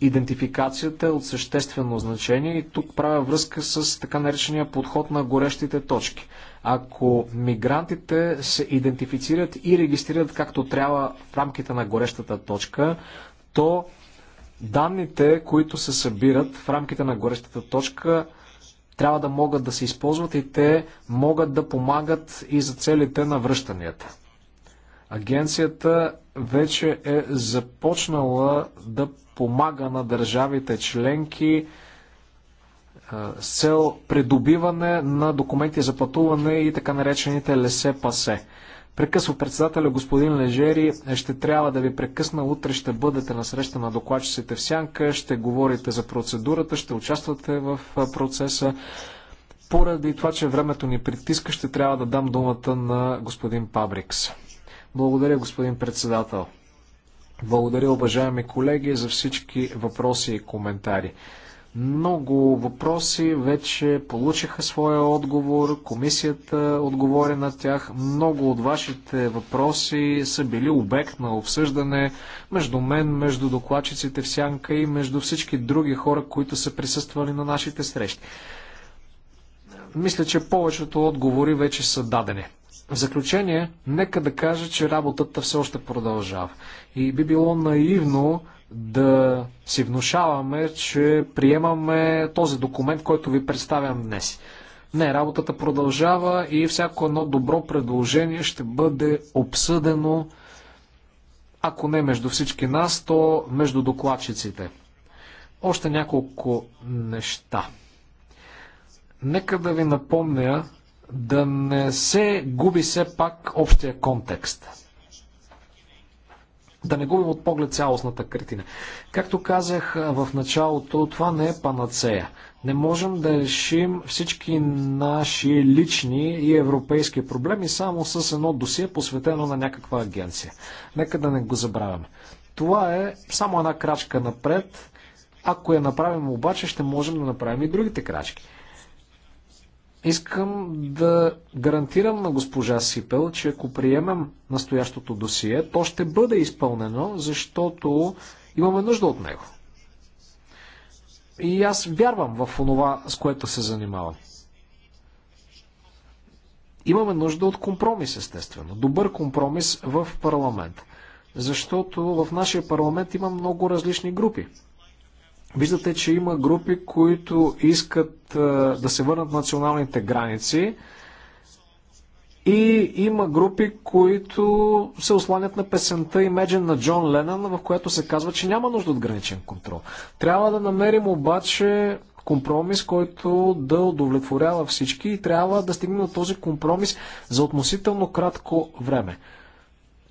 идентификацията е от съществено значение и тук правя връзка с така наречения подход на горещите точки. Ако мигрантите се идентифицират и регистрират както трябва в рамките на горещата точка, то данните, които се събират в рамките на горещата точка, трябва да могат да се използват и те могат да помагат и за целите на връщанията. Агенцията вече е започнала да помага на държавите членки е, с цел придобиване на документи за пътуване и така наречените лесе пасе. Прекъсва председателя господин Лежери. Е, ще трябва да ви прекъсна. Утре ще бъдете на среща на докладчиците в Сянка. Ще говорите за процедурата, ще участвате в е, процеса. Поради това, че времето ни притиска, ще трябва да дам думата на господин Пабрикс. Благодаря, господин председател. Благодаря, уважаеми колеги, за всички въпроси и коментари. Много въпроси вече получиха своя отговор, комисията отговори на тях. Много от вашите въпроси са били обект на обсъждане между мен, между докладчиците в Сянка и между всички други хора, които са присъствали на нашите срещи. Мисля, че повечето отговори вече са дадени. В заключение, нека да кажа, че работата все още продължава. И би било наивно да си внушаваме, че приемаме този документ, който ви представям днес. Не, работата продължава и всяко едно добро предложение ще бъде обсъдено, ако не между всички нас, то между докладчиците. Още няколко неща. Нека да ви напомня, да не се губи все пак общия контекст. Да не губим от поглед цялостната картина. Както казах в началото, това не е панацея. Не можем да решим всички наши лични и европейски проблеми само с едно досие, посветено на някаква агенция. Нека да не го забравяме. Това е само една крачка напред. Ако я направим обаче, ще можем да направим и другите крачки. Искам да гарантирам на госпожа Сипел, че ако приемем настоящото досие, то ще бъде изпълнено, защото имаме нужда от него. И аз вярвам в онова, с което се занимавам. Имаме нужда от компромис, естествено. Добър компромис в парламент. Защото в нашия парламент има много различни групи. Виждате, че има групи, които искат да се върнат националните граници и има групи, които се осланят на песента Imagine на Джон Ленън, в която се казва, че няма нужда от граничен контрол. Трябва да намерим обаче компромис, който да удовлетворява всички и трябва да стигнем до този компромис за относително кратко време.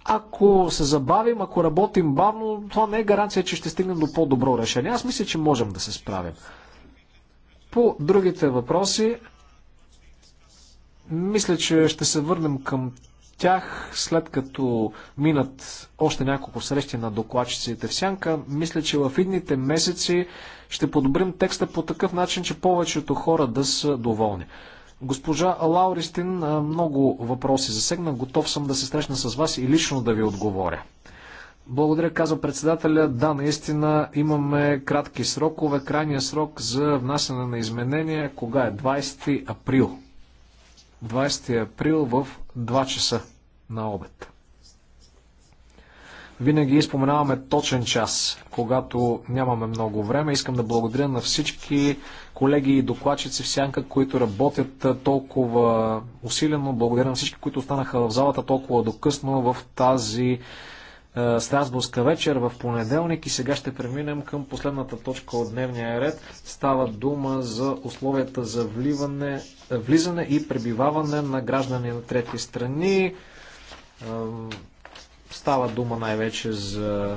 Ако се забавим, ако работим бавно, това не е гаранция, че ще стигнем до по-добро решение. Аз мисля, че можем да се справим. По другите въпроси, мисля, че ще се върнем към тях, след като минат още няколко срещи на докладчиците в сянка, мисля, че в идните месеци ще подобрим текста по такъв начин, че повечето хора да са доволни. Госпожа Лауристин, много въпроси засегна. Готов съм да се срещна с вас и лично да ви отговоря. Благодаря, казва председателя. Да, наистина имаме кратки срокове. Крайният срок за внасяне на изменения кога е? 20 април. 20 април в 2 часа на обед. Винаги споменаваме точен час, когато нямаме много време. Искам да благодаря на всички колеги и докладчици в сянка, които работят толкова усилено. Благодаря на всички, които останаха в залата толкова докъсно в тази е, Страсбургска вечер в понеделник и сега ще преминем към последната точка от дневния ред. Става дума за условията за вливане, влизане и пребиваване на граждани на трети страни. Е, става дума най-вече за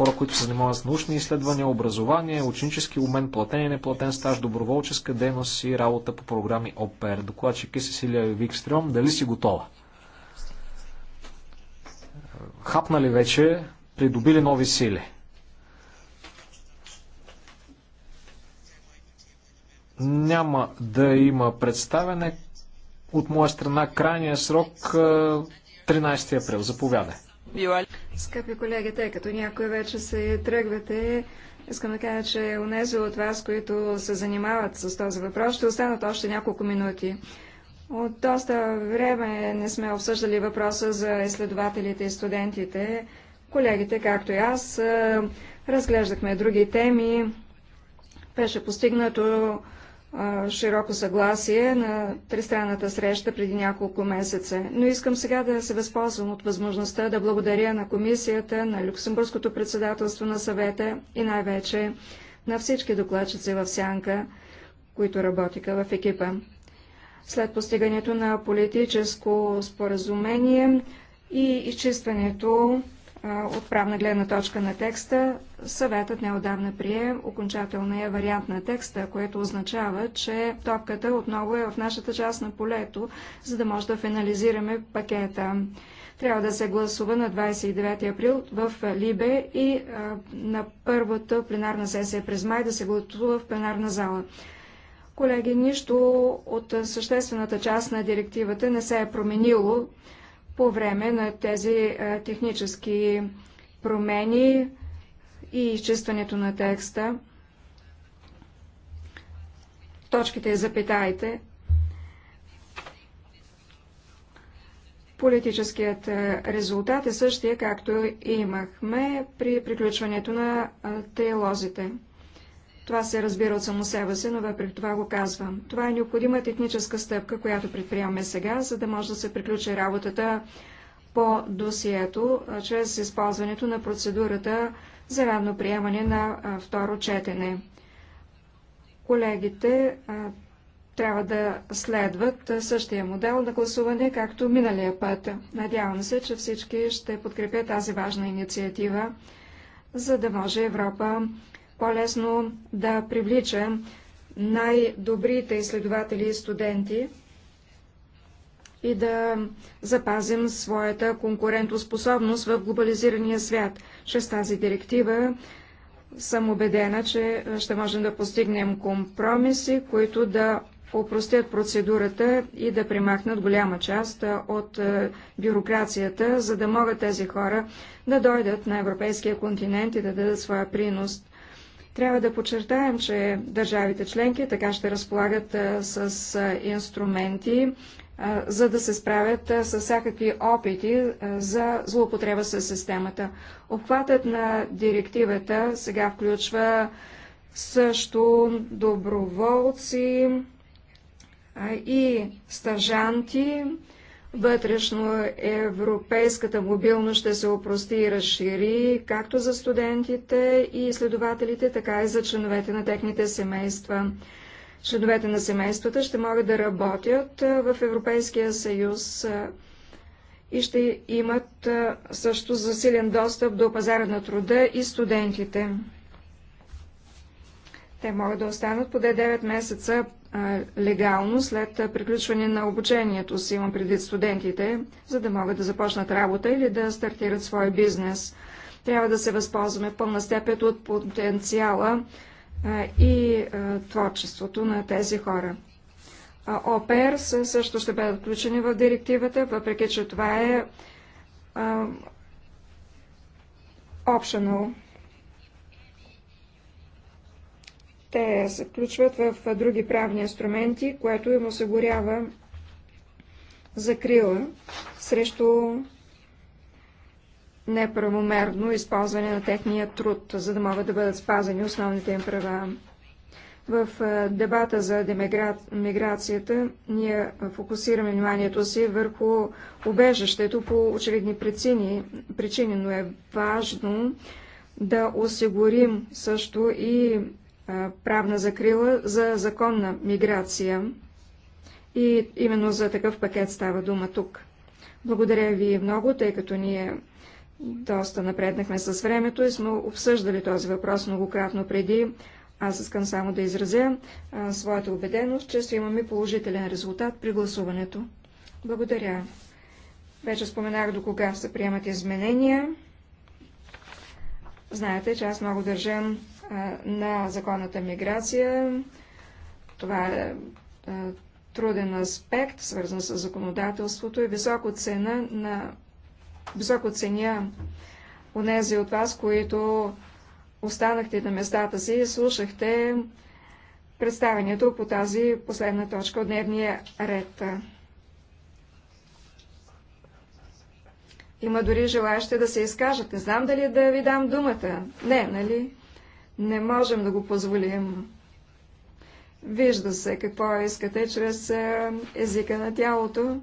хора, които се занимават с научни изследвания, образование, ученически умен, платен и неплатен стаж, доброволческа дейност и работа по програми ОПР. Докладчик е Сесилия Викстрем. Дали си готова? Хапнали вече, придобили нови сили. Няма да има представене. От моя страна крайния срок е, 13 април. Заповядай. Скъпи колеги, тъй като някои вече се тръгвате, искам да кажа, че унези от вас, които се занимават с този въпрос, ще останат още няколко минути. От доста време не сме обсъждали въпроса за изследователите и студентите. Колегите, както и аз, разглеждахме други теми. Беше постигнато широко съгласие на тристранната среща преди няколко месеца. Но искам сега да се възползвам от възможността да благодаря на комисията, на Люксембургското председателство на съвета и най-вече на всички докладчици в Сянка, които работиха в екипа. След постигането на политическо споразумение и изчистването от правна гледна точка на текста, съветът неодавна прие окончателния вариант на текста, което означава, че топката отново е в нашата част на полето, за да може да финализираме пакета. Трябва да се гласува на 29 април в Либе и а, на първата пленарна сесия през май да се гласува в пленарна зала. Колеги, нищо от съществената част на директивата не се е променило по време на тези технически промени и изчистването на текста, точките и запитайте, Политическият резултат е същия, както имахме при приключването на трилозите. Това се разбира от само себе си, но въпреки това го казвам. Това е необходима техническа стъпка, която предприемаме сега, за да може да се приключи работата по досието, чрез използването на процедурата за равно приемане на второ четене. Колегите трябва да следват същия модел на гласуване, както миналия път. Надявам се, че всички ще подкрепят тази важна инициатива, за да може Европа по-лесно да привлича най-добрите изследователи и студенти и да запазим своята конкурентоспособност в глобализирания свят. Чрез тази директива съм убедена, че ще можем да постигнем компромиси, които да опростят процедурата и да примахнат голяма част от бюрокрацията, за да могат тези хора да дойдат на европейския континент и да дадат своя принос. Трябва да подчертаем, че държавите членки така ще разполагат с инструменти, за да се справят с всякакви опити за злоупотреба с системата. Обхватът на директивата сега включва също доброволци и стажанти, Вътрешно европейската мобилност ще се опрости и разшири както за студентите и изследователите, така и за членовете на техните семейства. Членовете на семействата ще могат да работят в Европейския съюз и ще имат също засилен достъп до пазара на труда и студентите. Те могат да останат по 9 месеца легално след приключване на обучението си, имам преди студентите, за да могат да започнат работа или да стартират свой бизнес. Трябва да се възползваме в пълна степен от потенциала и творчеството на тези хора. ОПР също ще бъдат включени в директивата, въпреки че това е optional Те се включват в други правни инструменти, което им осигурява закрила срещу неправомерно използване на техния труд, за да могат да бъдат спазени основните им права. В дебата за миграцията ние фокусираме вниманието си върху убежището по очевидни причини, причини но е важно да осигурим също и правна закрила за законна миграция. И именно за такъв пакет става дума тук. Благодаря ви много, тъй като ние доста напреднахме с времето и сме обсъждали този въпрос многократно преди. Аз искам само да изразя своята убеденост, че ще имаме положителен резултат при гласуването. Благодаря. Вече споменах до кога се приемат изменения. Знаете, че аз много държам на законната миграция. Това е труден аспект, свързан с законодателството и високо цена на високо ценя нези от вас, които останахте на местата си и слушахте представението по тази последна точка от дневния ред. Има дори желаящи да се изкажат. Не знам дали да ви дам думата. Не, нали? Не можем да го позволим. Вижда се какво искате чрез е, езика на тялото.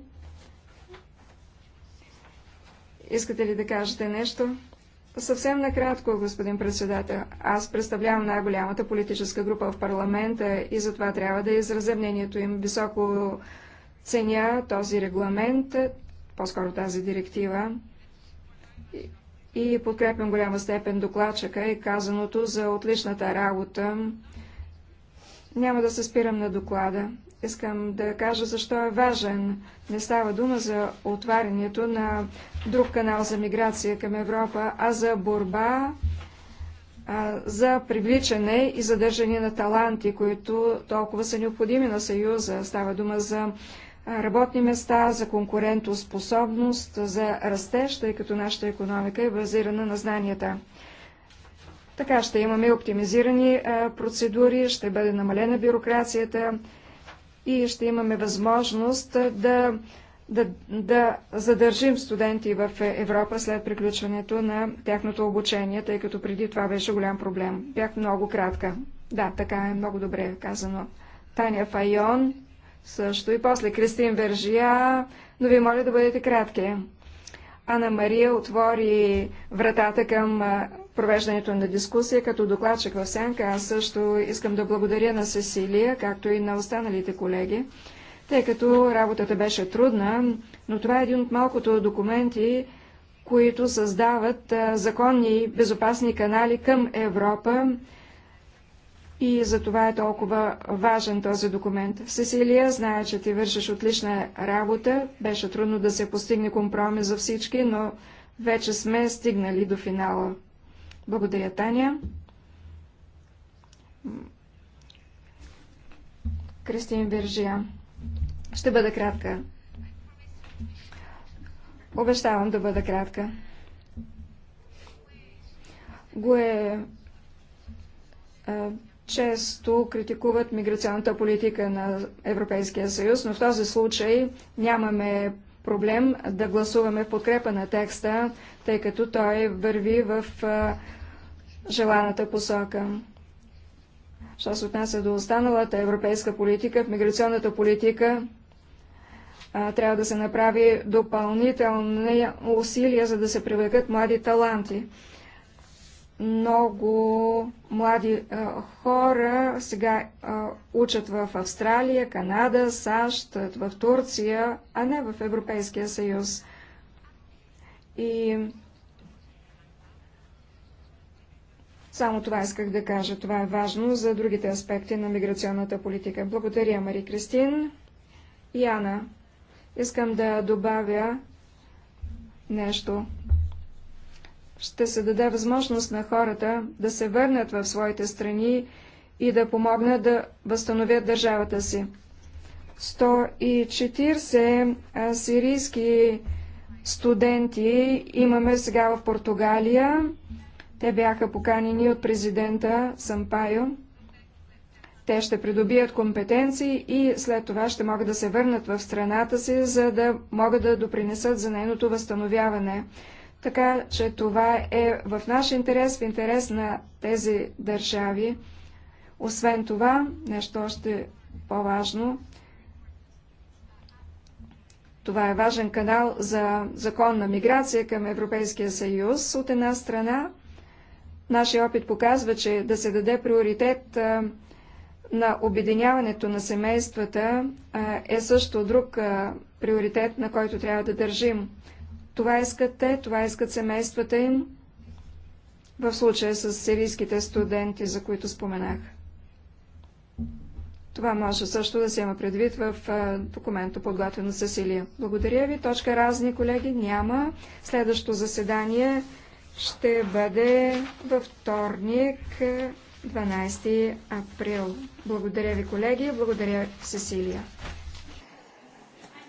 Искате ли да кажете нещо? Съвсем накратко, господин председател. Аз представлявам най-голямата политическа група в парламента и затова трябва да изразя мнението им. Високо ценя този регламент, по-скоро тази директива и подкрепям голяма степен докладчика и казаното за отличната работа. Няма да се спирам на доклада. Искам да кажа защо е важен. Не става дума за отварянето на друг канал за миграция към Европа, а за борба за привличане и задържане на таланти, които толкова са необходими на Съюза. Става дума за работни места, за конкурентоспособност, за растеж, тъй като нашата економика е базирана на знанията. Така ще имаме оптимизирани процедури, ще бъде намалена бюрокрацията и ще имаме възможност да, да, да задържим студенти в Европа след приключването на тяхното обучение, тъй като преди това беше голям проблем. Бях много кратка. Да, така е много добре е казано. Таня Файон, също. И после Кристин Вержия, но ви моля да бъдете кратки. Ана Мария отвори вратата към провеждането на дискусия като докладчик в Сянка. Аз също искам да благодаря на Сесилия, както и на останалите колеги, тъй като работата беше трудна, но това е един от малкото документи, които създават законни и безопасни канали към Европа и за това е толкова важен този документ. Сесилия знае, че ти вършиш отлична работа. Беше трудно да се постигне компромис за всички, но вече сме стигнали до финала. Благодаря, Таня. Кристин Виржия. Ще бъда кратка. Обещавам да бъда кратка. Гое често критикуват миграционната политика на Европейския съюз, но в този случай нямаме проблем да гласуваме в подкрепа на текста, тъй като той върви в желаната посока. Що се отнася до останалата европейска политика, в миграционната политика а, трябва да се направи допълнителни усилия, за да се привлекат млади таланти. Много млади а, хора сега а, учат в Австралия, Канада, САЩ, в Турция, а не в Европейския съюз. И само това исках да кажа. Това е важно за другите аспекти на миграционната политика. Благодаря, Мари Кристин. Яна, искам да добавя нещо ще се даде възможност на хората да се върнат в своите страни и да помогнат да възстановят държавата си. 140 сирийски студенти имаме сега в Португалия. Те бяха поканени от президента Сампайо. Те ще придобият компетенции и след това ще могат да се върнат в страната си, за да могат да допринесат за нейното възстановяване. Така че това е в наш интерес, в интерес на тези държави. Освен това, нещо още по-важно, това е важен канал за законна миграция към Европейския съюз. От една страна, нашия опит показва, че да се даде приоритет на обединяването на семействата е също друг приоритет, на който трябва да държим. Това искат те, това искат семействата им, в случая с сирийските студенти, за които споменах. Това може също да се има предвид в документа, подготвен на Сесилия. Благодаря ви. Точка разни, колеги, няма. Следващото заседание ще бъде във вторник, 12 април. Благодаря ви, колеги. Благодаря, Сесилия.